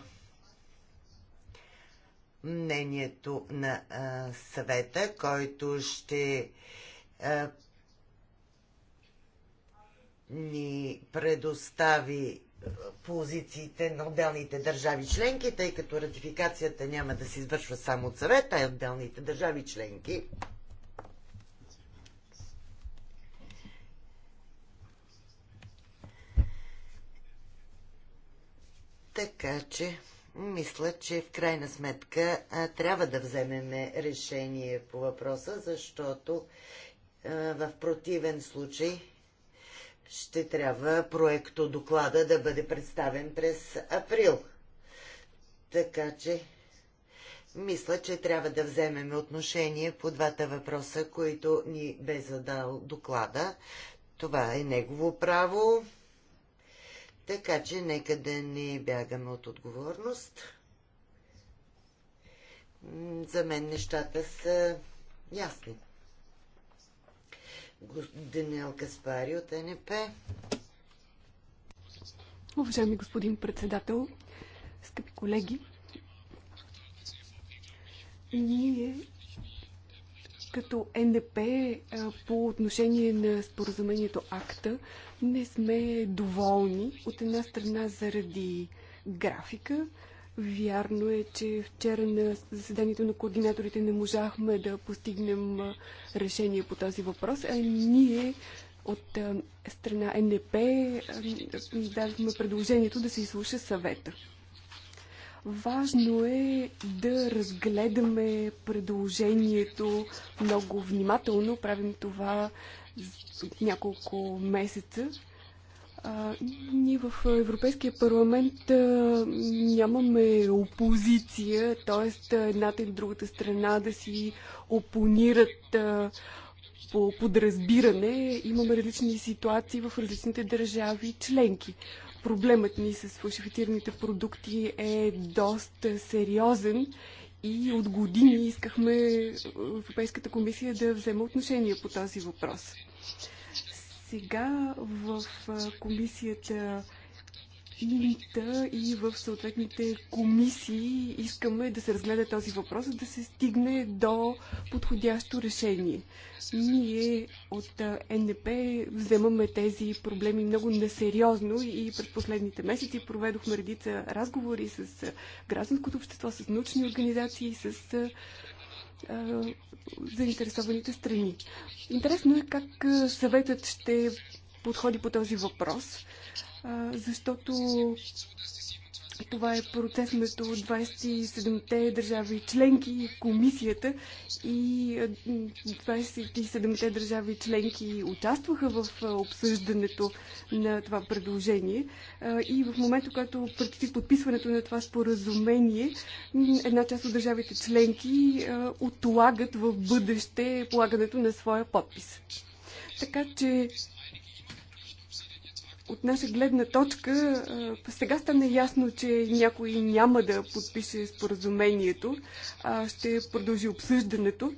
мнението на а, съвета, който ще а, ни предостави е, позициите на отделните държави членки, тъй като ратификацията няма да се извършва само от съвета, а отделните държави членки. Така че, мисля, че в крайна сметка а, трябва да вземем решение по въпроса, защото а, в противен случай ще трябва проекто доклада да бъде представен през април. Така че мисля, че трябва да вземем отношение по двата въпроса, които ни бе задал доклада. Това е негово право. Така че нека да не бягаме от отговорност. За мен нещата са ясни. Даниел Каспари от НП. Уважаеми господин председател, скъпи колеги, ние като НДП по отношение на споразумението АКТА не сме доволни. От една страна заради графика, Вярно е, че вчера на заседанието на координаторите не можахме да постигнем решение по този въпрос, а ние от страна НП дадохме предложението да се изслуша съвета. Важно е да разгледаме предложението много внимателно. Правим това няколко месеца а, ние в Европейския парламент а, нямаме опозиция, т.е. едната или другата страна да си опонират а, по подразбиране. Имаме различни ситуации в различните държави членки. Проблемът ни с фалшифицираните продукти е доста сериозен и от години искахме Европейската комисия да вземе отношение по този въпрос. Сега в комисията Инта и в съответните комисии искаме да се разгледа този въпрос, да се стигне до подходящо решение. Ние от НДП вземаме тези проблеми много несериозно и през последните месеци проведохме редица разговори с гражданското общество, с научни организации, с заинтересованите страни. Интересно е как съветът ще подходи по този въпрос, защото това е процес между 27-те държави членки и комисията и 27-те държави членки участваха в обсъждането на това предложение. И в момента, когато предстои подписването на това споразумение, една част от държавите членки отлагат в бъдеще полагането на своя подпис. Така че от наша гледна точка, сега стана ясно, че някой няма да подпише споразумението, а ще продължи обсъждането.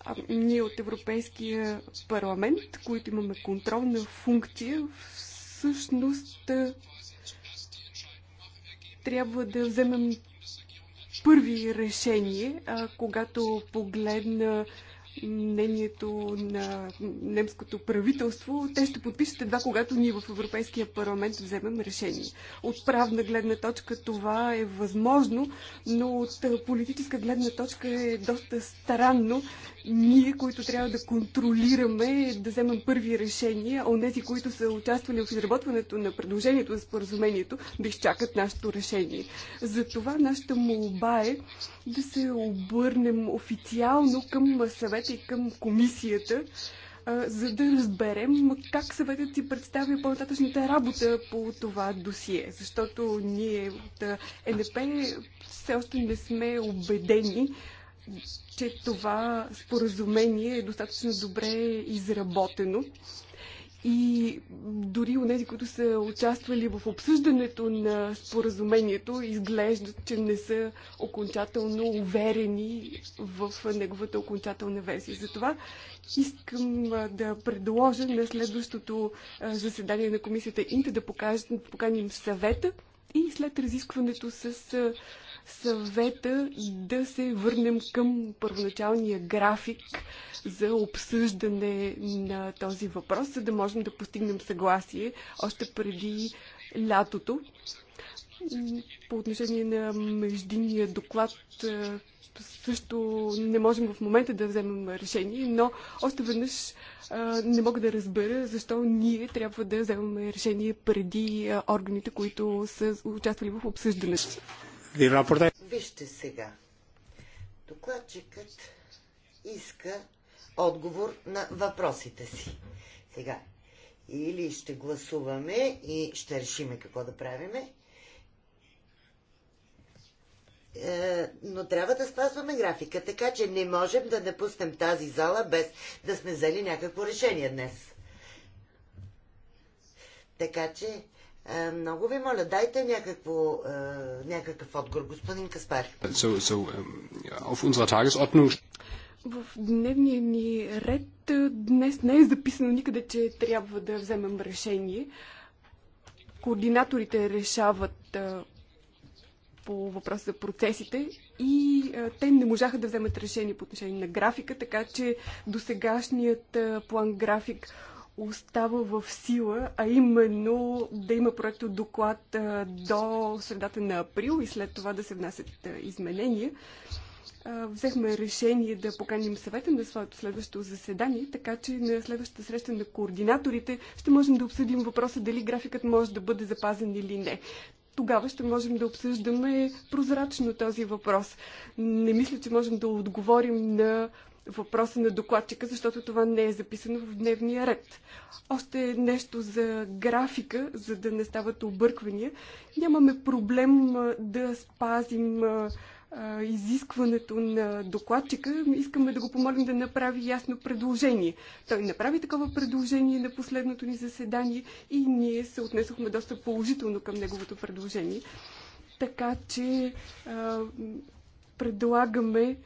А, ние от Европейския парламент, които имаме контролна функция, всъщност трябва да вземем първи решение, а, когато погледна мнението на немското правителство, те ще подпишат едва когато ние в Европейския парламент вземем решение. От правна гледна точка това е възможно, но от политическа гледна точка е доста странно ние, които трябва да контролираме, да вземем първи решения, а онези, които са участвали в изработването на предложението за споразумението, да изчакат нашето решение. Затова нашата молба е да се обърнем официално към съвет съвет и към комисията, за да разберем как съветът си представя по-нататъчната работа по това досие. Защото ние от НП все още не сме убедени, че това споразумение е достатъчно добре изработено и дори у нези, които са участвали в обсъждането на споразумението, изглеждат, че не са окончателно уверени в неговата окончателна версия. Затова искам да предложа на следващото заседание на комисията Инта да поканим съвета и след разискването с съвета да се върнем към първоначалния график за обсъждане на този въпрос, за да можем да постигнем съгласие още преди лятото. По отношение на междинния доклад е, също не можем в момента да вземем решение, но още веднъж е, не мога да разбера защо ние трябва да вземаме решение преди е, органите, които са участвали в обсъждането. Вижте сега. Докладчикът иска отговор на въпросите си. Сега, или ще гласуваме и ще решиме какво да правиме, е, но трябва да спазваме графика, така че не можем да напуснем тази зала без да сме взели някакво решение днес. Така че е, много ви моля, дайте някакво, е, някакъв отговор, господин Каспар. So, so, е, в дневния ни ред днес не е записано никъде, че трябва да вземем решение. Координаторите решават по въпроса за процесите и а, те не можаха да вземат решение по отношение на графика, така че досегашният а, план график остава в сила, а именно да има проект от доклад до средата на април и след това да се внасят изменения. Взехме решение да поканим съвета на своето следващо заседание, така че на следващата среща на координаторите ще можем да обсъдим въпроса дали графикът може да бъде запазен или не тогава ще можем да обсъждаме прозрачно този въпрос. Не мисля, че можем да отговорим на въпроса на докладчика, защото това не е записано в дневния ред. Още нещо за графика, за да не стават обърквания. Нямаме проблем да спазим изискването на докладчика, искаме да го помолим да направи ясно предложение. Той направи такова предложение на последното ни заседание и ние се отнесохме доста положително към неговото предложение. Така че предлагаме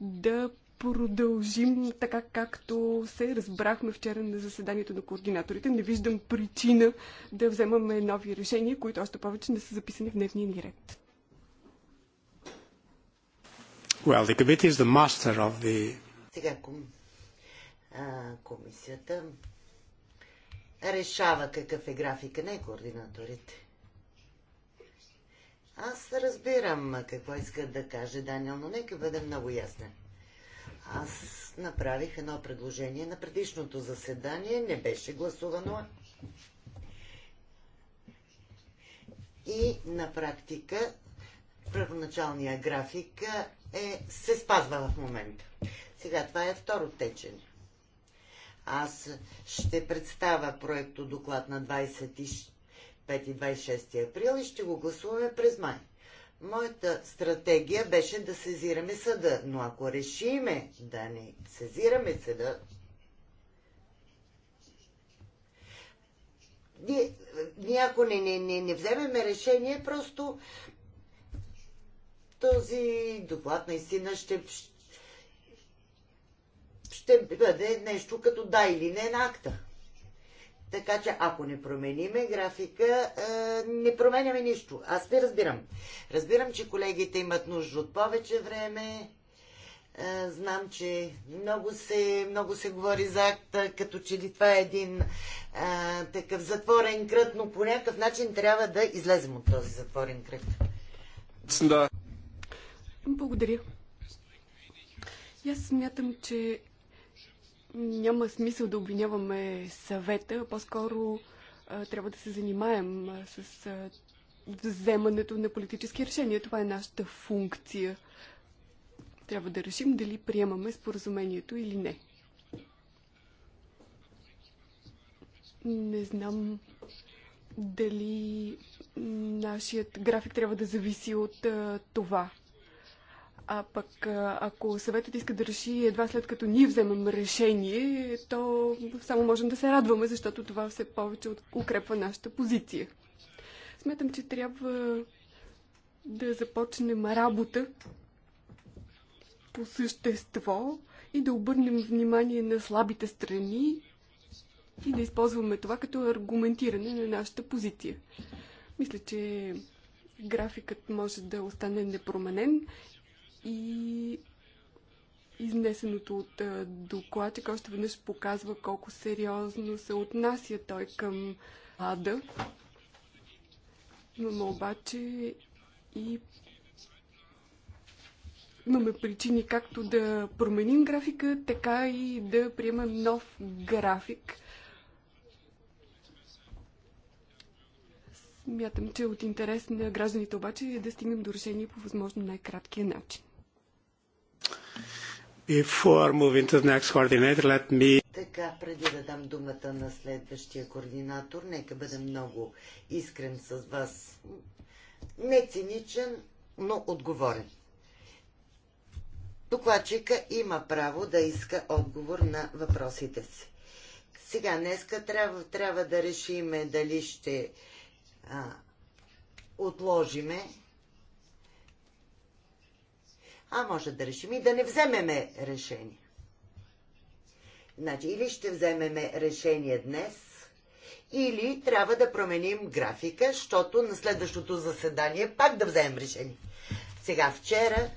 да продължим така, както се разбрахме вчера на заседанието на координаторите. Не виждам причина да вземаме нови решения, които още повече не са записани в дневния ни ред. Well, the committee is the master of the... Сега ком... а, комисията решава какъв е графика, не координаторите. Аз разбирам какво иска да каже Даниел, но нека бъде много ясен. Аз направих едно предложение на предишното заседание, не беше гласувано. И на практика първоначалния график е, се спазва в момента. Сега това е второ течене. Аз ще представя проекто доклад на 25 и 26 април и ще го гласуваме през май. Моята стратегия беше да сезираме съда, но ако решиме да не сезираме съда, ние, ние ако не, не, не, не вземеме решение, просто този доклад наистина ще, ще бъде нещо като да или не на акта. Така че ако не промениме графика, е, не променяме нищо. Аз ви разбирам. Разбирам, че колегите имат нужда от повече време. Е, знам, че много се, много се говори за акта, като че ли това е един е, такъв затворен кръг, но по някакъв начин трябва да излезем от този затворен кръг. Да. Благодаря. И аз смятам, че няма смисъл да обвиняваме съвета, по-скоро трябва да се занимаем с вземането на политически решения. Това е нашата функция. Трябва да решим дали приемаме споразумението или не. Не знам дали нашият график трябва да зависи от това. А пък ако съветът иска да реши едва след като ние вземем решение, то само можем да се радваме, защото това все повече укрепва нашата позиция. Сметам, че трябва да започнем работа по същество и да обърнем внимание на слабите страни и да използваме това като аргументиране на нашата позиция. Мисля, че графикът може да остане непроменен и изнесеното от докладчик още веднъж показва колко сериозно се отнася той към ада. Но обаче и имаме причини както да променим графика, така и да приемем нов график. Смятам, че от интерес на гражданите обаче е да стигнем до решение по възможно най-краткия начин. Before moving to the next coordinator, let me... Така, преди да дам думата на следващия координатор, нека бъдем много искрен с вас. Не циничен, но отговорен. Докладчика има право да иска отговор на въпросите си. Сега, днеска трябва, трябва да решиме дали ще а, отложиме а може да решим и да не вземеме решение. Значи, или ще вземеме решение днес, или трябва да променим графика, защото на следващото заседание пак да вземем решение. Сега, вчера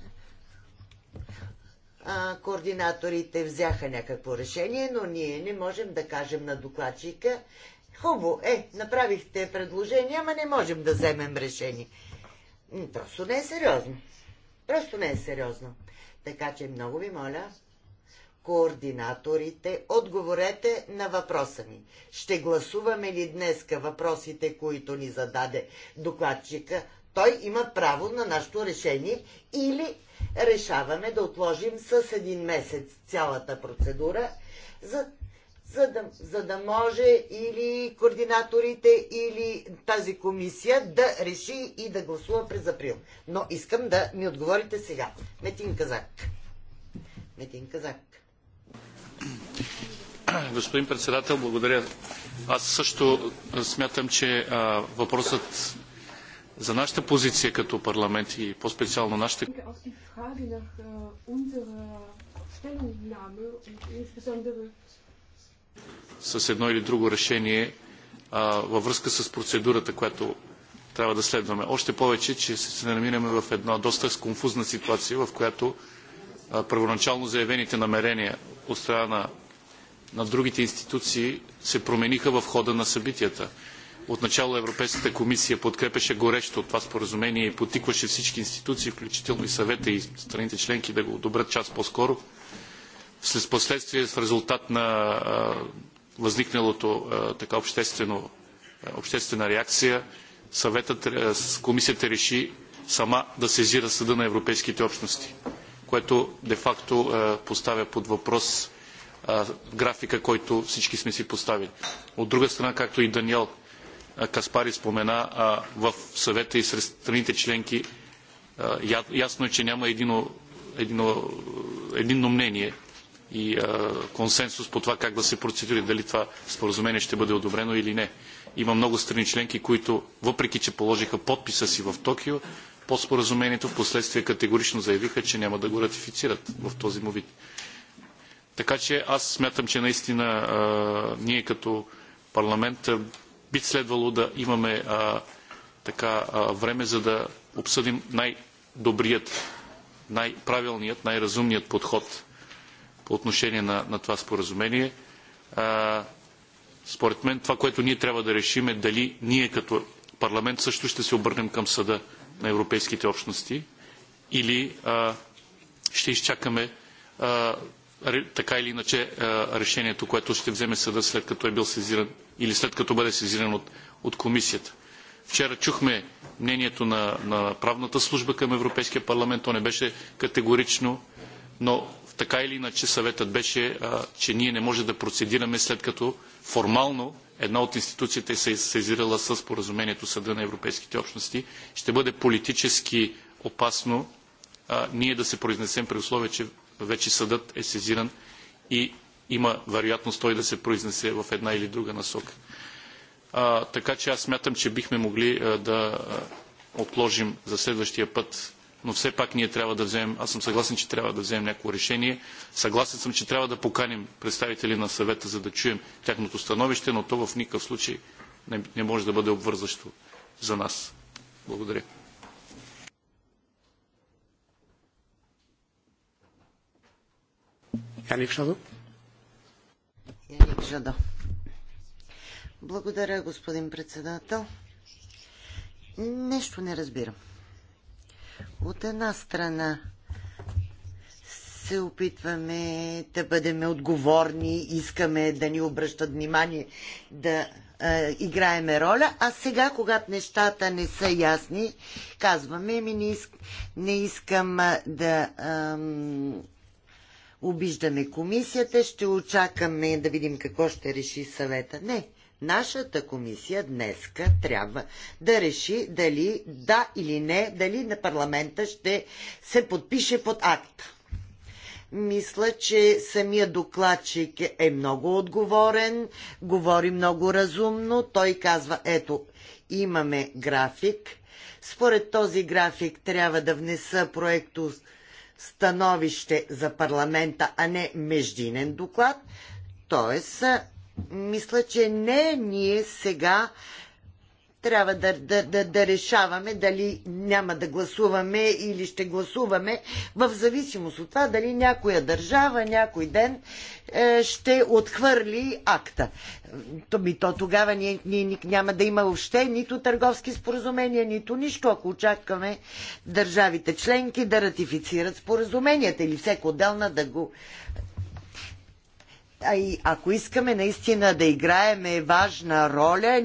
а, координаторите взяха някакво решение, но ние не можем да кажем на докладчика, хубаво, е, направихте предложение, ама не можем да вземем решение. Просто не е сериозно. Просто не е сериозно. Така че много ви моля, координаторите, отговорете на въпроса ми. Ще гласуваме ли днеска въпросите, които ни зададе докладчика? Той има право на нашето решение или решаваме да отложим с един месец цялата процедура, за за да, за да може или координаторите, или тази комисия да реши и да гласува през април. Но искам да ми отговорите сега. Метин Казак. Метин Казак. Господин председател, благодаря. Аз също смятам, че а, въпросът за нашата позиция като парламент и по-специално нашите... Auf с едно или друго решение а, във връзка с процедурата, която трябва да следваме. Още повече, че се намираме в една доста конфузна ситуация, в която а, първоначално заявените намерения от страна на, на другите институции се промениха в хода на събитията. Отначало Европейската комисия подкрепеше горещо това споразумение и потикваше всички институции, включително и съвета и страните членки да го одобрят час по-скоро след последствие в резултат на възникналото така обществено, обществена реакция, съветът, комисията реши сама да сезира Съда на Европейските общности, което де-факто поставя под въпрос графика, който всички сме си поставили. От друга страна, както и Даниел Каспари спомена, в съвета и сред страните членки ясно е, че няма едино, едино, единно мнение и консенсус по това как да се процедури, дали това споразумение ще бъде одобрено или не. Има много страни членки, които, въпреки че положиха подписа си в Токио, по споразумението в последствие категорично заявиха, че няма да го ратифицират в този му вид. Така че аз смятам, че наистина а, ние като парламент а, би следвало да имаме а, така а, време, за да обсъдим най-добрият, най-правилният, най-разумният подход по отношение на, на това споразумение. А, според мен това, което ние трябва да решим е дали ние като парламент също ще се обърнем към съда на европейските общности или а, ще изчакаме а, така или иначе решението, което ще вземе съда след като е бил сезиран или след като бъде сезиран от, от комисията. Вчера чухме мнението на, на правната служба към Европейския парламент, то не беше категорично, но така или иначе съветът беше, че ние не може да процедираме след като формално една от институциите се е сезирала с поразумението Съда на Европейските общности. Ще бъде политически опасно ние да се произнесем при условие, че вече съдът е сезиран и има вероятност той да се произнесе в една или друга насока. така че аз смятам, че бихме могли да отложим за следващия път но все пак ние трябва да вземем, аз съм съгласен, че трябва да вземем някакво решение. Съгласен съм, че трябва да поканим представители на съвета, за да чуем тяхното становище, но то в никакъв случай не, не може да бъде обвързащо за нас. Благодаря. Яник Шадо. Яник Шадо. Благодаря, господин председател. Нещо не разбирам. От една страна се опитваме да бъдем отговорни, искаме да ни обръщат внимание, да е, играеме роля, а сега, когато нещата не са ясни, казваме, ми не, иск, не искам да е, обиждаме комисията, ще очакаме да видим какво ще реши съвета. Не, Нашата комисия днеска трябва да реши дали да или не, дали на парламента ще се подпише под акта. Мисля, че самия докладчик е много отговорен, говори много разумно. Той казва, ето, имаме график. Според този график трябва да внеса проекто становище за парламента, а не междинен доклад. Тоест, мисля, че не ние сега трябва да, да, да, да решаваме дали няма да гласуваме или ще гласуваме, в зависимост от това дали някоя държава някой ден е, ще отхвърли акта. То, би, то тогава ние, ние, няма да има въобще нито търговски споразумения, нито нищо, ако очакваме държавите членки да ратифицират споразуменията или всеки отделна да го а и ако искаме наистина да играеме важна роля,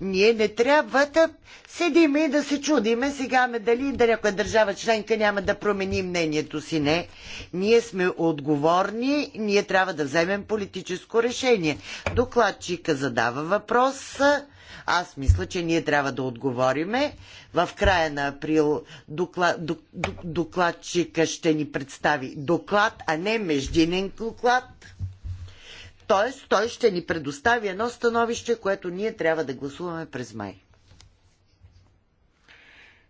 ние не трябва да седиме и да се чудиме сега дали да някоя държава членка няма да промени мнението си. Не. Ние сме отговорни, ние трябва да вземем политическо решение. Докладчика задава въпрос. Аз мисля, че ние трябва да отговориме. В края на април доклад, док, докладчика ще ни представи доклад, а не междинен доклад. Тоест, той ще ни предостави едно становище, което ние трябва да гласуваме през май.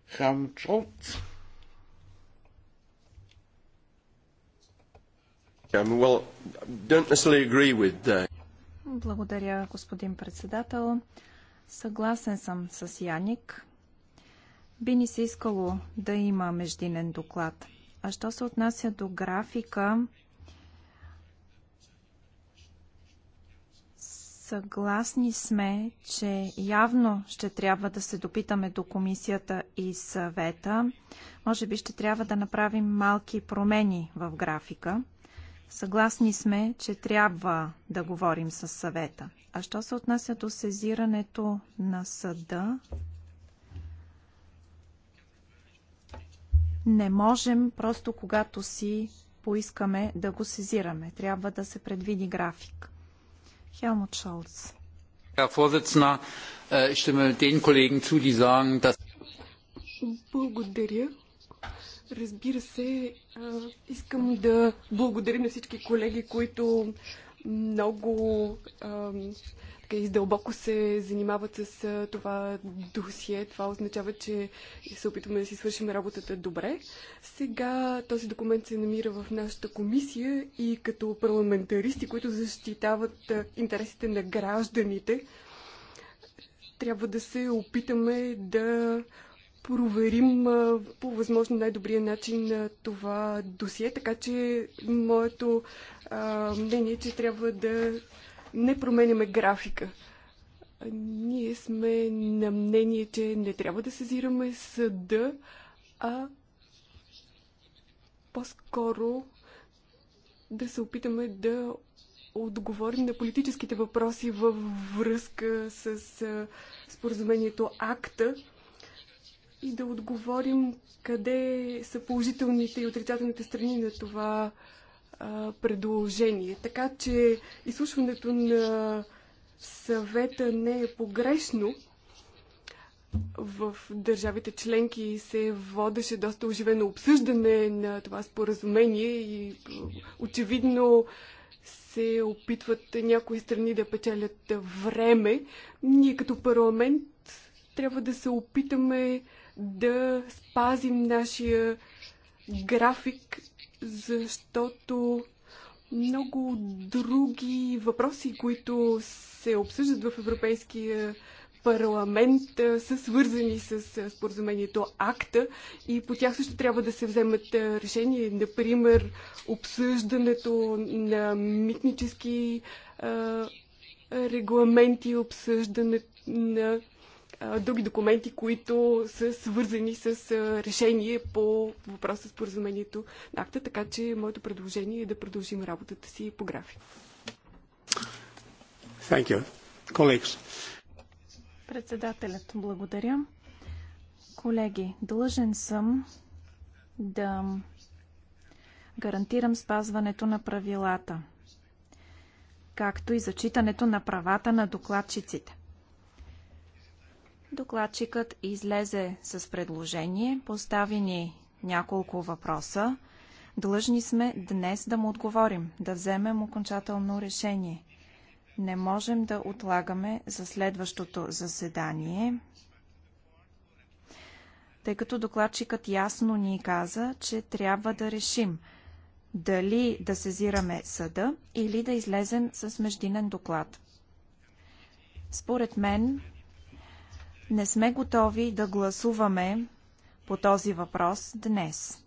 Хамчолц. Uh, Благодаря, господин председател. Съгласен съм с Яник. Би ни се искало да има междинен доклад. А що се отнася до графика, Съгласни сме, че явно ще трябва да се допитаме до комисията и съвета. Може би ще трябва да направим малки промени в графика. Съгласни сме, че трябва да говорим с съвета. А що се отнася до сезирането на съда? Не можем просто когато си поискаме да го сезираме. Трябва да се предвиди график. Helmut Scholz. Herr Vorsitzender, ich stimme den Kollegen zu, die sagen, dass... Благодаря. Разбира се, искам да благодаря на всички колеги, които много така е, издълбоко се занимават с това досие. Това означава, че се опитваме да си свършим работата добре. Сега този документ се намира в нашата комисия и като парламентаристи, които защитават интересите на гражданите, трябва да се опитаме да проверим по възможно най-добрия начин това досие, така че моето а, мнение е, че трябва да не променяме графика. Ние сме на мнение, че не трябва да сезираме съда, а по-скоро да се опитаме да отговорим на политическите въпроси във връзка с споразумението АКТА и да отговорим къде са положителните и отрицателните страни на това предложение. Така че изслушването на съвета не е погрешно. В държавите членки се водеше доста оживено обсъждане на това споразумение и очевидно се опитват някои страни да печелят време. Ние като парламент трябва да се опитаме да спазим нашия график защото много други въпроси, които се обсъждат в Европейския парламент, са свързани с споразумението АКТА и по тях също трябва да се вземат решения. Например, обсъждането на митнически регламенти, обсъждане на други документи, които са свързани с решение по въпроса с поразумението на акта, така че моето предложение е да продължим работата си по график. Thank you. Colleagues. Председателят, благодаря. Колеги, длъжен съм да гарантирам спазването на правилата, както и зачитането на правата на докладчиците. Докладчикът излезе с предложение, постави ни няколко въпроса. Длъжни сме днес да му отговорим, да вземем окончателно решение. Не можем да отлагаме за следващото заседание, тъй като докладчикът ясно ни каза, че трябва да решим дали да сезираме съда или да излезем с междинен доклад. Според мен, не сме готови да гласуваме по този въпрос днес.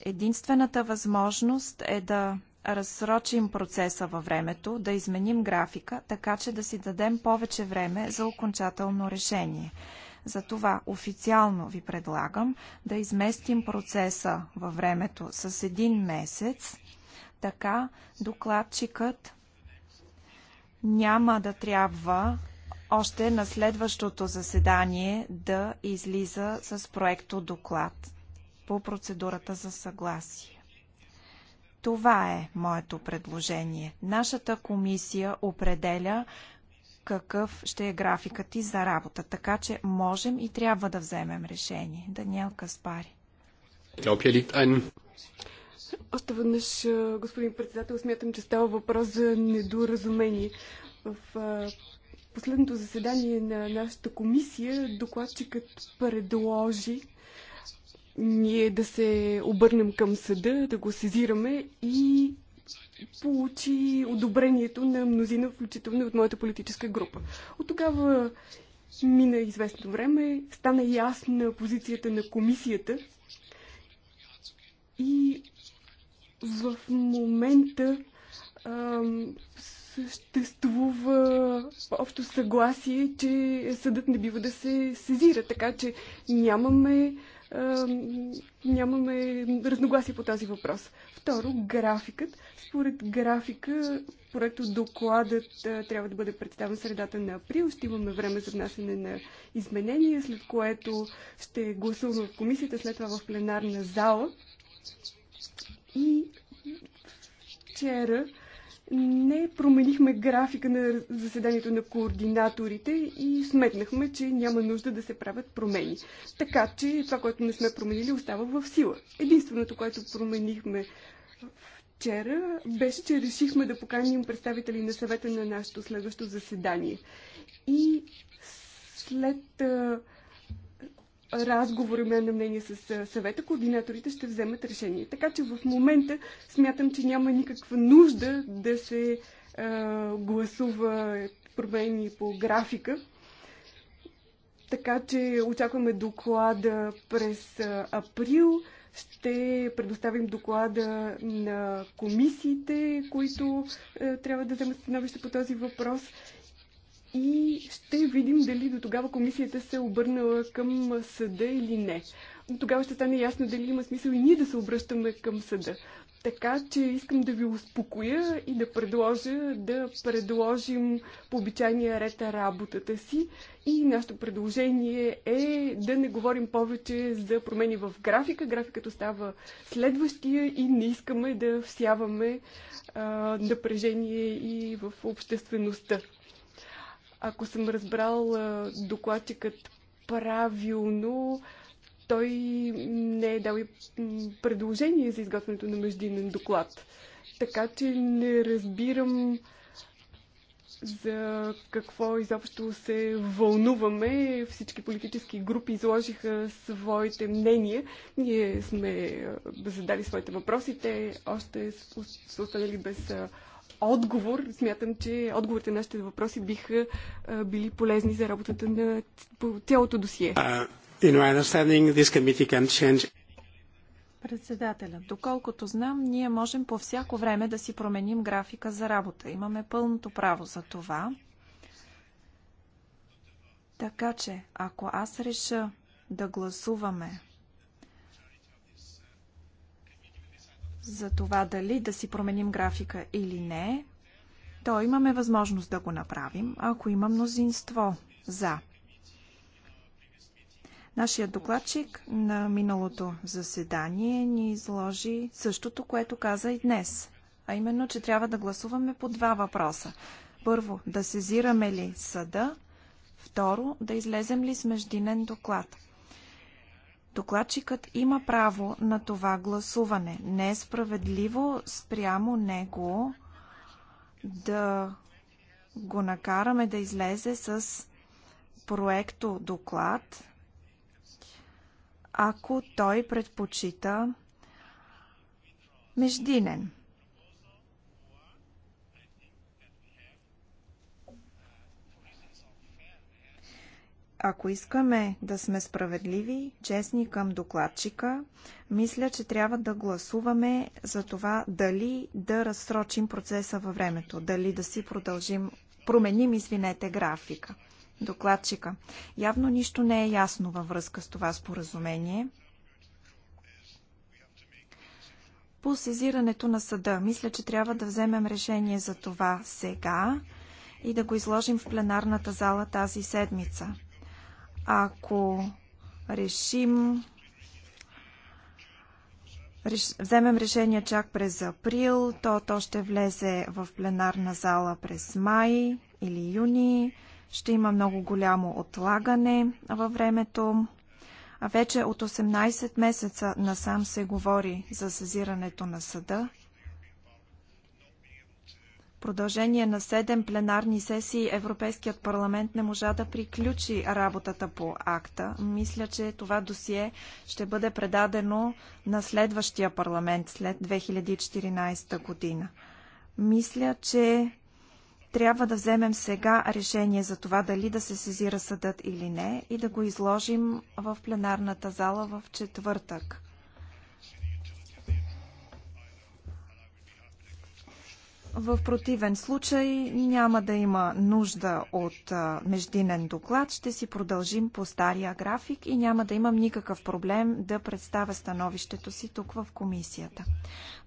Единствената възможност е да разсрочим процеса във времето, да изменим графика, така че да си дадем повече време за окончателно решение. Затова официално ви предлагам да изместим процеса във времето с един месец, така докладчикът няма да трябва още на следващото заседание да излиза с проекто доклад по процедурата за съгласие. Това е моето предложение. Нашата комисия определя какъв ще е графикът ти за работа, така че можем и трябва да вземем решение. Даниел Каспари. Още веднъж, господин председател, смятам, че става въпрос за недоразумение. В последното заседание на нашата комисия докладчикът предложи ние да се обърнем към съда, да го сезираме и получи одобрението на мнозина, включително от моята политическа група. От тогава мина известно време, стана ясна позицията на комисията и в момента съществува общо съгласие, че съдът не бива да се сезира, така че нямаме, а, нямаме разногласие по този въпрос. Второ, графикът. Според графика, проекто докладът а, трябва да бъде представен средата на април. Ще имаме време за внасяне на изменения, след което ще гласуваме в комисията, след това в пленарна зала. И вчера не променихме графика на заседанието на координаторите и сметнахме, че няма нужда да се правят промени. Така че това, което не сме променили, остава в сила. Единственото, което променихме вчера, беше, че решихме да поканим представители на съвета на нашето следващо заседание. И след и на мнение с съвета, координаторите ще вземат решение. Така че в момента смятам, че няма никаква нужда да се а, гласува промени по графика. Така че очакваме доклада през април. Ще предоставим доклада на комисиите, които е, трябва да вземат становище по този въпрос и ще видим дали до тогава комисията се е обърнала към съда или не. Тогава ще стане ясно дали има смисъл и ние да се обръщаме към съда. Така че искам да ви успокоя и да предложа да предложим по обичайния ред работата си. И нашето предложение е да не говорим повече за промени в графика. Графикът остава следващия и не искаме да всяваме а, напрежение и в обществеността. Ако съм разбрал докладчикът правилно, той не е дал и предложение за изготвянето на междинен доклад. Така че не разбирам за какво изобщо се вълнуваме. Всички политически групи изложиха своите мнения. Ние сме задали своите въпроси. Те още са останали без отговор. Смятам, че отговорите на нашите въпроси биха били полезни за работата на цялото досие. Uh, Председателя, доколкото знам, ние можем по всяко време да си променим графика за работа. Имаме пълното право за това. Така че, ако аз реша да гласуваме за това дали да си променим графика или не, то имаме възможност да го направим, ако има мнозинство за. Нашият докладчик на миналото заседание ни изложи същото, което каза и днес, а именно, че трябва да гласуваме по два въпроса. Първо, да сезираме ли съда, второ, да излезем ли с междинен доклад – Докладчикът има право на това гласуване. Не е справедливо спрямо него да го накараме да излезе с проекто доклад, ако той предпочита междинен Ако искаме да сме справедливи, честни към докладчика, мисля, че трябва да гласуваме за това дали да разсрочим процеса във времето, дали да си продължим, променим, извинете, графика. Докладчика. Явно нищо не е ясно във връзка с това споразумение. По сезирането на съда, мисля, че трябва да вземем решение за това сега и да го изложим в пленарната зала тази седмица ако решим вземем решение чак през април, то то ще влезе в пленарна зала през май или юни. Ще има много голямо отлагане във времето. А вече от 18 месеца насам се говори за съзирането на съда продължение на седем пленарни сесии Европейският парламент не можа да приключи работата по акта. Мисля, че това досие ще бъде предадено на следващия парламент след 2014 година. Мисля, че трябва да вземем сега решение за това дали да се сезира съдът или не и да го изложим в пленарната зала в четвъртък. В противен случай няма да има нужда от междинен доклад. Ще си продължим по стария график и няма да имам никакъв проблем да представя становището си тук в комисията.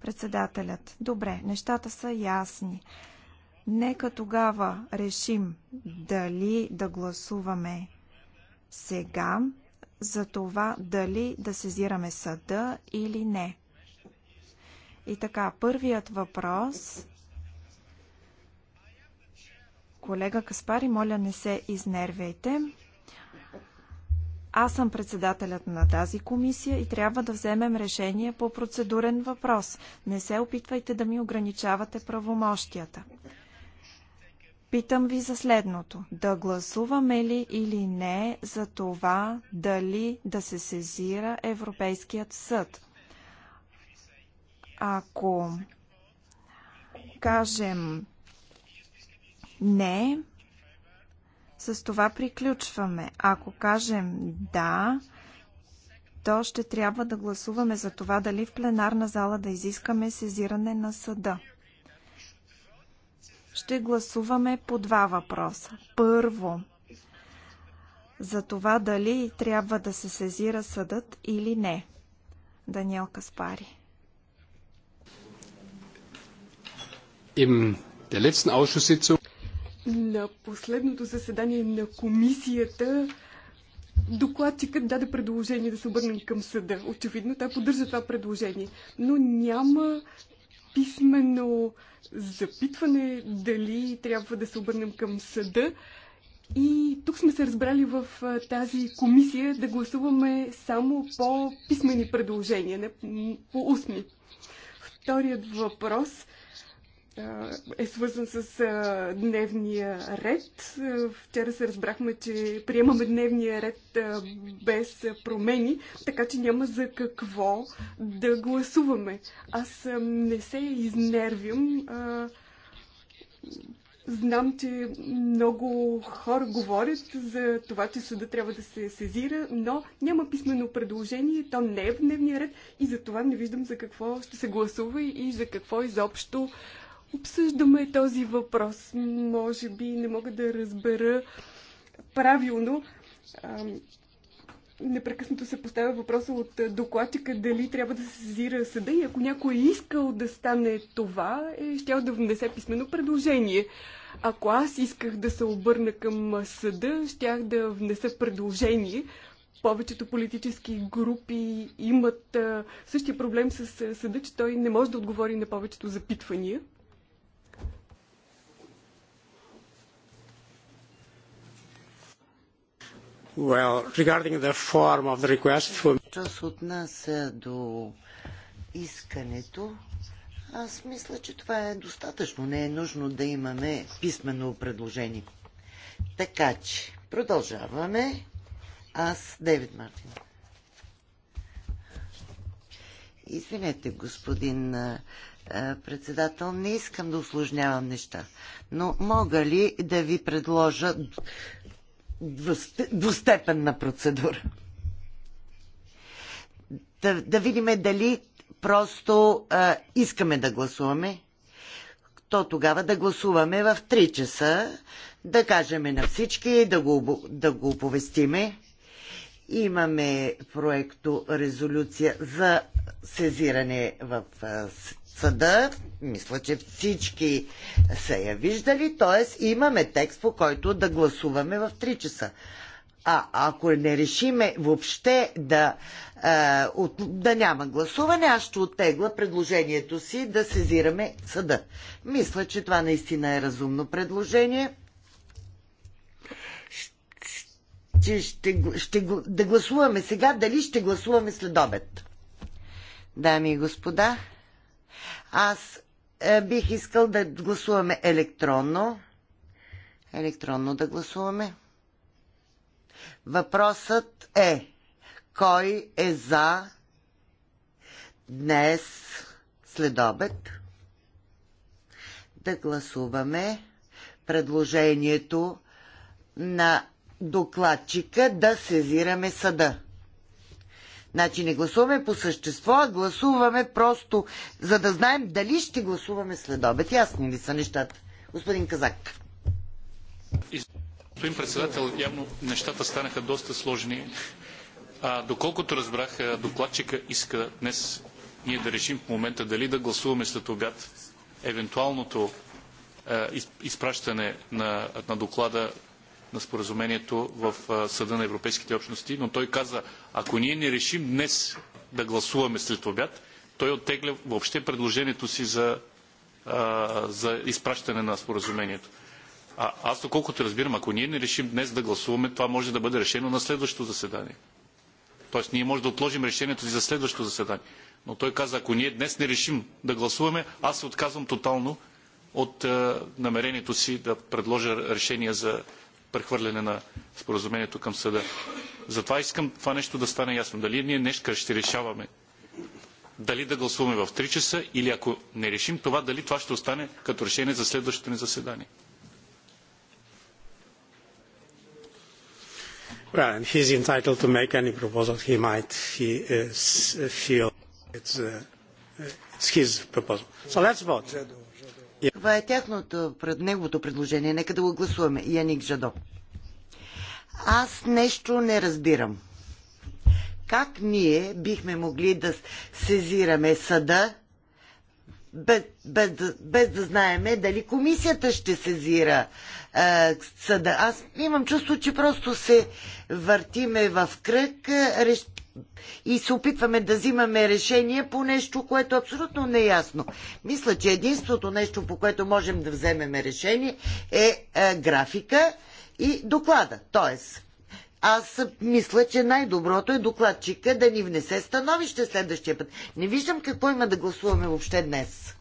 Председателят. Добре, нещата са ясни. Нека тогава решим дали да гласуваме сега за това дали да сезираме съда или не. И така, първият въпрос Колега Каспари, моля не се изнервяйте. Аз съм председателят на тази комисия и трябва да вземем решение по процедурен въпрос. Не се опитвайте да ми ограничавате правомощията. Питам ви за следното. Да гласуваме ли или не за това дали да се сезира Европейският съд? Ако кажем не, с това приключваме. Ако кажем да, то ще трябва да гласуваме за това дали в пленарна зала да изискаме сезиране на съда. Ще гласуваме по два въпроса. Първо, за това дали трябва да се сезира съдът или не. Даниел Каспари. Im der letzten Ausschusssitzung на последното заседание на комисията докладчикът даде предложение да се обърнем към съда. Очевидно, той поддържа това предложение. Но няма писмено запитване дали трябва да се обърнем към съда. И тук сме се разбрали в тази комисия да гласуваме само по писмени предложения, не по устни. Вторият въпрос е свързан с а, дневния ред. Вчера се разбрахме, че приемаме дневния ред а, без промени, така че няма за какво да гласуваме. Аз а, не се изнервям. А, знам, че много хора говорят за това, че съда трябва да се сезира, но няма писмено предложение, то не е в дневния ред и за това не виждам за какво ще се гласува и за какво изобщо обсъждаме този въпрос. Може би не мога да разбера правилно. Непрекъснато се поставя въпроса от докладчика дали трябва да се сезира съда и ако някой е искал да стане това, е щял да внесе писмено предложение. Ако аз исках да се обърна към съда, щях да внеса предложение. Повечето политически групи имат същия проблем с съда, че той не може да отговори на повечето запитвания. Well, regarding the form of the request for... Що се отнася до искането, аз мисля, че това е достатъчно. Не е нужно да имаме писмено предложение. Така че, продължаваме. Аз, Девид Мартин. Извинете, господин председател, не искам да усложнявам неща, но мога ли да ви предложа двустепенна процедура. Да, да видиме дали просто а, искаме да гласуваме, то тогава да гласуваме в 3 часа, да кажем на всички, да го, да го оповестиме. Имаме проекто резолюция за сезиране в съда, мисля, че всички са я виждали, т.е. имаме текст, по който да гласуваме в 3 часа. А ако не решиме въобще да, е, от, да няма гласуване, аз ще оттегла предложението си да сезираме съда. Мисля, че това наистина е разумно предложение. Ще, ще, ще, да гласуваме сега, дали ще гласуваме след обед. Дами и господа, аз е, бих искал да гласуваме електронно. Електронно да гласуваме. Въпросът е кой е за днес след обед да гласуваме предложението на докладчика да сезираме съда. Значи не гласуваме по същество, а гласуваме просто, за да знаем дали ще гласуваме след обед. Ясни ли са нещата? Господин Казак. Господин председател, явно нещата станаха доста сложни. А, доколкото разбрах, докладчика иска днес ние да решим в момента дали да гласуваме след обяд евентуалното изпращане на, на доклада на споразумението в Съда на Европейските общности, но той каза, ако ние не решим днес да гласуваме след обяд, той оттегля въобще предложението си за, а, за изпращане на споразумението. А, аз, доколкото разбирам, ако ние не решим днес да гласуваме, това може да бъде решено на следващото заседание. Тоест, ние може да отложим решението си за следващото заседание. Но той каза, ако ние днес не решим да гласуваме, аз се отказвам тотално от е, намерението си да предложа решение за прехвърляне на споразумението към съда. Затова искам това нещо да стане ясно. Дали ние днешка ще решаваме дали да гласуваме в 3 часа или ако не решим това, дали това ще остане като решение за следващото ни заседание. Well, and he's entitled to make any proposal he might he, uh, uh feel it's, uh, uh, it's his proposal. So let's vote. Това е тяхното, пред неговото предложение. Нека да го гласуваме. Яник Жадо. Аз нещо не разбирам. Как ние бихме могли да сезираме съда, без, без, без да знаеме дали комисията ще сезира е, съда. Аз имам чувство, че просто се въртиме в кръг, реш, и се опитваме да взимаме решение по нещо, което е абсолютно неясно. Мисля, че единството нещо, по което можем да вземем решение е, е графика и доклада. Тоест, аз мисля, че най-доброто е докладчика да ни внесе становище следващия път. Не виждам какво има да гласуваме въобще днес.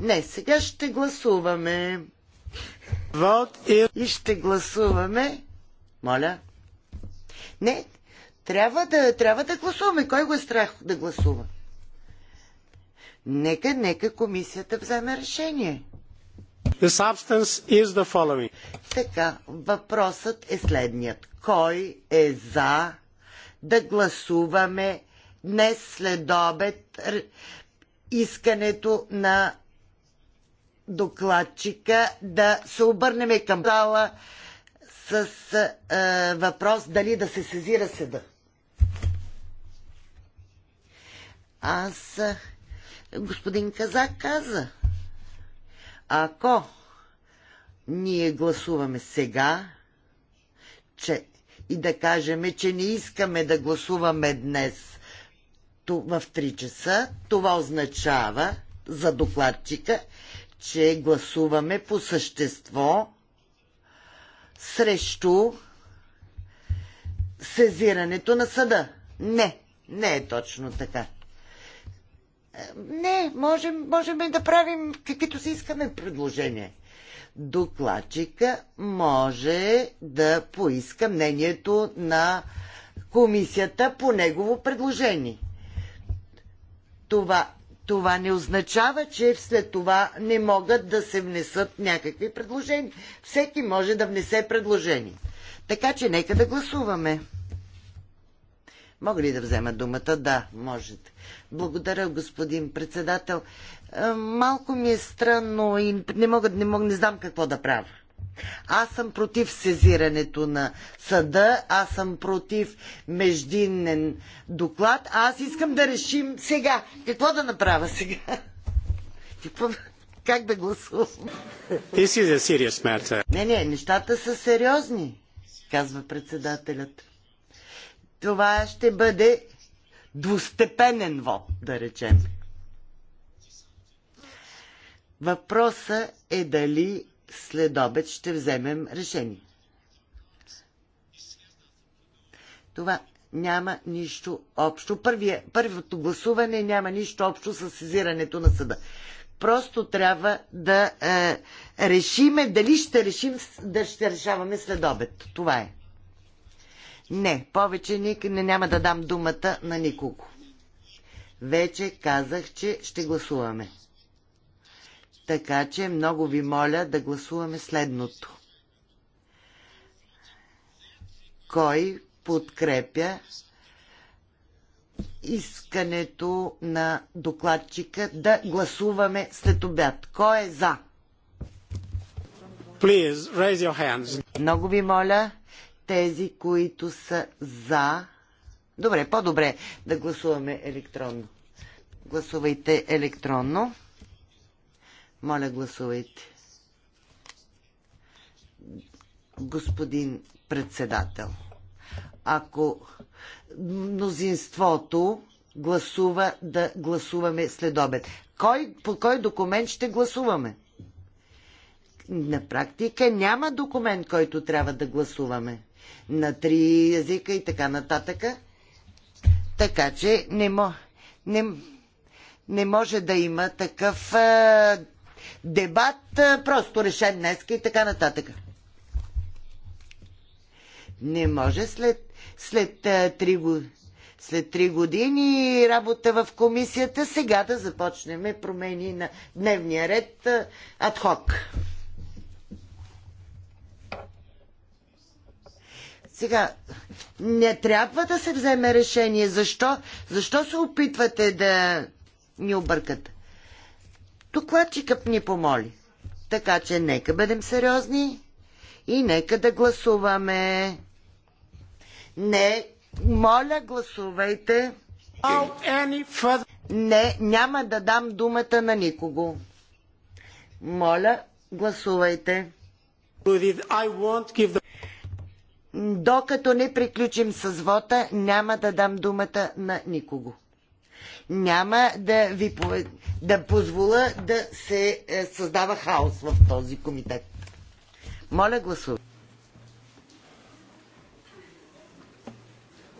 Не, сега ще гласуваме. И ще гласуваме. Моля. Не, трябва да, трябва да гласуваме. Кой го е страх да гласува? Нека, нека комисията вземе решение. The substance is the following. Така, въпросът е следният. Кой е за да гласуваме днес след обед искането на докладчика да се обърнеме към зала с е, въпрос дали да се сезира седа? Аз, господин Казак каза, ако ние гласуваме сега, че и да кажеме, че не искаме да гласуваме днес в 3 часа, това означава за докладчика, че гласуваме по същество срещу сезирането на съда. Не, не е точно така. Не, можем, можем да правим каквито си искаме предложения. Докладчика може да поиска мнението на комисията по негово предложение. Това, това не означава, че след това не могат да се внесат някакви предложения. Всеки може да внесе предложение. Така че нека да гласуваме. Мога ли да взема думата? Да, можете. Благодаря, господин председател. Е, малко ми е странно и не мога, не, мога, не знам какво да правя. Аз съм против сезирането на съда, аз съм против междинен доклад, а аз искам да решим сега. Какво да направя сега? Какво, как да гласувам? This is a serious matter. Не, не, нещата са сериозни, казва председателят това ще бъде двустепенен вод, да речем. Въпросът е дали след обед ще вземем решение. Това няма нищо общо. Първия, първото гласуване няма нищо общо с сезирането на съда. Просто трябва да е, решиме дали ще решим да ще решаваме след обед. Това е. Не, повече ник, не, няма да дам думата на никого. Вече казах, че ще гласуваме. Така че много ви моля да гласуваме следното. Кой подкрепя искането на докладчика да гласуваме след обяд? Кой е за? Please, Много ви моля, тези, които са за. Добре, по-добре да гласуваме електронно. Гласувайте електронно. Моля, гласувайте. Господин председател, ако мнозинството гласува да гласуваме след обед, кой, по кой документ ще гласуваме? На практика няма документ, който трябва да гласуваме на три езика и така нататък. Така че не, мо, не, не може да има такъв а, дебат, а, просто решен днес и така нататък. Не може след, след, а, три, след три години работа в комисията сега да започнем промени на дневния ред адхок. хок. Сега, не трябва да се вземе решение. Защо, Защо се опитвате да ни объркате? Докладчикът ни помоли. Така че нека бъдем сериозни и нека да гласуваме. Не, моля, гласувайте. Не, няма да дам думата на никого. Моля, гласувайте. Докато не приключим с вота, няма да дам думата на никого. Няма да ви да позволя да се е, създава хаос в този комитет. Моля, гласувайте.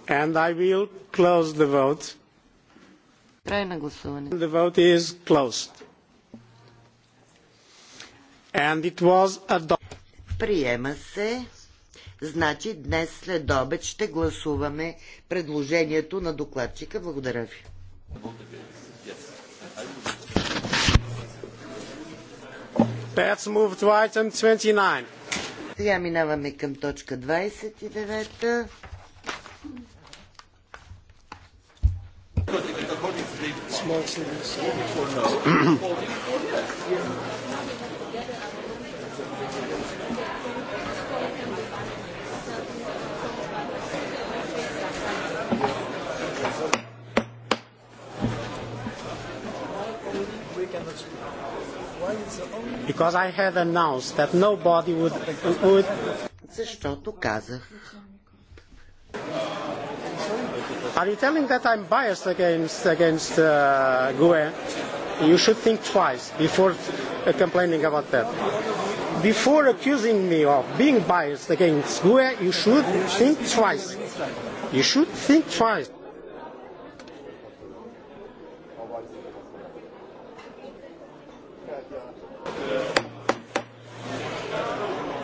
And I will close the vote. Край на гласуване. The vote is closed. And it was adopted. Приема се. Значи днес след обед ще гласуваме предложението на докладчика. Благодаря ви. Let's move to item 29. Сега минаваме към точка 29. Small Because I had announced that nobody would, would... Защото казах. Are you telling that I'm biased against, against uh, GUE? You should think twice before uh, complaining about that. Before accusing me of being biased against GUE, you should think twice. You should think twice.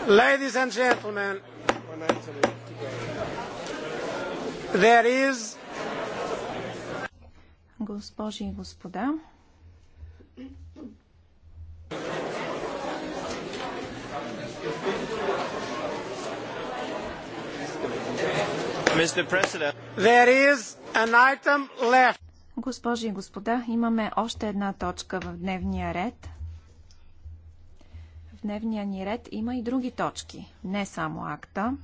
Ladies and gentlemen, there is... Госпожи и господа, Mr. President, there is an item left. Госпожи и господа, имаме още една точка в дневния ред дневния ни ред има и други точки, не само акта.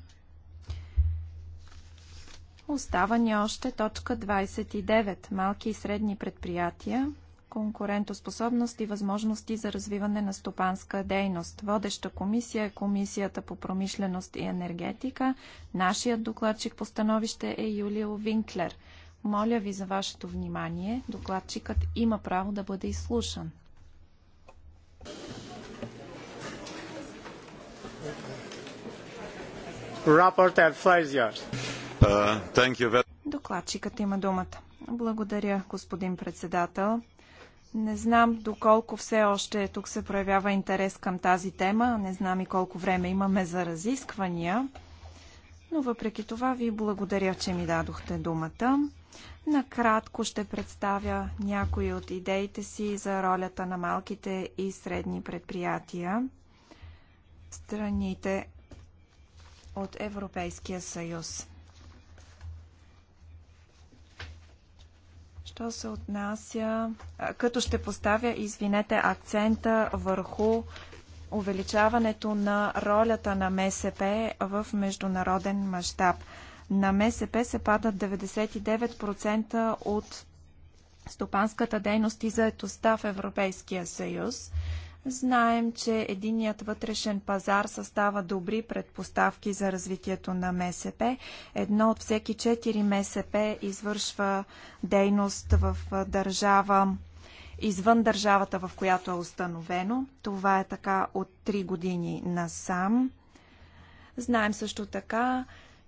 Остава ни още точка 29 – малки и средни предприятия, конкурентоспособност и възможности за развиване на стопанска дейност. Водеща комисия е Комисията по промишленост и енергетика. Нашият докладчик по становище е Юлио Винклер. Моля ви за вашето внимание. Докладчикът има право да бъде изслушан. Uh, Докладчикът има думата. Благодаря, господин председател. Не знам доколко все още тук се проявява интерес към тази тема, не знам и колко време имаме за разисквания, но въпреки това ви благодаря, че ми дадохте думата. Накратко ще представя някои от идеите си за ролята на малките и средни предприятия. Страните от Европейския съюз. Що се отнася, като ще поставя, извинете, акцента върху увеличаването на ролята на МСП в международен мащаб. На МСП се падат 99% от стопанската дейност и заетостта в Европейския съюз. Знаем, че единият вътрешен пазар състава добри предпоставки за развитието на МСП. Едно от всеки 4 МСП извършва дейност в държава извън държавата, в която е установено. Това е така от три години насам. Знаем също така,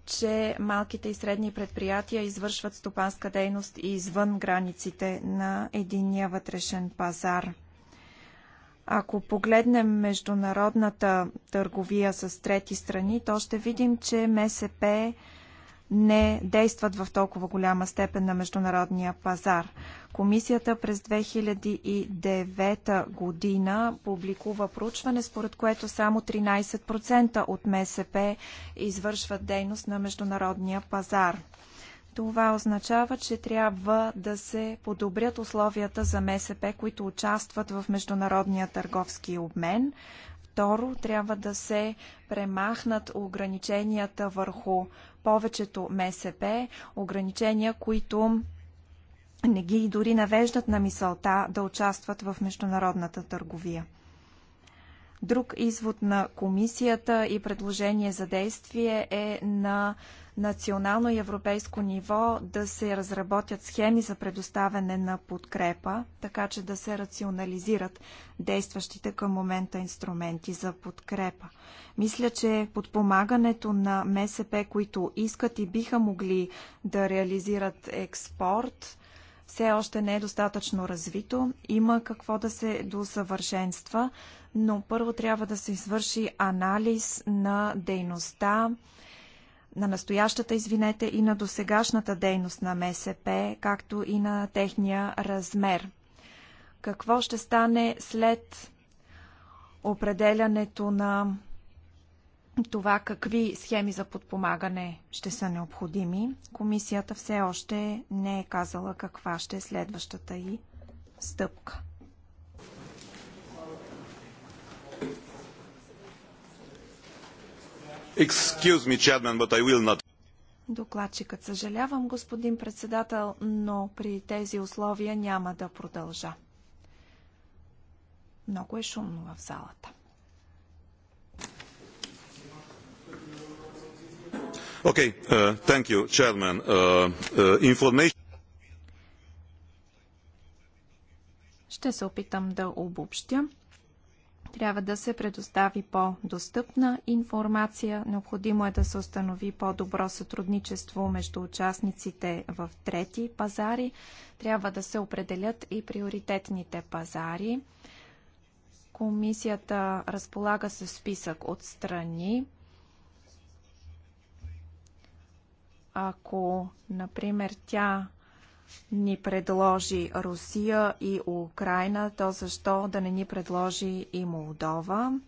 че малките и средни предприятия извършват стопанска дейност и извън границите на единния вътрешен пазар – ако погледнем международната търговия с трети страни, то ще видим, че МСП не действат в толкова голяма степен на международния пазар. Комисията през 2009 година публикува проучване, според което само 13% от МСП извършват дейност на международния пазар. Това означава, че трябва да се подобрят условията за МСП, които участват в международния търговски обмен. Второ, трябва да се премахнат ограниченията върху повечето МСП, ограничения, които не ги дори навеждат на мисълта да участват в международната търговия. Друг извод на комисията и предложение за действие е на национално и европейско ниво да се разработят схеми за предоставяне на подкрепа, така че да се рационализират действащите към момента инструменти за подкрепа. Мисля, че подпомагането на МСП, които искат и биха могли да реализират експорт, все още не е достатъчно развито. Има какво да се досъвършенства, но първо трябва да се извърши анализ на дейността, на настоящата, извинете, и на досегашната дейност на МСП, както и на техния размер. Какво ще стане след определянето на това какви схеми за подпомагане ще са необходими, комисията все още не е казала каква ще е следващата и стъпка. Excuse me, chairman, but I will not. Докладчикът съжалявам, господин председател, но при тези условия няма да продължа. Много е шумно в залата. Okay, uh, thank you, chairman. Uh, uh, information... Ще се опитам да обобщя. Трябва да се предостави по-достъпна информация. Необходимо е да се установи по-добро сътрудничество между участниците в трети пазари. Трябва да се определят и приоритетните пазари. Комисията разполага с списък от страни, ако, например, тя ни предложи Русия и Украина, то защо да не ни предложи и Молдова?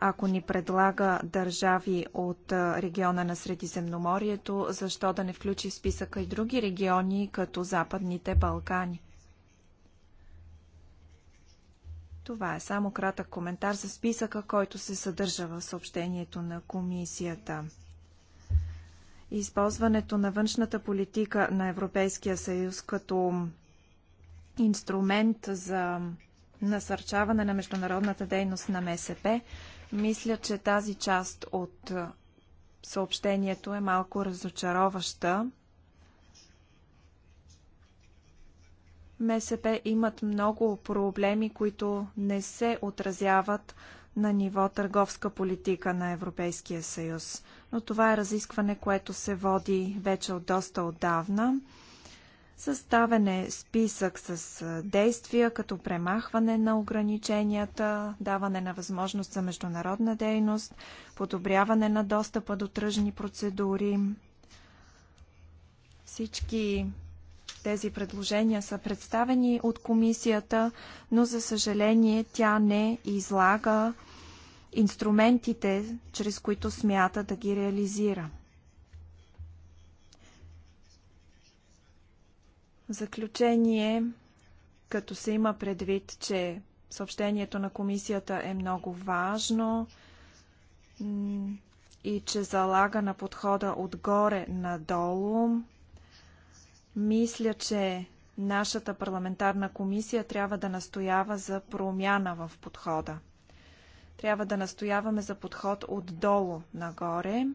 Ако ни предлага държави от региона на Средиземноморието, защо да не включи в списъка и други региони, като Западните Балкани? Това е само кратък коментар за списъка, който се съдържа в съобщението на комисията използването на външната политика на Европейския съюз като инструмент за насърчаване на международната дейност на МСП, мисля, че тази част от съобщението е малко разочароваща. МСП имат много проблеми, които не се отразяват на ниво търговска политика на Европейския съюз. Но това е разискване, което се води вече от доста отдавна. Съставен е списък с действия, като премахване на ограниченията, даване на възможност за международна дейност, подобряване на достъпа до тръжни процедури. Всички тези предложения са представени от комисията, но за съжаление тя не излага инструментите, чрез които смята да ги реализира. В заключение, като се има предвид, че съобщението на комисията е много важно и че залага на подхода отгоре надолу, мисля, че нашата парламентарна комисия трябва да настоява за промяна в подхода. Трябва да настояваме за подход отдолу нагоре.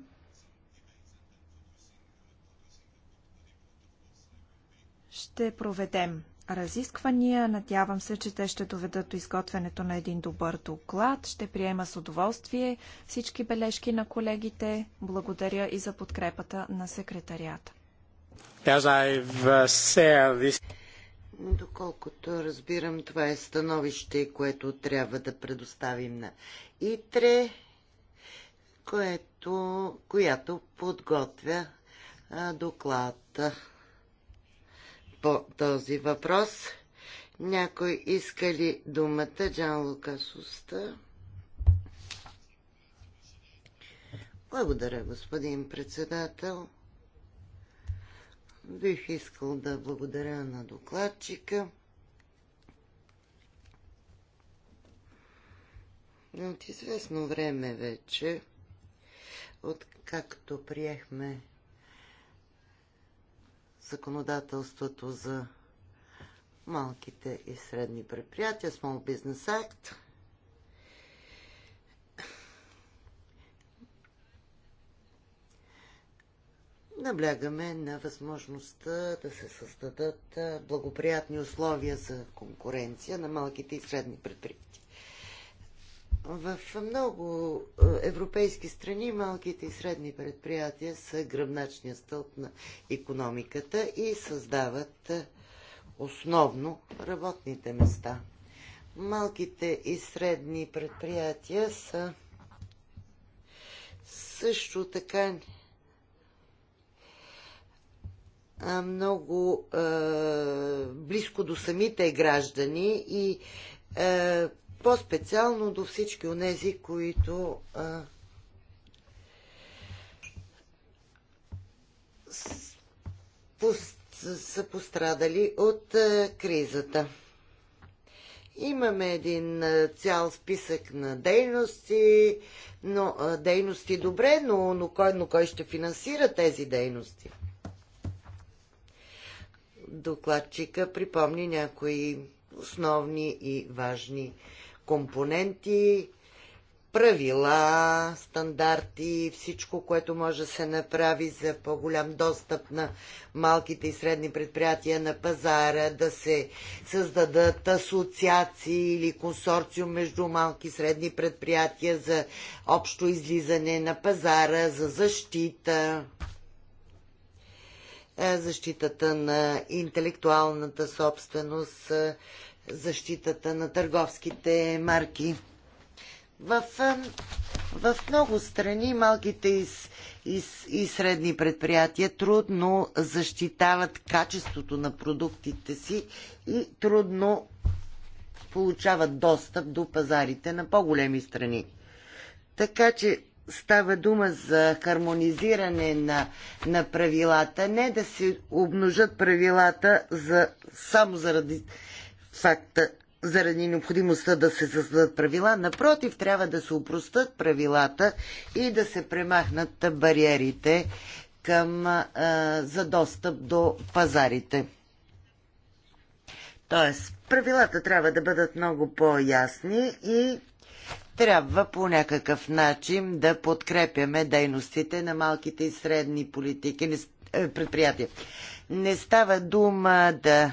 Ще проведем разисквания. Надявам се, че те ще доведат до изготвянето на един добър доклад. Ще приема с удоволствие всички бележки на колегите. Благодаря и за подкрепата на секретарията. As I've uh, said this... Доколкото разбирам, това е становище, което трябва да предоставим на ИТРЕ, което, която подготвя а, доклада по този въпрос. Някой иска ли думата? Джан Лукасуста. Благодаря, господин председател. Бих искал да благодаря на докладчика. От известно време вече, откакто приехме законодателството за малките и средни предприятия, Small Business Act, наблягаме на възможността да се създадат благоприятни условия за конкуренция на малките и средни предприятия. В много европейски страни малките и средни предприятия са гръбначния стълб на економиката и създават основно работните места. Малките и средни предприятия са също така много а, близко до самите граждани и по-специално до всички онези, които е, са пострадали от а, кризата. Имаме един цял списък на дейности, но дейности добре, но, но, кой, но кой ще финансира тези дейности? докладчика припомни някои основни и важни компоненти, правила, стандарти, всичко, което може да се направи за по-голям достъп на малките и средни предприятия на пазара, да се създадат асоциации или консорциум между малки и средни предприятия за общо излизане на пазара, за защита е защитата на интелектуалната собственост, е защитата на търговските марки. В, е, в много страни малките и, и, и средни предприятия трудно защитават качеството на продуктите си и трудно получават достъп до пазарите на по-големи страни. Така че става дума за хармонизиране на, на правилата, не да се обножат правилата за, само заради факта, заради необходимостта да се създадат правила. Напротив, трябва да се упростат правилата и да се премахнат бариерите към, а, за достъп до пазарите. Тоест, правилата трябва да бъдат много по-ясни и трябва по някакъв начин да подкрепяме дейностите на малките и средни политики, е, предприятия. Не става дума да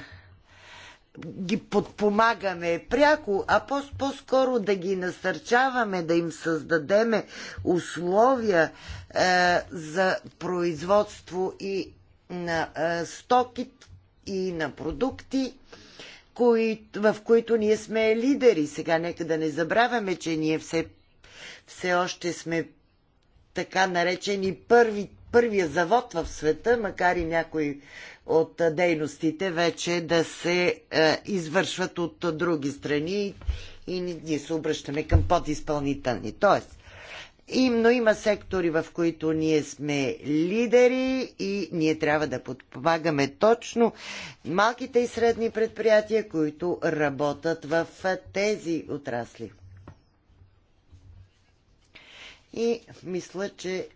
ги подпомагаме пряко, а по-скоро да ги насърчаваме, да им създадеме условия е, за производство и на е, стоки и на продукти кои, в които ние сме лидери. Сега нека да не забравяме, че ние все, все още сме така наречени първи, първия завод в света, макар и някои от дейностите вече да се е, извършват от други страни и ние се обръщаме към подизпълнителни. Тоест, и, но има сектори, в които ние сме лидери и ние трябва да подпомагаме точно малките и средни предприятия, които работят в тези отрасли. И мисля, че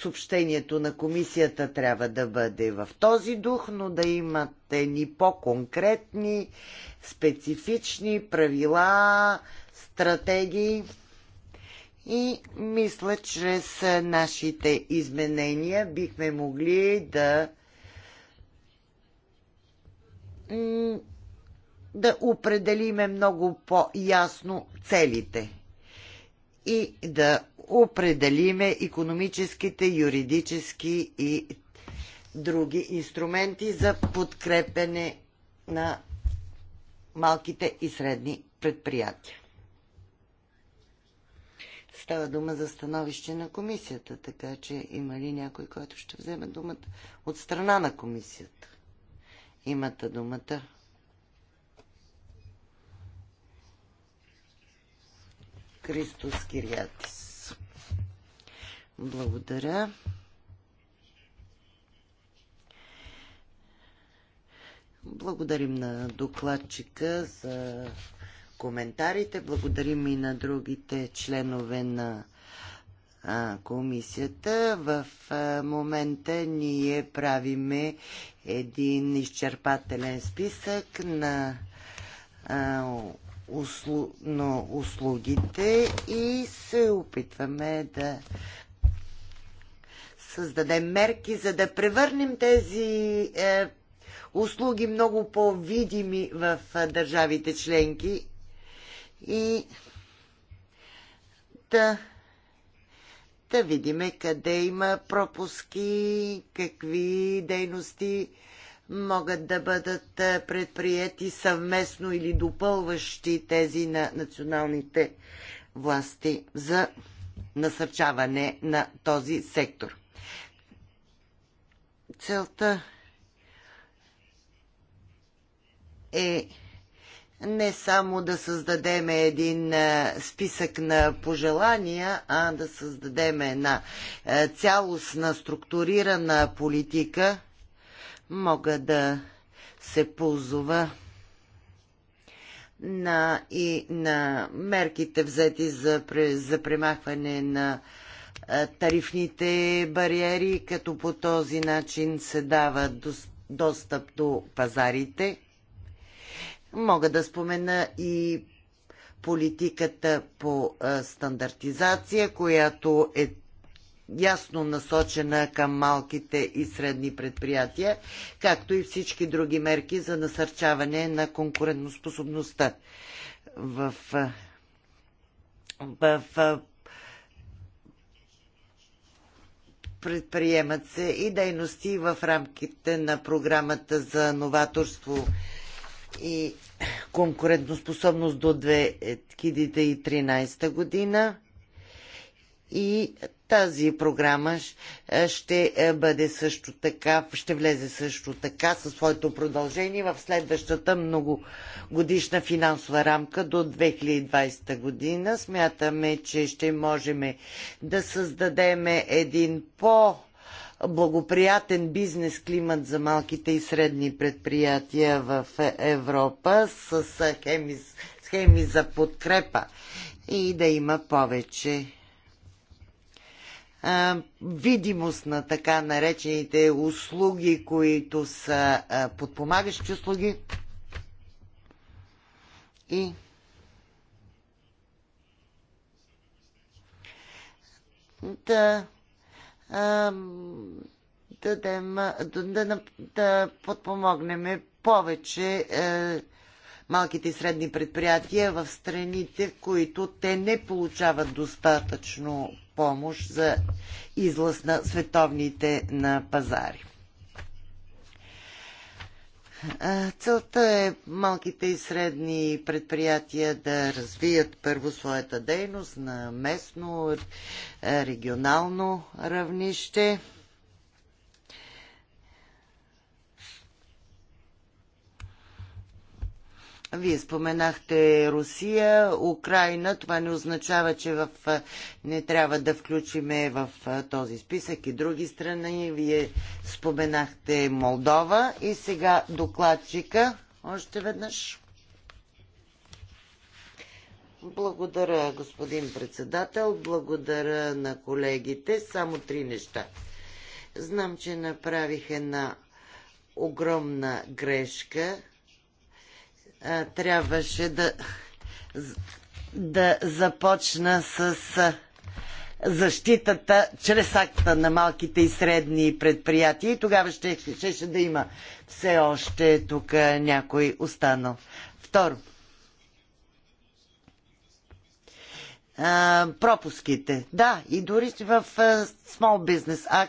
съобщението на комисията трябва да бъде в този дух, но да имате ни по-конкретни, специфични правила, стратегии. И мисля, чрез нашите изменения бихме могли да да определиме много по-ясно целите и да определиме економическите, юридически и други инструменти за подкрепене на малките и средни предприятия. Става дума за становище на комисията, така че има ли някой, който ще вземе думата от страна на комисията? Имате думата. Кристос Кириатис. Благодаря. Благодарим на докладчика за коментарите. Благодарим и на другите членове на комисията. В момента ние правиме един изчерпателен списък на, а, услу, на услугите и се опитваме да създадем мерки, за да превърнем тези е, услуги много по-видими в държавите членки и да, да видим къде има пропуски, какви дейности могат да бъдат предприяти съвместно или допълващи тези на националните власти за насърчаване на този сектор. Целта е не само да създадем един е, списък на пожелания, а да създадем една е, цялостна структурирана политика, мога да се ползува на, и на мерките взети за, за премахване на е, тарифните бариери, като по този начин се дава достъп до пазарите Мога да спомена и политиката по стандартизация, която е ясно насочена към малките и средни предприятия, както и всички други мерки за насърчаване на конкурентоспособността. В, в, в предприемат се и дейности в рамките на програмата за новаторство и конкурентоспособност до 2013 година и тази програма е, ще е, бъде също така, ще влезе също така със своето продължение в следващата многогодишна финансова рамка до 2020 година. Смятаме, че ще можем да създадем един по- благоприятен бизнес климат за малките и средни предприятия в Европа с схеми, схеми за подкрепа и да има повече видимост на така наречените услуги, които са подпомагащи услуги и да дадем, да, да подпомогнем повече е, малките и средни предприятия в страните, в които те не получават достатъчно помощ за излъз на световните на пазари. Целта е малките и средни предприятия да развият първо своята дейност на местно, регионално равнище. Вие споменахте Русия, Украина. Това не означава, че в, не трябва да включиме в този списък и други страни. Вие споменахте Молдова. И сега докладчика. Още веднъж. Благодаря, господин председател. Благодаря на колегите. Само три неща. Знам, че направих една огромна грешка трябваше да, да започна с защитата чрез акта на малките и средни предприятия и тогава ще, ще, ще да има все още тук някой останал. Второ. А, пропуските. Да, и дори в Small Business Act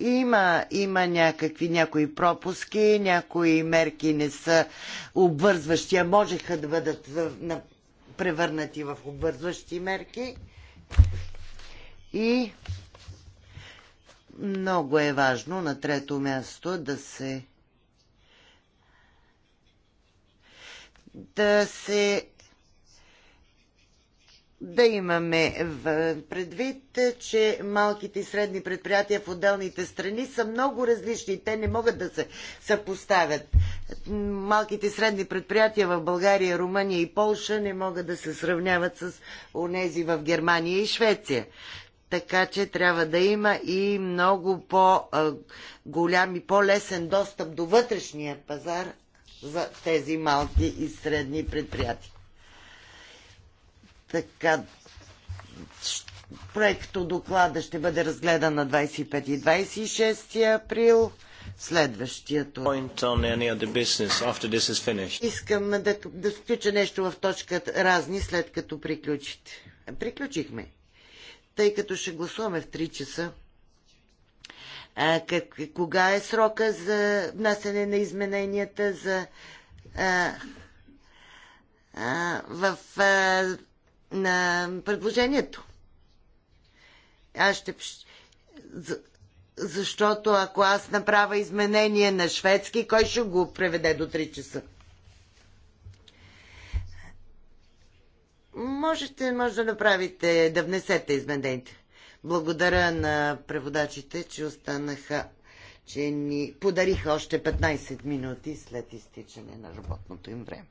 има, има някакви, някои пропуски, някои мерки не са обвързващи, а можеха да бъдат в, на, превърнати в обвързващи мерки. И много е важно на трето място да се да се да имаме предвид, че малките и средни предприятия в отделните страни са много различни. Те не могат да се съпоставят. Малките и средни предприятия в България, Румъния и Полша не могат да се сравняват с онези в Германия и Швеция. Така че трябва да има и много по-голям и по-лесен достъп до вътрешния пазар за тези малки и средни предприятия. Така, проекто доклада ще бъде разгледан на 25 и 26 април. Следващият. Искам да, да включа нещо в точката разни, след като приключите. Приключихме. Тъй като ще гласуваме в 3 часа. А, как, кога е срока за внасяне на измененията за а, а, в а, на предложението. Аз ще... Защото ако аз направя изменение на шведски, кой ще го преведе до 3 часа? Можете, може да направите, да внесете изменените. Благодаря на преводачите, че останаха, че ни подариха още 15 минути след изтичане на работното им време.